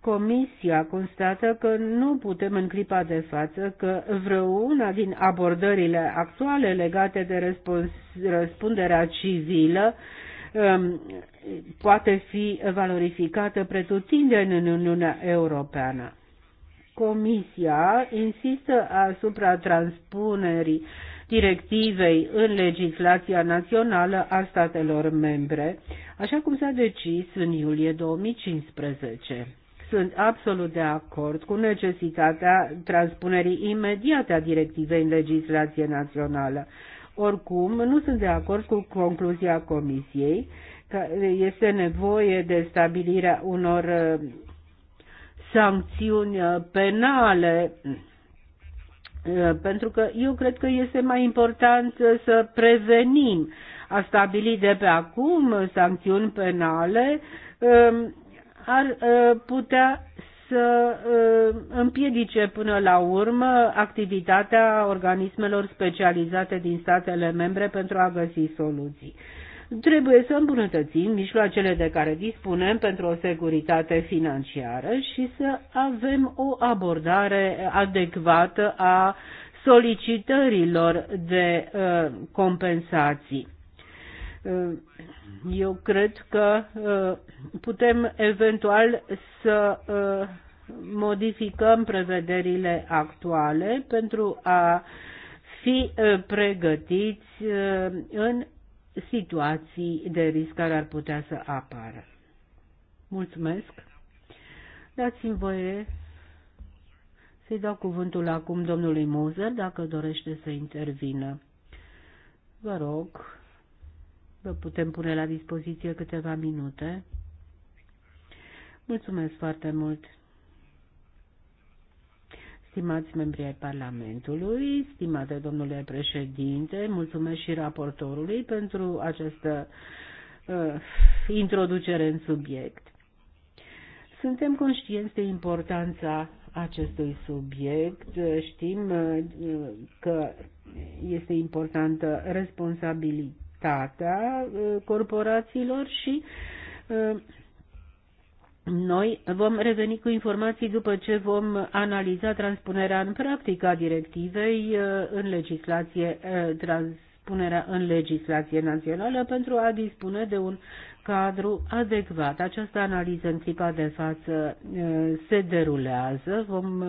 Comisia constată că nu putem în clipa de față că vreuna din abordările actuale legate de răspuns, răspunderea civilă um, poate fi valorificată pretutindeni în Uniunea Europeană. Comisia insistă asupra transpunerii directivei în legislația națională a statelor membre, așa cum s-a decis în iulie 2015. Sunt absolut de acord cu necesitatea transpunerii imediate a directivei în legislație națională. Oricum, nu sunt de acord cu concluzia Comisiei că este nevoie de stabilirea unor sancțiuni uh, penale uh, pentru că eu cred că este mai important uh, să prevenim. A stabili de pe acum sancțiuni penale um, ar putea să împiedice până la urmă activitatea organismelor specializate din statele membre pentru a găsi soluții. Trebuie să îmbunătățim mijloacele de care dispunem pentru o securitate financiară și să avem o abordare adecvată a solicitărilor de uh, compensații. Uh, eu cred că uh, putem eventual să uh, modificăm prevederile actuale pentru a fi pregătiți în situații de risc care ar putea să apară. Mulțumesc. Dați-mi voie să-i dau cuvântul acum domnului Moser dacă dorește să intervină. Vă rog, vă putem pune la dispoziție câteva minute. Mulțumesc foarte mult. Stimați membri ai Parlamentului, stimate domnule președinte, mulțumesc și raportorului pentru această uh, introducere în subiect. Suntem conștienți de importanța acestui subiect, știm uh, că este importantă responsabilitatea uh, corporațiilor și uh, noi vom reveni cu informații după ce vom analiza transpunerea în practică a directivei uh, în legislație uh, transpunerea în legislație națională pentru a dispune de un cadru adecvat. Această analiză în clipa de față uh, se derulează. Vom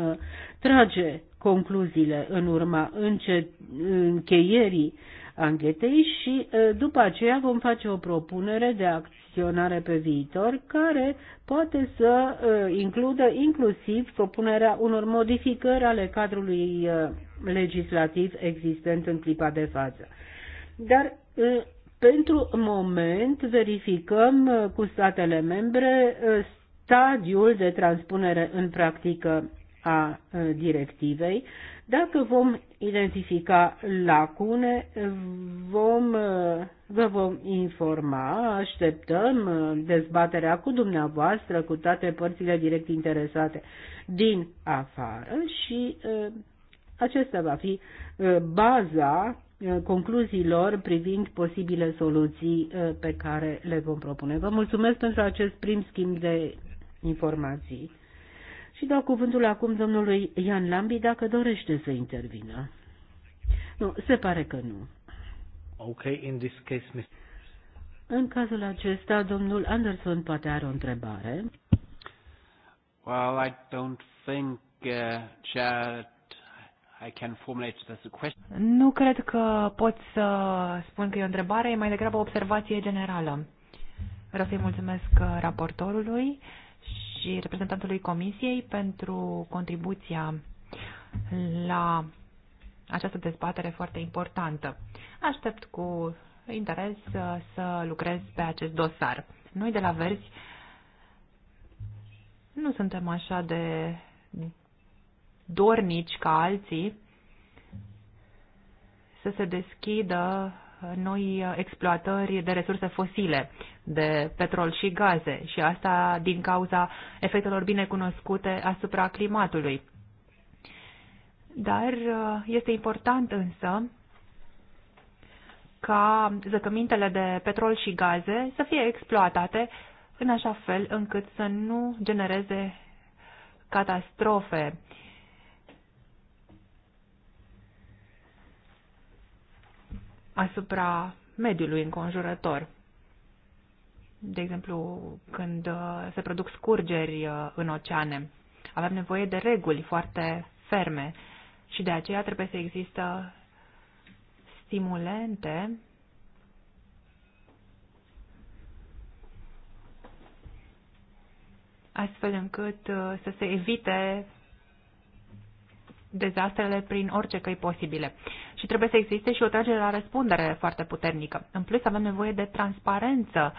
trage concluziile în urma încheierii anchetei și după aceea vom face o propunere de acționare pe viitor care poate să includă inclusiv propunerea unor modificări ale cadrului legislativ existent în clipa de față. Dar pentru moment verificăm cu statele membre stadiul de transpunere în practică a directivei dacă vom identifica lacune, vom, uh, vă vom informa, așteptăm uh, dezbaterea cu dumneavoastră, cu toate părțile direct interesate din afară și uh, acesta va fi baza concluziilor privind posibile soluții pe care le vom propune. Vă mulțumesc pentru acest prim schimb de informații. Și dau cuvântul acum domnului Ian Lambi dacă dorește să intervină. Nu, se pare că nu. Okay, in this case, Mr. În cazul acesta, domnul Anderson poate are o întrebare. Well, I don't think, uh, Chad, I can formulate a question. Nu cred că pot să spun că e o întrebare, e mai degrabă o observație generală. Vreau să-i mulțumesc uh, raportorului și reprezentantului Comisiei pentru contribuția la această dezbatere foarte importantă. Aștept cu interes uh, să lucrez pe acest dosar. Noi de la Verzi nu suntem așa de dornici ca alții să se deschidă noi exploatări de resurse fosile, de petrol și gaze, și asta din cauza efectelor binecunoscute asupra climatului. Dar uh, este important însă ca zăcămintele de petrol și gaze să fie exploatate în așa fel încât să nu genereze catastrofe asupra mediului înconjurător. De exemplu, când uh, se produc scurgeri uh, în oceane, avem nevoie de reguli foarte ferme și de aceea trebuie să există stimulente astfel încât uh, să se evite dezastrele prin orice căi posibile și trebuie să existe și o tragere la răspundere foarte puternică. În plus, avem nevoie de transparență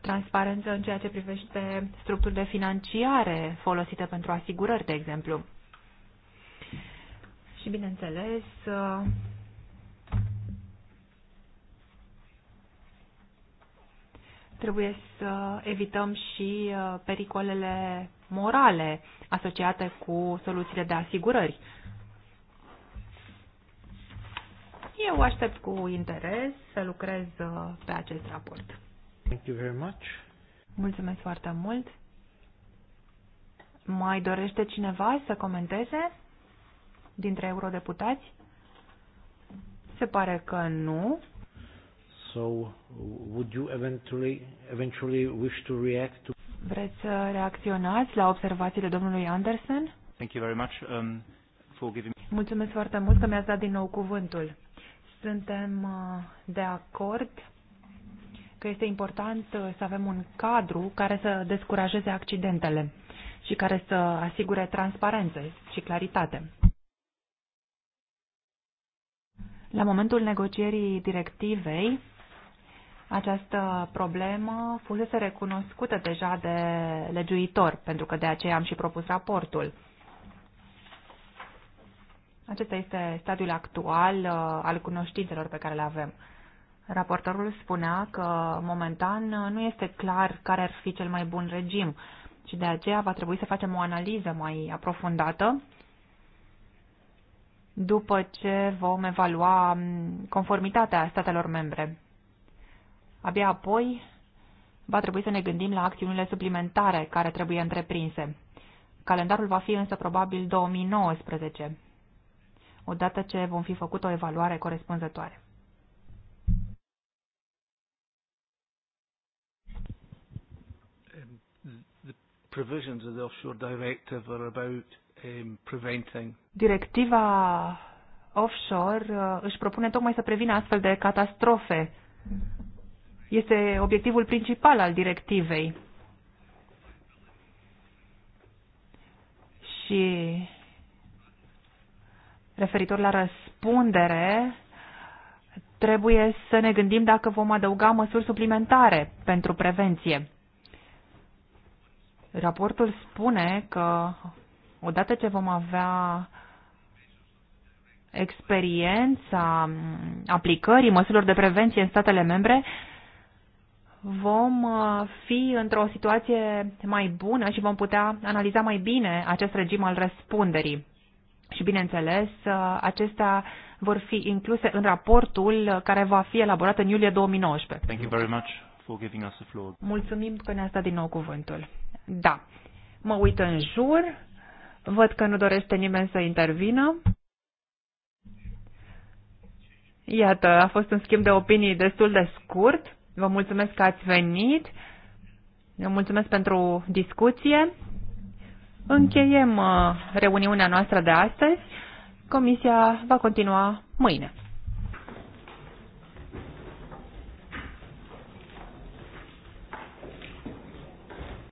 transparență în ceea ce privește structurile financiare folosite pentru asigurări, de exemplu. Și, bineînțeles, trebuie să evităm și uh, pericolele morale asociate cu soluțiile de asigurări. Eu aștept cu interes să lucrez uh, pe acest raport. Thank you very much. Mulțumesc foarte mult. Mai dorește cineva să comenteze dintre eurodeputați? Se pare că nu. So, would you eventually, eventually wish to react to... Vreți să reacționați la observațiile domnului Anderson? Thank you very much um, for giving... Mulțumesc foarte mult că mi-ați dat din nou cuvântul. Suntem uh, de acord că este important uh, să avem un cadru care să descurajeze accidentele și care să asigure transparență și claritate. La momentul negocierii directivei, această problemă fusese recunoscută deja de legiuitor, pentru că de aceea am și propus raportul. Acesta este stadiul actual uh, al cunoștințelor pe care le avem. Raportorul spunea că momentan uh, nu este clar care ar fi cel mai bun regim și de aceea va trebui să facem o analiză mai aprofundată după ce vom evalua um, conformitatea statelor membre. Abia apoi va trebui să ne gândim la acțiunile suplimentare care trebuie întreprinse. Calendarul va fi însă probabil 2019 odată ce vom fi făcut o evaluare corespunzătoare. Um, provisions of the offshore directive are about um, preventing. Directiva offshore uh, își propune tocmai să prevină astfel de catastrofe. Este obiectivul principal al directivei. Și referitor la răspundere, trebuie să ne gândim dacă vom adăuga măsuri suplimentare pentru prevenție. Raportul spune că odată ce vom avea experiența aplicării măsurilor de prevenție în statele membre, vom uh, fi într-o situație mai bună și vom putea analiza mai bine acest regim al răspunderii. Și, bineînțeles, uh, acestea vor fi incluse în raportul uh, care va fi elaborat în iulie 2019. Thank you very much for giving us the floor. Mulțumim că ne a stat din nou cuvântul. Da. Mă uit în jur, văd că nu dorește nimeni să intervină. Iată, a fost un schimb de opinii destul de scurt. Vă mulțumesc că ați venit. Vă mulțumesc pentru discuție încheiem uh, reuniunea noastră de astăzi. Comisia va continua mâine.